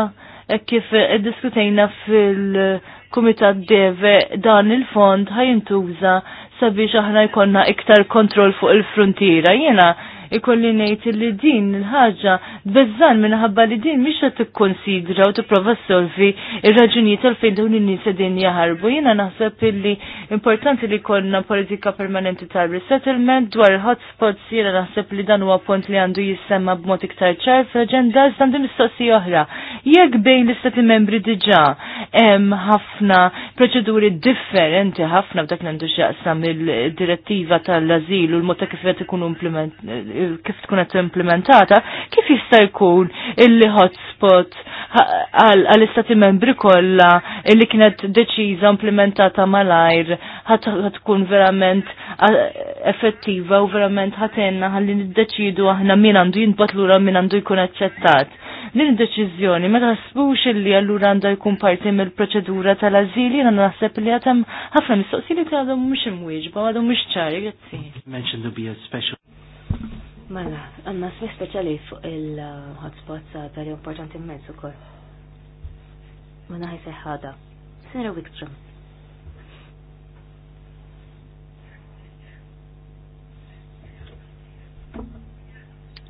kif diskutejna fil-Kumitat Deve dan il-fond ħajintuża sabiex aħna jkollna iktar kontroll fuq il-frontiera. Jiena ikolli ngħid li din il-ħaġa tbeżżan minħabba li din mhix qed tikkonsidra u tipprova ssolvi il raġunijiet għalfejn dawn in nisa din jaħarbu. Jiena naħseb li importanti li jkollna politika permanenti tal-resettlement dwar hotspots jiena naħseb li dan huwa pont li għandu jissemma b'mod iktar ċar fl-aġenda iżda għandi mistoqsija oħra. Jekk bejn l-istati membri diġà hemm ħafna proċeduri differenti ħafna b'dak nandu xaqsam il-direttiva tal-azil u l-mod ta' kif qed ikunu kif tkun qed implementata, kif jista' jkun il-hotspot għall-istati membri kollha li kienet deċiża implementata malajr tkun verament effettiva u verament ħatenna ħalli niddeċidu aħna min għandu jinbat lura min għandu jkun aċċettat din id-deċiżjoni ma taħsbux illi allura għandha jkun parti mill-proċedura tal ażil jiena naħseb li għatem ħafna mistoqsili għadhom mhux imwieġba għadhom mhux ċari, grazzi. Mela, għanna smi speċali fuq il-hotspot għadar eh, importanti immens u koll. Ma mela naħi seħħada. Sinra Wiktrum.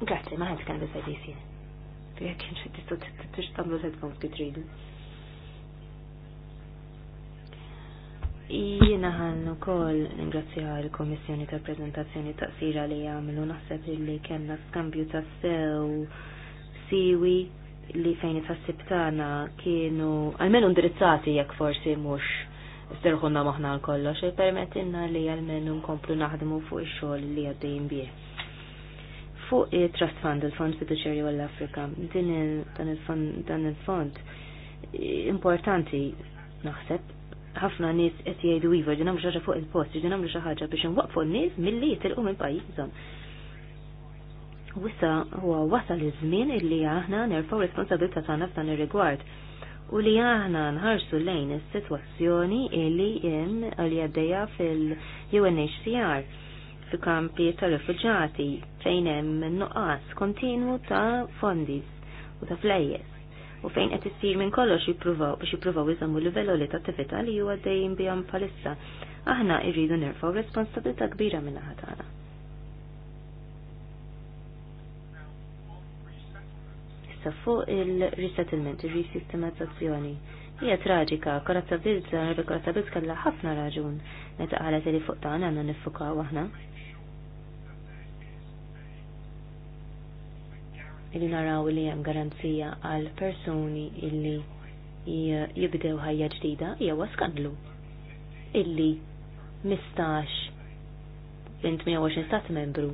Grazie, ma ħanċ kan bizzajdi sin. Fija kienx t-tut t t tamlu t-tfum t-tridu. Jiena ħannu kol ningrazzja l-Komissjoni tal prezentazzjoni ta' sira li għamlu naħseb li kellna skambju ta' sew siwi li fejn tħassib sibtana kienu għalmenu ndirizzati jekk forsi mhux sterħunna maħna l-kollox xe permettinna li għalmenu nkomplu naħdmu fuq ix-xogħol li għaddejn bie. Fuq trust fund, il-Fond Fiduċerju għall-Afrika, din dan il-fond eh, importanti naħseb ħafna nies qed jgħidu iva ġi nagħmlu xi fuq il-post, ġi nagħmlu xi ħaġa biex nwaqfu n-nies milli jitilqu minn pajjiżhom. Wissa huwa wasal iż-żmien illi aħna nerfgħu responsabilità tagħna f'dan ir-rigward u li aħna nħarsu lejn is-sitwazzjoni illi hemm li għaddejja fil-UNHCR fi kampi tal-rifuġati fejn hemm nuqqas kontinwu ta' fondis u ta' flejjes u fejn qed issir minn kollox jippruvaw biex jippruvaw iżammu livell għoli ta' attività li huwa dejjem bihom bħalissa. Aħna rridu nerfgħu responsabilità kbira minn naħa tagħna. Issa fuq il-resettlement, ir-risistemizzazzjoni. Hija traġika, Korazza bizza, Arabi Korazza Bilz kellha ħafna raġun meta qalet li fuq tagħna għandna nifukaw aħna. illi naraw li hemm garanzija għal persuni illi jibdew ħajja ġdida jew skandlu illi mistax int 120 stat membru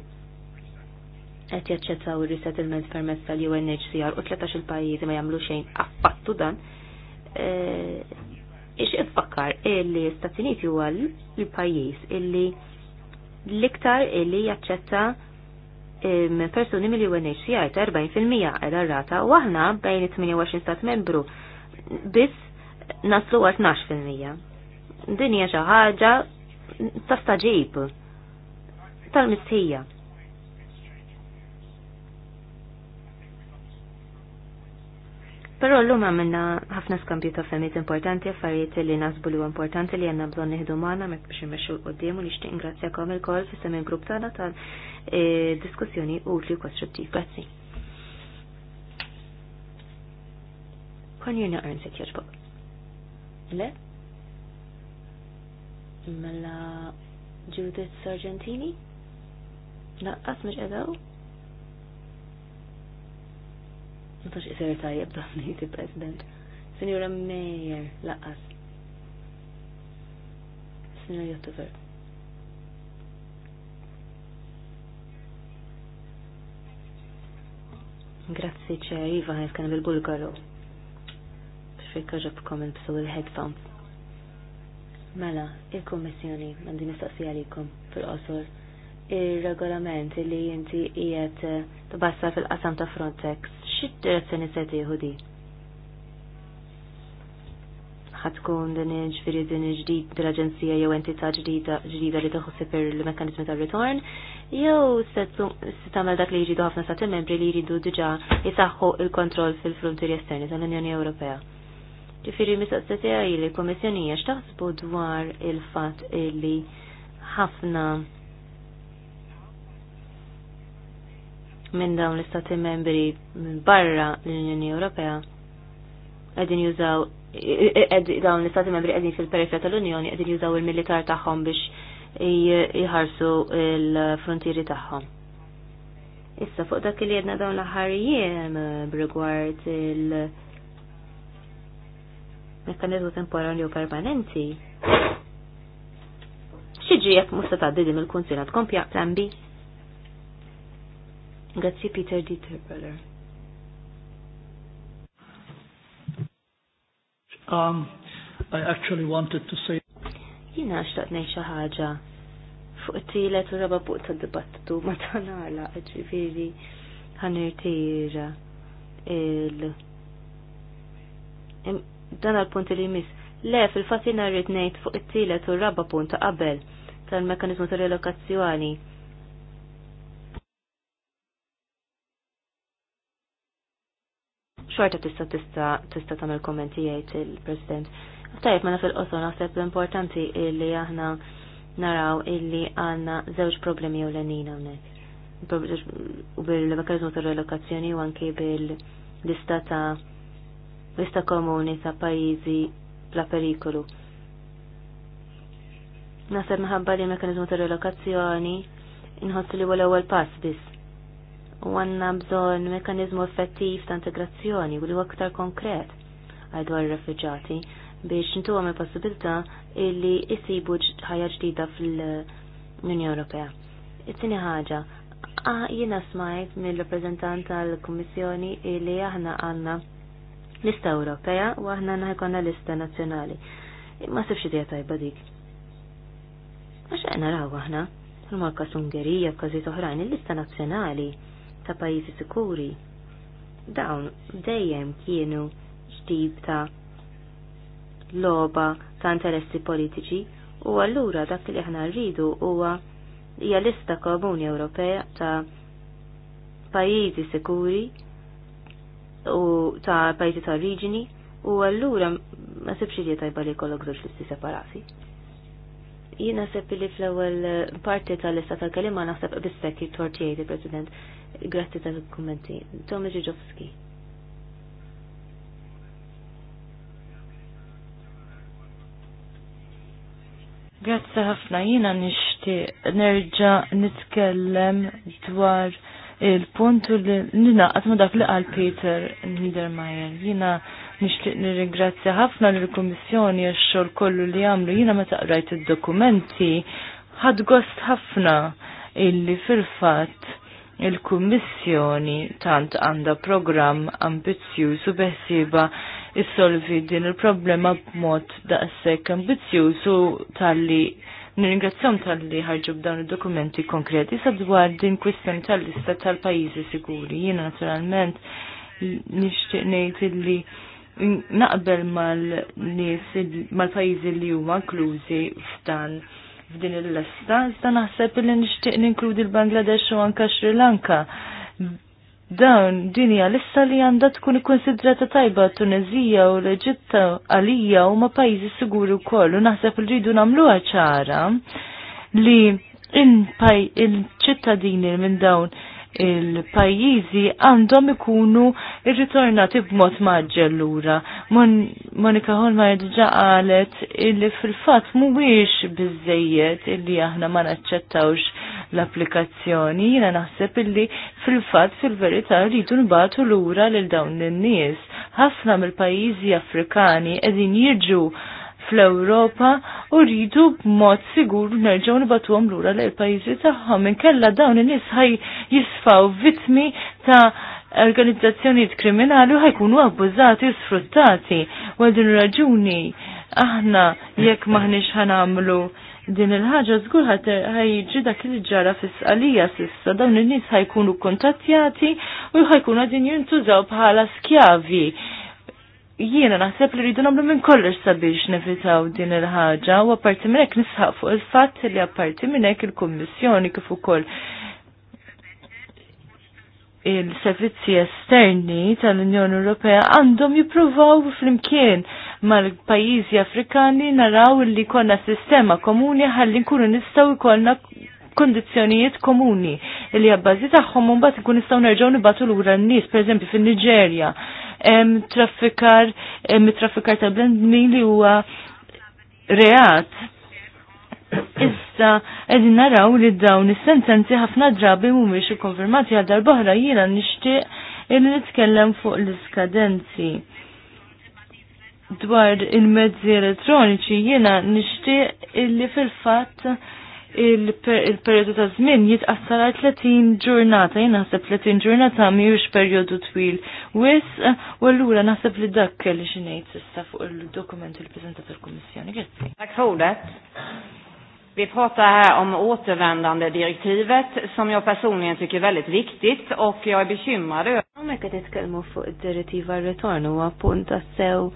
qed jaċċettaw ir-resettlement permezz tal-UNHCR u 13 il-pajjiżi ma jagħmlu xejn affattu dan e, ix iffakkar illi Stati Uniti huwa l-pajjiż illi l-iktar illi jaċċetta persuni mill-UNHCR ta' 40% għal rata u aħna bejn 28 stat membru biss naslu għal 12%. Din hija xi ħaġa ta' staġib tal-mistħija. Pero l-lum għamilna ħafna skambju ta' femmit importanti, affarijiet li nasbu li importanti li għanna bżon nihdu maħna mek biex immexxu l-qoddim u nixtieq kom il-kol fi semmi grupp tana ta' e, diskussjoni utli u kostruttiv. Grazzi. Kon jirna għarn se jirġbok. Le? Mela Judith Sargentini? Naqqas mux edaw? Natax isir tajjeb dan ngħid president Signora Meyer laqas. Signora Jottover. Grazzi ċe, Iva, jeskan bil-Bulgaru. Xfekka ġabkom il-bsu il headphone Mela, il-Kommissjoni għandi nistaqsija għalikom fil-qosor il-regolament li jinti qiegħed tbassar fil-qasam ta' Frontex. X'i-direzzjoni se tieħu di? ħatkun din ġifieri din ġdid tal aġenzija jew entità ġdida ġdida li tieħu per il-mekkaniżmi tar-ritorn jew se tagħmel dak li jridu ħafna sa membri li jridu diġà jisaħħu il-kontroll fil-frontieri esterni tal-Unjoni Ewropea. Ġifieri mistaqsi tiegħi li l-Kummissjoni hija x'taħsbu dwar il-fatt li ħafna minn dawn l-istati membri minn barra l-Unjoni Ewropea għedin jużaw e- e- e- dawn l-istati membri għedin fil perifja tal-Unjoni għedin jużaw il-militar tagħhom biex jħarsu l-frontieri tagħhom. Issa fuq dak li jedna dawn l jiem eh, b'rigward il- temporali temporanju permanenti. Xiġi jekk musta tgħaddi il kunzina tkompja plan B. Grazie Peter Dieterbeller. Um, I actually wanted to say Jina xtaqt ngħid xi ħaġa fuq it-tielet u raba fuq tad-dibattitu ma tanala ġifieri ħanirtira il dan għal-punt li jmiss. Le, fil-fatt jina ngħid fuq it-tielet u raba punta qabel tal-mekanizmu ta' relokazzjoni xorta tista tista tista tagħmel kommenti jgħid il-President. Tajjeb ma mela fil qosso naħseb l-importanti illi aħna naraw illi għandna żewġ problemi ewlenin hawnhekk. U bil-mekanizmu ta' relokazzjoni u anki bil-lista ta' lista komuni ta' pajjiżi bla perikolu. Naħseb minħabba li l-mekanizmu ta' relokazzjoni inħoss li huwa l-ewwel pass biss u għanna bżon mekanizmu effettiv ta' integrazzjoni u li aktar konkret għal dwar ir biex ntu għame il-possibilta illi jisibu ħajja ġdida fil-Unjoni Ewropea. It-tini ħaġa, jina smajt mill-reprezentant tal-Kommissjoni illi aħna għanna lista Ewropea u aħna naħkonna lista nazjonali. Ma sibx idea tajba dik. Għax għana raw aħna, fil-Markas Ungerija, f'każijiet oħrajn, il-lista nazjonali ta' pajjiżi sikuri. Dawn dejjem kienu ġtib ta' loba ta' interessi politiċi u allura dak li aħna rridu huwa hija lista komuni Ewropea ta' pajjiżi sikuri u ta' pajjiżi ta' oriġini u allura ma sibx li tajba li jkollok żewġ listi separati. Jina sepp li fl-ewel parti tal-lista tal-kalima naħseb bissek jittortijaj di president Grazzi tal-kommenti. Tomi Ġiġovski. Grazzi ħafna jina nishti nerġa nitkellem dwar il puntu li nina ma dak li għal Peter Niedermayer. Jina Nixtieq nirringrazzja ħafna lill-Kummissjoni għax-xogħol kollu li għamlu jiena meta qrajt id-dokumenti ħad gost ħafna illi fil-fatt il-Kummissjoni tant għandha programm ambizzjuż u beħsieba issolvi din il-problema b'mod daqshekk ambizzjuż u talli Nirringrazzjom tal-li ħarġu b'dawn id-dokumenti konkreti sa dwar din kwistjoni tal-lista tal-pajjiżi siguri. Jiena naturalment nixtieq ngħid illi naqbel mal-nies mal-pajjiżi li huma inklużi f'dan f'din il-lista, iżda naħseb li nixtieq ninkludi l-Bangladesh u anka Sri Lanka. Dawn din hija li għandha tkun ikkonsidrata tajba Tunezija u l eġitta għalija huma pajjiżi siguri wkoll u naħseb li rridu nagħmluha ċara li in-ċittadini minn dawn il-pajjiżi għandhom ikunu irritornati b'mod maġġel lura. Monika Holma diġa qalet illi fil-fatt mhuwiex biżejjed illi aħna ma naċċettawx l-applikazzjoni, jiena naħseb illi fil-fatt fil-verità rridu nbatu lura lil dawn in-nies. Ħafna mill-pajjiżi Afrikani qegħdin jiġu fl-Ewropa u rridu b'mod sigur nerġgħu nibatuhom lura lejn pajjiżi tagħhom inkella dawn in-nies ħaj jisfaw vittmi ta' organizzazzjonijiet kriminali u ħajkunu abbużati u sfruttati. U din raġuni aħna jekk maħniex ħanamlu din il-ħaġa żgur ħajġi dak il ġara fis-qalija s'issa dawn in-nies ħajkunu kontattjati u ħajkunu għadin jintużaw bħala skjavi jiena naħseb li rridu nagħmlu minn kollox sabiex nevitaw din il-ħaġa u apparti minn hekk nisħaq fuq il-fatt li apparti minn hekk il-Kummissjoni kif ukoll il-servizzi esterni tal-Unjoni Ewropea għandhom jippruvaw flimkien mal-pajjiżi Afrikani naraw li konna sistema komuni ħalli nkunu nistgħu jkollna kondizjonijiet komuni li għabbażi tagħhom mbagħad nkun nistgħu nerġgħu nibatu lura n-nies pereżempju fin-Niġerja hemm traffikar hemm traffikar ta' bnedmin li huwa reat. Issa qegħdin naraw li dawn is-sentenzi ħafna drabi mhumiex ikkonfermati għal darb'oħra jiena nixtieq illi nitkellem fuq l-iskadenzi dwar il-mezzi elettroniċi jiena nixtieq illi fil-fatt il-periodu ta' zmin jitqassara 30 ġurnata, jina naħseb 30 ġurnata mhijiex periodu twil. Wis u l allura naħseb li dak kelli xinejt ngħid issa fuq il-dokument il prezentat il komissjoni Grazzi. Tak fowlet. Vi pratar här om återvändande direktivet som jag personligen tycker är väldigt viktigt och jag är bekymrad över. Om jag kan titta på direktivet return och punta sew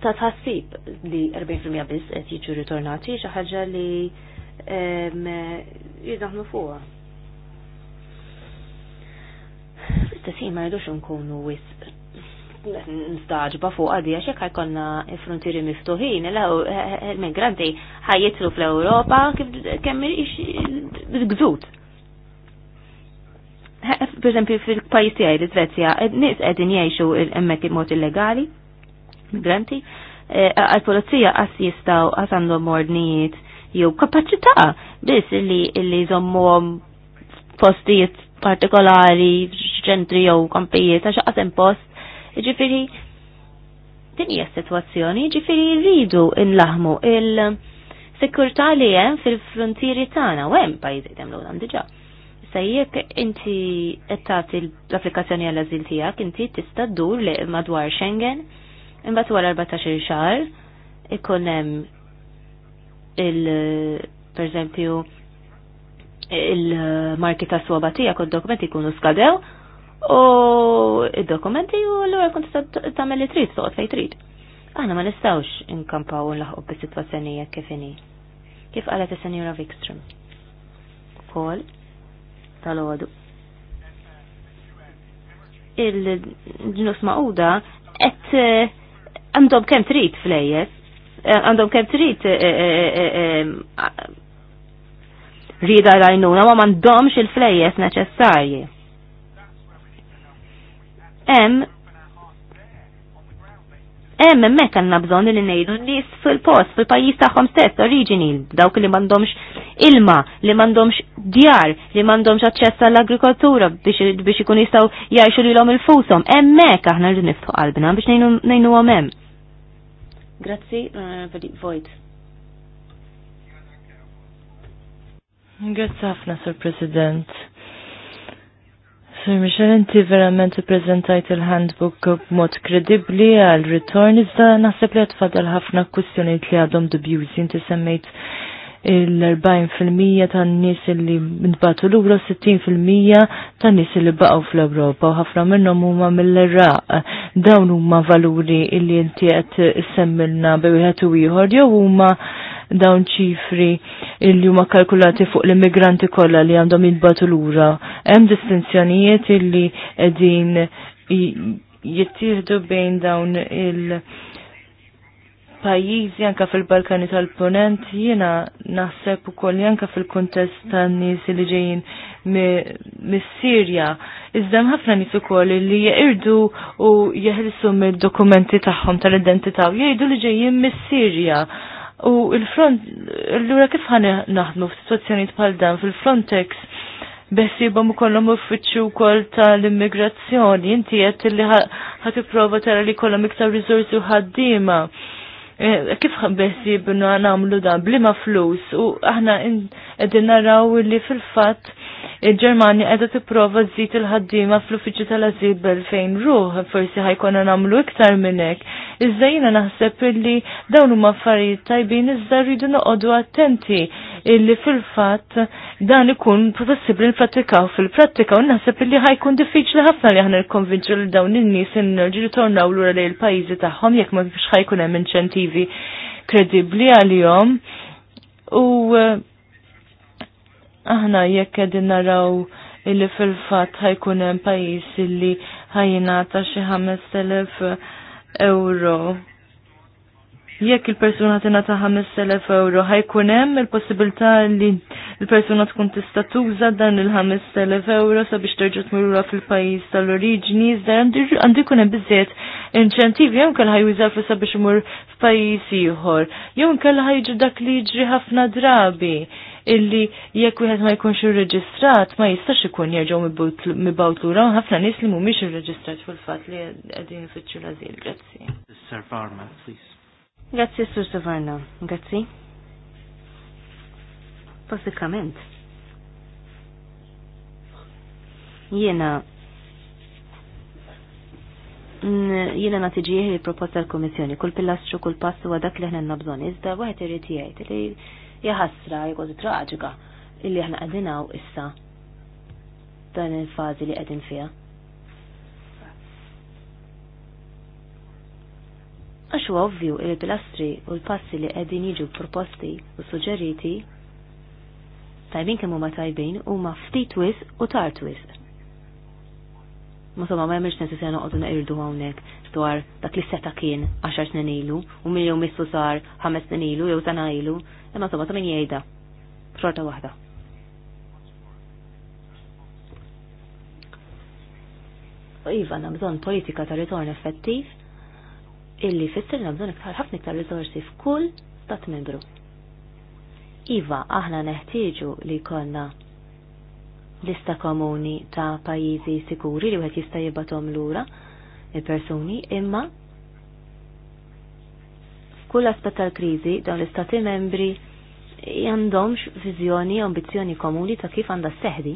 ta' tħassib li 40% biss qed jiġu ritornati xi ħaġa li jiddaħnu fuqha. Fl-istess ma rridux nkunu wis nistaġba fuq għadija xek ħajkonna frontieri miftuħin, il-migranti ħajjitlu fl-Europa kemm gżut. Per esempio, fil-pajis tiegħi l-Svezja, nis qegħdin jgħixu hemmhekk imod illegali migranti, eh, għal-polizija għas jistaw għas għandhom ordnijiet jew kapacità biss li li jżommuhom postijiet partikolari, ċentri jew kampijiet għax għasem post. Ġifiri, din hija situazzjoni, ġifiri rridu nlaħmu il-sekurtà li hemm fil-frontieri tagħna u hemm pajjiżi tagħmlu diġà. Issa jekk inti qed tagħti l-applikazzjoni għall-ażil tiegħek, inti tista' ddur madwar Schengen imbat wara 14 xahar ikun hemm il esempio il-marki ta' swaba tiegħek d-dokumenti jkunu skadew u id-dokumenti u l-għura kont tagħmel li trid toqgħod fej trid. Aħna ma nistgħux inkampaw u nlaħqu bis-sitwazzjonijiet kif inhi. Kif qalet is-Senjura Wikström? Kol, tal-għodu. Il-ġnus ma'uda qed għandhom kem trid flejjer, eh, għandhom kem trid eh, eh, rida rajnuna ma m'għandhomx il-flejjes neċessarji. Em, em emmek għanna bżon li nejdu nis fil-post, fil-pajis taħħom stess, oriġini, dawk li mandomx ilma, li mandomx djar, li mandomx aċċess għall-agrikoltura biex ikun jistaw jajxu li l-om il-fusom, hemmhekk aħna rridu niftu qalbna biex nejnu hemm. Grazzi, onorevoli eh, Voigt. Grazzi ħafna, Sur President. Sir Michel, inti verament prezentajt il-handbook b'mod kredibli għal ritorn iżda naħseb li għatfadal ħafna kwistjoniet li għadhom dubjużi inti semmejt il-40% tan-nies li ntbatu lura 60% tan-nies li baqaw fl-Ewropa u ħafna minnhom huma mill-Iraq. Dawn huma valuri li inti qed semmilna bi wieħed u ieħor jew huma dawn ċifri li huma kalkulati fuq l-immigranti kollha li għandhom jintbatu lura. Hemm distinzjonijiet illi qegħdin jittieħdu bejn dawn il- pajjiżi anka fil-Balkani tal-Ponent jiena naħseb ukoll janka fil-kuntest tan-nies li ġejjin mis-Sirja. Iżda ħafna nies ukoll li jirdu u jeħilsu mid-dokumenti tagħhom tal-identità u jgħidu li ġejjin mis-Sirja. U il-front, l-ura kif ħan naħdmu f-situazzjoni bħal dan fil-Frontex, bessibom u kollom uffiċu kol tal-immigrazzjoni, inti għet li ħat prova tara li kollom iktar rizorsi u ħaddima. Eh, kif b'nu għanamlu dan blima flus u aħna qegħdin naraw li fil-fatt il-Ġermanja eh, qiegħda tipprova żid il-ħaddiema fl uffiċi tal-Azil fejn ruħ, forsi ħajkonna nagħmlu iktar minn hekk. Iżda jina naħseb li dawn huma affarijiet tajbin iżda rridu noqogħdu attenti illi fil-fatt dan ikun possibbli nfattikaw fil-prattika u naħseb illi ħajkun diffiċli ħafna li aħna nkonvinċu lil dawn in-nies innerġi ritornaw lura lejn il-pajjiżi tagħhom jekk ma biex ħajkun hemm inċentivi kredibbli għalihom. U eh, aħna jekk qegħdin naraw illi fil-fatt ħajkun hemm pajjiż illi ħajjingħata xi 5000 euro jekk il-persuna tina ta' 5.000 euro ħajkun hemm il-possibilità li il-persuna tkun tista' tuża dan il-5.000 euro sabiex terġa' tmurra fil-pajjiż tal-oriġini, iżda għandu jkun hemm biżżejjed inċentivi jew kellha ħajjuża flus sabiex imur f'pajjiż ieħor, jew kellha ħajġu dak li jiġri ħafna drabi illi jekk wieħed ma jkunx irreġistrat ma jistax ikun jerġgħu mibgħut lura ħafna nies li mhumiex irreġistrat fil-fatt li qegħdin ifittxu l-ażil. Grazzi. Sir please. Grazzi, Sur Savarna. Grazzi. Basikament. Jena jiena natiġieħ li proposta l-Komissjoni, kull pilastru, kull pass għadak dak li ħna nabżon, iżda wieħed irid jgħid li jaħasra jgħu traġika illi ħna għadinaw issa dan il-fażi li qegħdin fiha. għax huwa ovvju li l-pilastri u l-passi li qegħdin jiġu proposti u suġġeriti tajbin kemm huma tajbin huma ftit wis u tar wis. Ma ma jemmerx nesi sena għodu naqirdu hawnhekk dwar dak li seta kien 10 snin ilu u miljon missu sar 5 snin ilu jew sena ilu, imma soma ta' min jgħidha xorta waħda. Iva, bżonn politika ta' ritorn effettiv illi fisser nabżon iktar ħafna iktar risorsi f'kull stat membru. Iva, aħna neħtieġu li konna lista komuni ta' pajizi sikuri li wieħed jista' jibatom lura il-persuni, imma f'kull aspett tal-kriżi dawn l-istati membri għandhomx viżjoni u ambizzjoni komuni ta' kif għandha seħdi.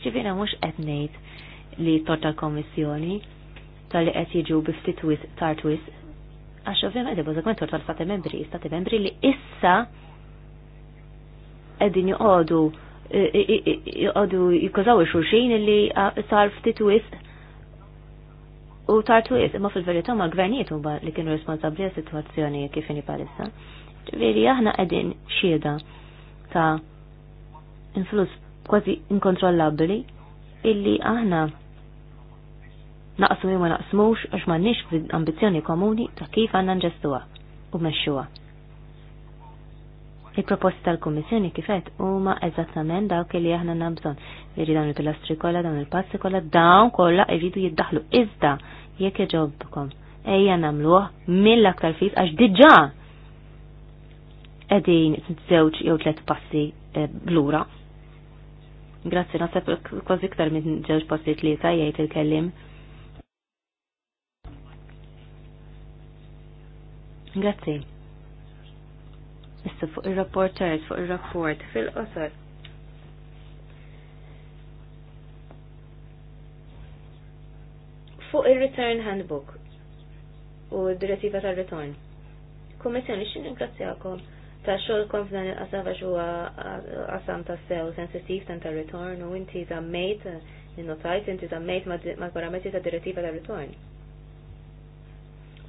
Ġifieri mhux qed ngħid li torta l-Kommissjoni tal-li qed jiġu bi f'tit wis tar twis Għax ovvjament hemm eżakwent tal-stati membri, stati membri li issa qegħdin joqogħdu joqogħdu jikkużaw xulxin li sar ftit wis u tar twis imma fil-verità ma gvernijiet huma li kienu responsabbli għas sitwazzjoni kif inhi palissa. Ġifieri aħna qegħdin xieda ta' influss kważi inkontrollabbli illi aħna naqsu ma naqsmux għax ma nix ambizjoni komuni ta' kif għanna nġestuwa u meċxuwa. Il-proposti tal komissjoni kifet huma eżattament dawk li aħna nabżon. Irri dawn il-pilastri kollha, dawn il-passi kollha, dawn kollha iridu jiddaħlu iżda jekk iġobkom. Ejja nagħmluh mill-aktar fis għax diġà qegħdin żewġ jew tliet passi blura. Eh, Grazzi, nasab kważi iktar minn ġewġ passi tlieta jgħid il-kellim. Grazzi. Issa fuq il-rapporters, fuq il-rapport, fil-qosor. Fuq il-return handbook u d-direttiva tal-return. Kommissjoni, xin ingrazzjakom ta' xolkom f'dan il-qasam għax huwa qasam ta' sew sensitiv tan ta' return u inti ta' mejt, innotajt, inti ta' mejt ma' parametri ta' direttiva tal return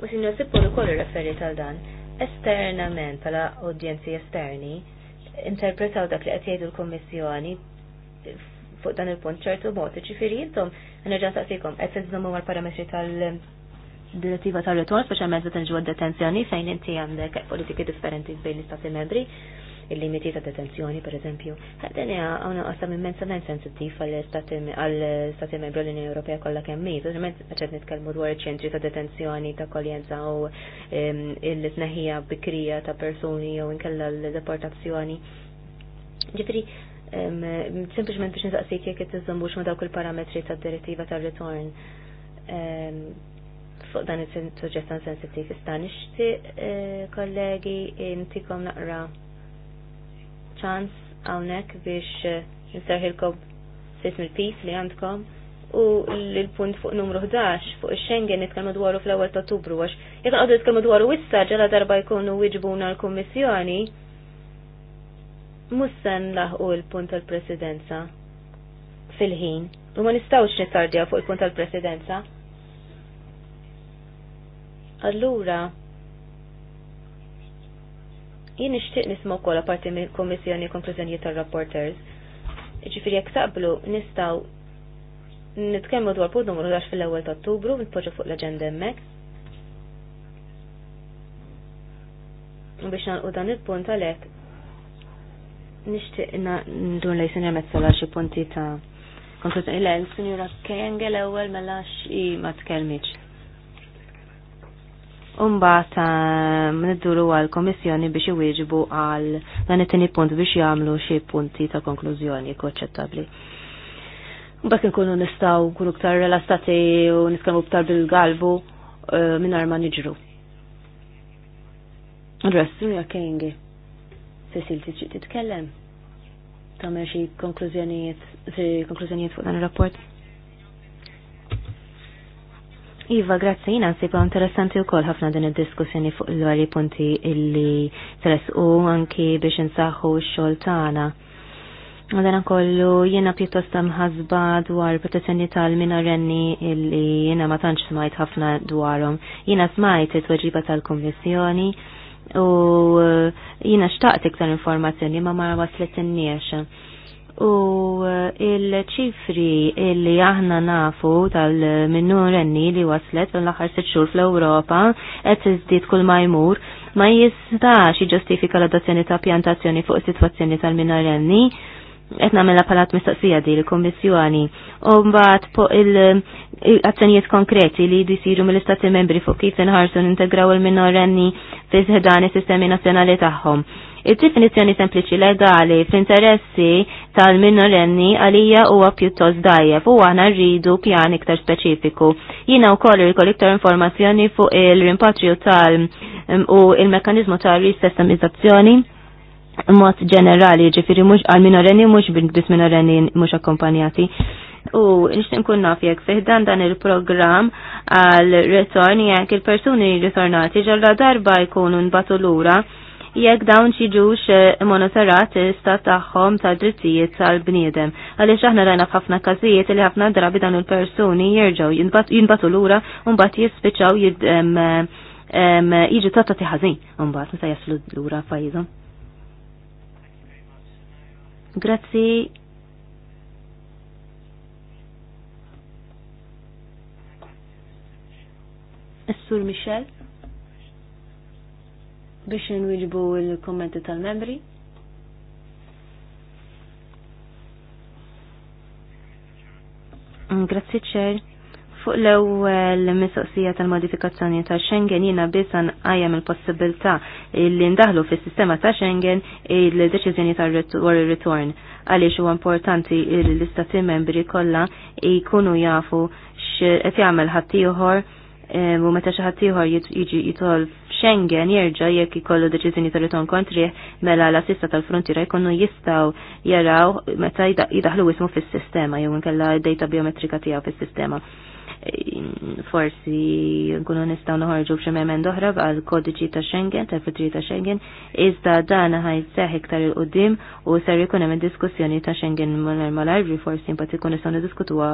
U signor Sippol kollu referi tal dan. Esternament pala audienzi esterni interpretaw dak li qed jgħidu l-Kommissjoni fuq dan il-punt ċertu mod, ċifiri intom nerġa' taqsikom qed tiżommu mal-parametri tal- direttiva tal retorn speċjalment meta nġu detenzjoni fejn inti għandek politiki differenti bejn l-istati membri il-limiti ta' detenzjoni per eżempju. Dan hija għawna qasam men sensittiv għal stati Membri l-Unjoni Ewropea kollha kemm hi. Ovvjament qed nitkellmu dwar ċentri ta' detenzjoni ta' koljenza u l-tneħħija bikrija ta' persuni jew inkella l-deportazzjoni. Ġifri, sempliciment biex nisaqsik jek t-tizzambux ma dawk il-parametri ta' direttiva ta' return fuq dan il-suġġett tan sensitiv. Istan, ixti eh, kollegi intikom naqra ċans għawnek biex eh, nistarħilkom sitt mill-pis li għandkom u l-punt fuq numru 11 fuq il-Schengen nitkellmu dwaru fl-ewwel ta' Ottubru għax jekk għadu nitkellmu dwaru wissa ġala darba jkunu wieġbuna l-Kummissjoni mussen laħqu l-punt tal-Presidenza fil-ħin u ma nistgħux nittardja fuq il-punt tal-Presidenza. Allura, Jien nixtieq nisma' wkoll apparti mill kummissjoni konklużjonijiet tar-rapporters. Ġifieri jekk taqblu nistgħu nitkellmu dwar punt numru 11 fil-ewwel ta' Ottubru nitpoġġu fuq l-aġenda hemmhekk. Biex nagħlqu dan il-punt għalhekk nixtieq ndur lej sinja mezzala xi punti ta' konklużjoni. Le, l-Sinjura Kengel ewwel mela xi ma tkellmitx. Umbat ehm, nidduru għal komissjoni biex iwieġbu għal dan it-tieni punt biex jagħmlu xi punti ta' konklużjoni koċċettabbli. Mbagħad inkunu nistgħu nkunu ktar relastati u nitkellmu ktar bil-galbu ehm, mingħajr ma niġru. Adressu ja kengi. Cecil tiġi titkellem. Tagħmel xi konklużjonijiet konklużjonijiet fuq dan ir-rapport. Iva, grazzi, jina nsibu interessanti u kol ħafna din id-diskussjoni fuq l-għalli punti illi tres u anki biex nsaħu x tana. Għadana kollu jena piuttost mħazba dwar protezzjoni tal-minorenni illi jena ma tantx smajt ħafna dwarhom. Jena smajt it-tweġiba tal-Kommissjoni u uh, jena xtaqt iktar informazzjoni ma ma waslet in-niex u eh, il-ċifri li aħna nafu tal-minnu renni li waslet l-aħħar sitt xhur fl-Ewropa qed iżdied kull ma jmur ma jistax jiġġustifika l-adozzjoni ta' pjantazzjoni fuq is-sitwazzjoni tal-minorenni qed nagħmilha palat mistoqsija di l-Kummissjoni. U mbagħad fuq il-azzjonijiet konkreti li jdu jsiru mill-Istati Membri fuq kif inħarsu nintegraw il-minorenni fi ħdan is-sistemi nazzjonali tagħhom. Id-definizzjoni sempliċi legali fl-interessi tal-minorenni għalija huwa pjuttost dajjef u aħna rridu pjan iktar speċifiku. Jina u kollu iktar informazzjoni fuq il-rimpatriju tal- u il-mekanizmu tal-risestamizzazzjoni mod ġenerali ġifiri mux għal-minorenni mux bis minorenni mux akkompanjati. U nishtin kun naf fiħdan dan il-program għal retorni għak il-personi ritornati ġalla darba jkunu nbatu l-ura jekk dawn xiġux eh, monitorat istat eh, tagħhom ta' drittijiet tal-bniedem. Għaliex aħna rajna f'ħafna każijiet li ħafna drabi dan il-persuni jerġgħu jinbatu lura u mbagħad jispiċċaw jiġu tatta tiħażin u mbagħad meta jaslu lura fajżhom. Grazzi Is-Sur Michel biex nwiġbu il-kommenti tal-membri. Mm, grazzi ċer. Fuq l-ewwel mistoqsija tal-modifikazzjoni ta' Schengen jiena biss għajem il-possibilità li ndaħlu fis-sistema ta' Schengen il-deċiżjoni ta' war return għaliex huwa importanti li l-istati membri kollha jkunu jafu x'qed jagħmel ħaddieħor u meta xi ħadd ieħor jiġi jitol Schengen jerġa' jekk ikollu deċiżjoni tal-riton kontri mela l-assista tal-frontiera jkunu jistgħu jaraw meta jidaħlu ismu fis-sistema jew inkella d-data biometrika tiegħu fis-sistema forsi nkunu nistgħu noħorġu b'xi memen oħra għal kodiċi ta' Schengen, ta' fitri ta' Schengen, iżda dan ħajseħ iktar il-qudiem u ser ikun hemm diskussjoni ta' Schengen mal-arbi forsi mbagħad ikun nistgħu niddiskutuha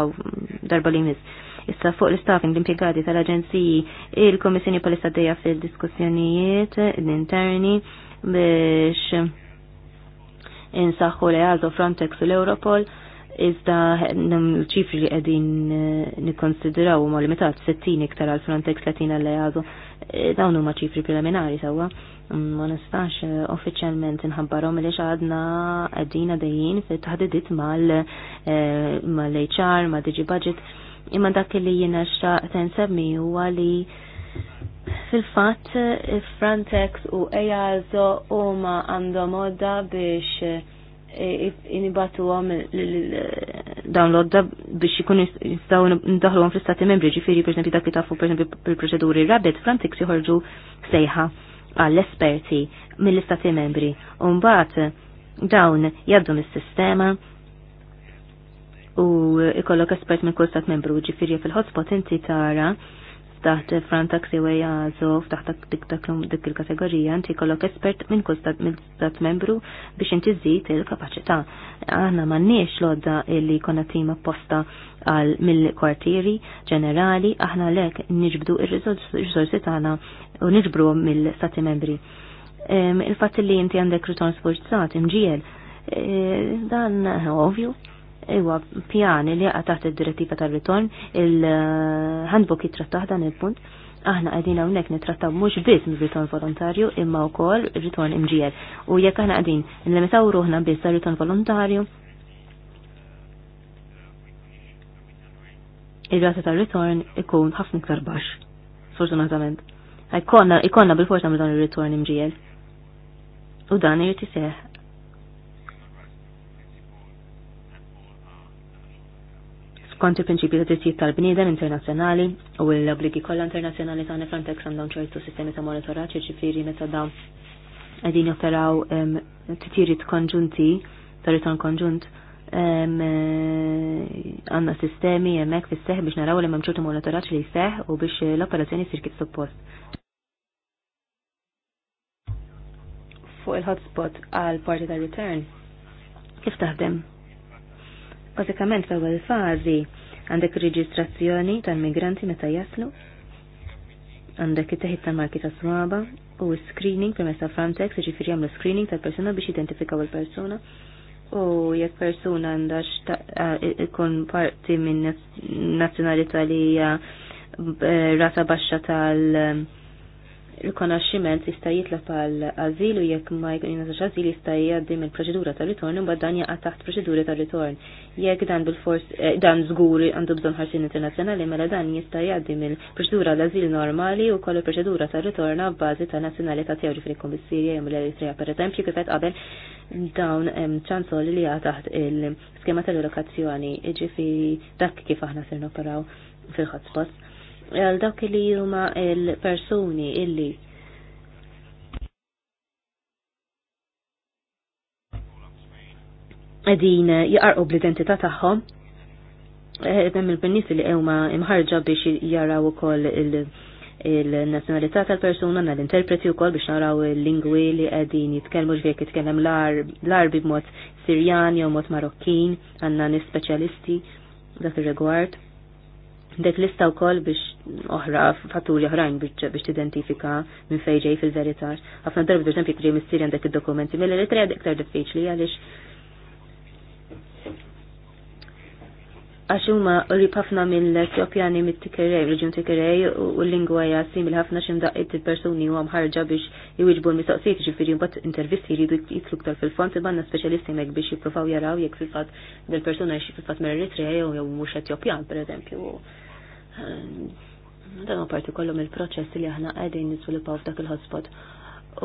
darba li jmiss. Issa fuq l-staffing l-impiegati tal-aġenziji il-Komissjoni palissa dejja fil-diskussjonijiet l-interni biex insaħħu le easo Frontex u l-Europol iżda ċifri li għedin nikonsideraw ma limitat 60 iktar għal Frontex 30 għal jazu e, dawn huma ċifri preliminari sawa, mm, ma nistax e, uffiċjalment inħabbarhom li xadna qegħdin għadejjin fit taħdidiet mal e, hr ma' dg Budget imma dak li jiena xtaqt nsemmi huwa li fil fat Frontex u EASO huma għandhom modda biex eh, inibatu għom download l biex jikun jistaw ndaħlu għom fl-istati membri ġifiri per esempio dak li tafu per esempio proċeduri rabbit Frontex joħorġu sejħa għall-esperti mill-istati membri. Umbat dawn jaddu mis-sistema u ikollok espert minn kull stat membru, ġifiri fil-hotspot inti tara taħt Frantax Iweja Zof, taħt dik dik il-kategorija, inti kollok espert minn kull stat minn stat membru biex inti żid il-kapaċità. Aħna m'għandniex lodda li konna tima apposta għal mill-kwartieri ġenerali, aħna lek niġbdu ir rizorsi tagħna u nġbru mill-stati membri. Il-fatt li inti għandek ritorn sforzat imġiel, eh, dan ovvju, Iwa, pjani li għa taħt id-direttiva tal-ritorn, il-handbook jitrattaħ dan il-punt, aħna għadina unnek nitrattaw mux biz ritorn volontarju imma u kol ritorn imġiel. U jekk aħna għadin nlimitaw ruħna biz ta' ritorn volontarju, il-rata ta' ritorn ikun ħafna iktar bax, fortunatament. Ikonna bil-forza mil ritorn imġiel. U dan jirti iseħ skont il-prinċipju ta' tizzijiet tal-bniedem internazzjonali u l-obbligi kollha internazzjonali tagħna Frontex għandhom ċertu sistemi ta' monitoraġġ ġifieri meta dawn qegħdin joperaw titjiriet konġunti ta' ritorn konġunt eh, għanna sistemi jemmek fis seħ biex naraw li memċurtu monitoraċ li seħ u biex l-operazzjoni sir kif suppost. Fuq il-hotspot għal parti ta' return, kif taħdem? Bażikament fl-ewwel fażi għandek reġistrazzjoni tal-migranti meta jaslu, għandek it-teħid tal-marki ta' swaba u screening per messa Frontex, ġifiri għamlu screening tal-persuna biex identifikaw il-persuna u jekk persuna għandax eh, ikun parti minn nazzjonalità li hija eh, rata baxxa tal- il-konaxximent jista' jitlab għal ażilu jekk ma jkunx ażil jista' jgħaddi mill proċedura tar-ritorn imbagħad dan jaqa' taħt proċedura tar-ritorn. Jekk dan bil-fors eh, dan żgur għandu bżonn ħarsin internazzjonali mela dan jista' jgħaddim mill-proċedura l-ażil normali u kollu proċedura tar-ritorn bbażi ta' nazzjonalità tiegħu li jkun bis-Sirja jew mill-Eritrea pereżempju kif qed qabel dawn ċansol li jaqa taħt il-skema tal-lokazzjoni, ġifiri dak kif aħna ser noperaw fil-hotspots għal dak li huma il-persuni illi għedin jaqarqu bl-identità tagħhom. Eh, Dem il bennis li huma imħarġa biex jaraw ukoll il-nazzjonalità tal-persuna na l-interpreti wkoll biex naraw il-lingwi li qegħdin jitkellmu ġvejk jitkellem l-Arbi b'mod Sirjan jew mod Marokkin, għandna nis speċjalisti dak ir-rigward. Dek lista u koll biex oħra, fatturi oħrajn biex t-identifika minn fejġej fil veritar Għafna darbi d eżempju kri missiri għandek id-dokumenti, mill li trejja dektar diffiċli għalix. Għax huma rib ħafna mill-Etjopjani mit-Tikerej, reġjun Tikerej u l-lingwa hija simil ħafna x'imdaqqiet il-persuni huwa ħarġa biex jwiġbu l-mistoqsijiet ġifieri mbagħad intervisti jridu jitlu ktar fil-fond ibanna speċjalisti hemmhekk biex jippruvaw jaraw jekk fil-fatt del-persuna xi fil-fatt mill-Eritrea jew mhux Etjopjan pereżempju dan parti kollom il-proċess li aħna qegħdin nisviluppaw f'dak il-hotspot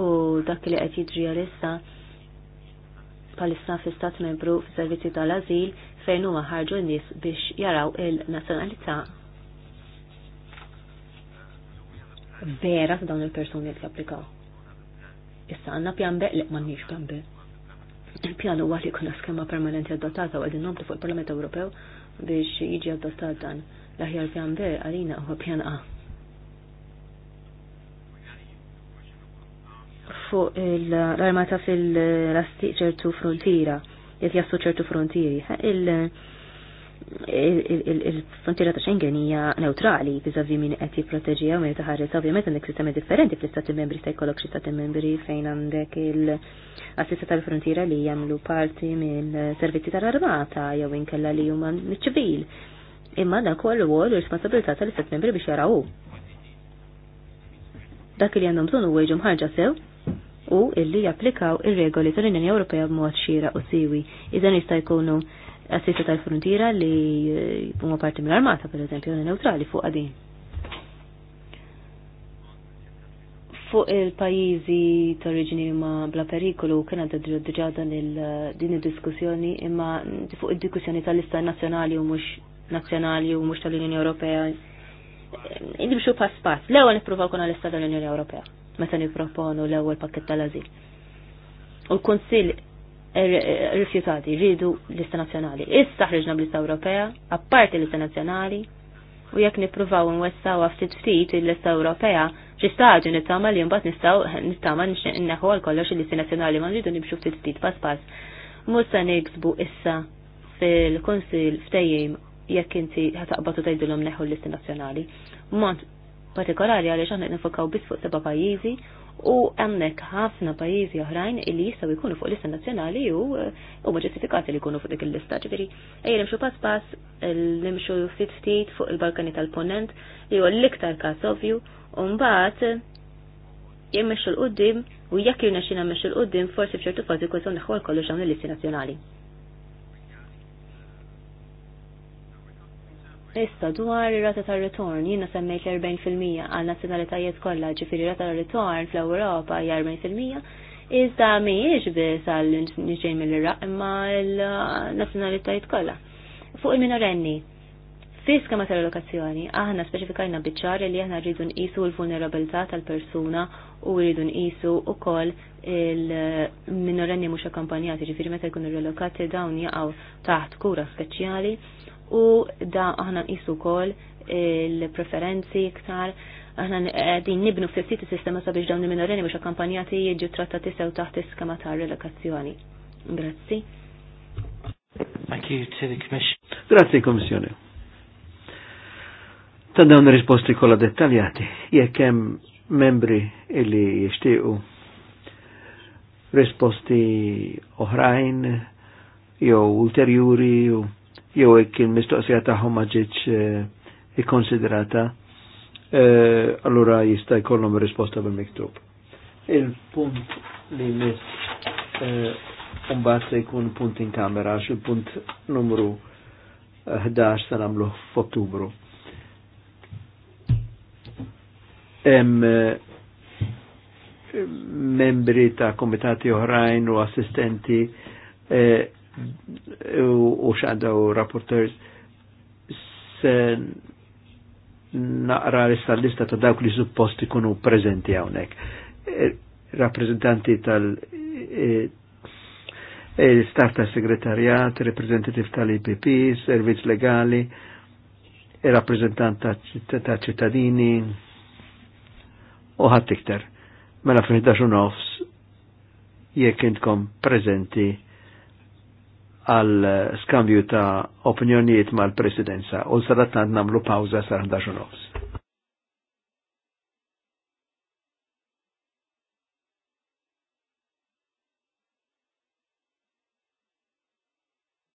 u dak li qed jiġri għalissa palissa fi stat membru f'servizzi servizzi tal-azil fejn huma ħarġu n-nies biex jaraw il-nazzjonalità vera ta' dawn il-persuni li applikaw. Issa għandna pjan B, li m'għandniex pjan Il-pjan huwa li kuna skema permanenti adottata u għedin fuq il-Parlament Ewropew biex jiġi adottat dan. L-aħjar pjan B għalina u pjan A. Fuq l-armata fil-lastiq ċertu frontiera, jek jassu ċertu frontieri, il-frontiera ta' Schengen hija neutrali biżavi min qed jipproteġija u min ovvjament għandek sistemi differenti fl-istati membri se jkollok xi stati membri fejn għandek il-assista tal-frontiera li jagħmlu parti minn servizzi tal-armata jew inkella li huma ċivil imma dan kollu huwa l-responsabilità tal-istat membri biex jarawu. Dak li għandhom zonu għu ħarġa sew u illi japplikaw ir-regoli tal-Unjoni Ewropea b'mod xira u siwi. Iżda jista' jkunu assista tal-frontiera li eh, huma parti mill-armata, pereżempju, neutrali fuq din. fuq il-pajizi ta' oriġini ma bla perikolu kien għadda diġà dan eh, din id-diskussjoni imma fuq id-diskussjoni tal-lista nazzjonali u mhux nazzjonali u mhux tal-Unjoni Ewropea. biex pass pass. L-ewwel nippruvaw kun għal istat tal-Unjoni Ewropea meta nipproponu l-ewwel pakket tal-ażil. U l-Kunsill er- er- rifjutati jridu l ista nazzjonali. Issa ħriġna bl ista Ewropea, apparti l ista nazzjonali, u jekk nippruvaw nwessaw ftit ftit l ista Ewropea, xi staġi nittama li mbagħad nistgħu nittama nneħħu għal kollox l listi nazzjonali ma nridu nibxu ftit ftit pass pass. Mhux se niksbu issa fil kunsill ftejjim jekk inti ħataqbad u tgħidulhom neħu l-listi nazzjonali. Mont partikolari għaliex aħna nifokaw biss fuq seba' pajjiżi u hemmhekk ħafna pajjiżi oħrajn li jistgħu jkunu fuq lista nazzjonali u eh, u ġustifikati li jkunu fuq dik il-lista. l-imxu pas pass l eh, nimxu fit ftit fuq il-Balkani tal-Ponent li u l-iktar każ ovju, u mbagħad eh, jemmexxu l qoddim u jekk jirna xina mex il-qoddim forsi f'ċertu fażi neħu għal kollu hawn il-listi nazzjonali. Issa dwar ir-rata tar-ritorn jiena semmejt l-40% għal nazzjonalitajiet kollha, ġifieri rata tar-ritorn fl-Ewropa hija 40%, iżda mhijiex biss għal niġej mill-Iraq imma l-nazzjonalitajiet kollha. Fuq il-minorenni, fis kemm tal lokazzjoni aħna speċifikajna biċċar li aħna rridu nqisu l-vulnerabilità tal-persuna u rridu nqisu wkoll il-minorenni mhux akkampanjati, ġifieri meta jkunu relokati dawn jaqgħu taħt kura speċjali u da aħna nqisu wkoll il-preferenzi iktar aħna qegħdin nibnu ftit sistema sabiex dawn il-minorenni biex akkampanjati jiġu trattati sew taħt iskema ta' relokazzjoni. Grazzi. Thank you to the Commission. Grazzi Kommissjoni. Ta' dawn risposti kollha dettaljati jekk hemm membri illi jixtiequ risposti oħrajn jew ulterjuri u jew hekk il-mistoqsija tagħhom ma ġietx eh, ikkonsidrata, eh, allura jista' jkollhom risposta bil-miktub. Il-punt li mis eh, mbagħad se jkun punt in kamera għax il-punt numru 11 se nagħmlu f'Ottubru. Hemm membri ta' komitati oħrajn u assistenti u u rapporters se naqra lista lista ta' dawk li suppost ikunu prezenti hawnhekk. E, Rappresentanti tal e, e, staff ta' segretarjat, reprezentativ tal-IPP, servizz legali, rappresentant ta' ċittadini u ħat iktar. Mela fil-11 nofs jekk intkom prezenti għal skambju ta' opinjoniet mal-presidenza u sarat namlu pawza sar 11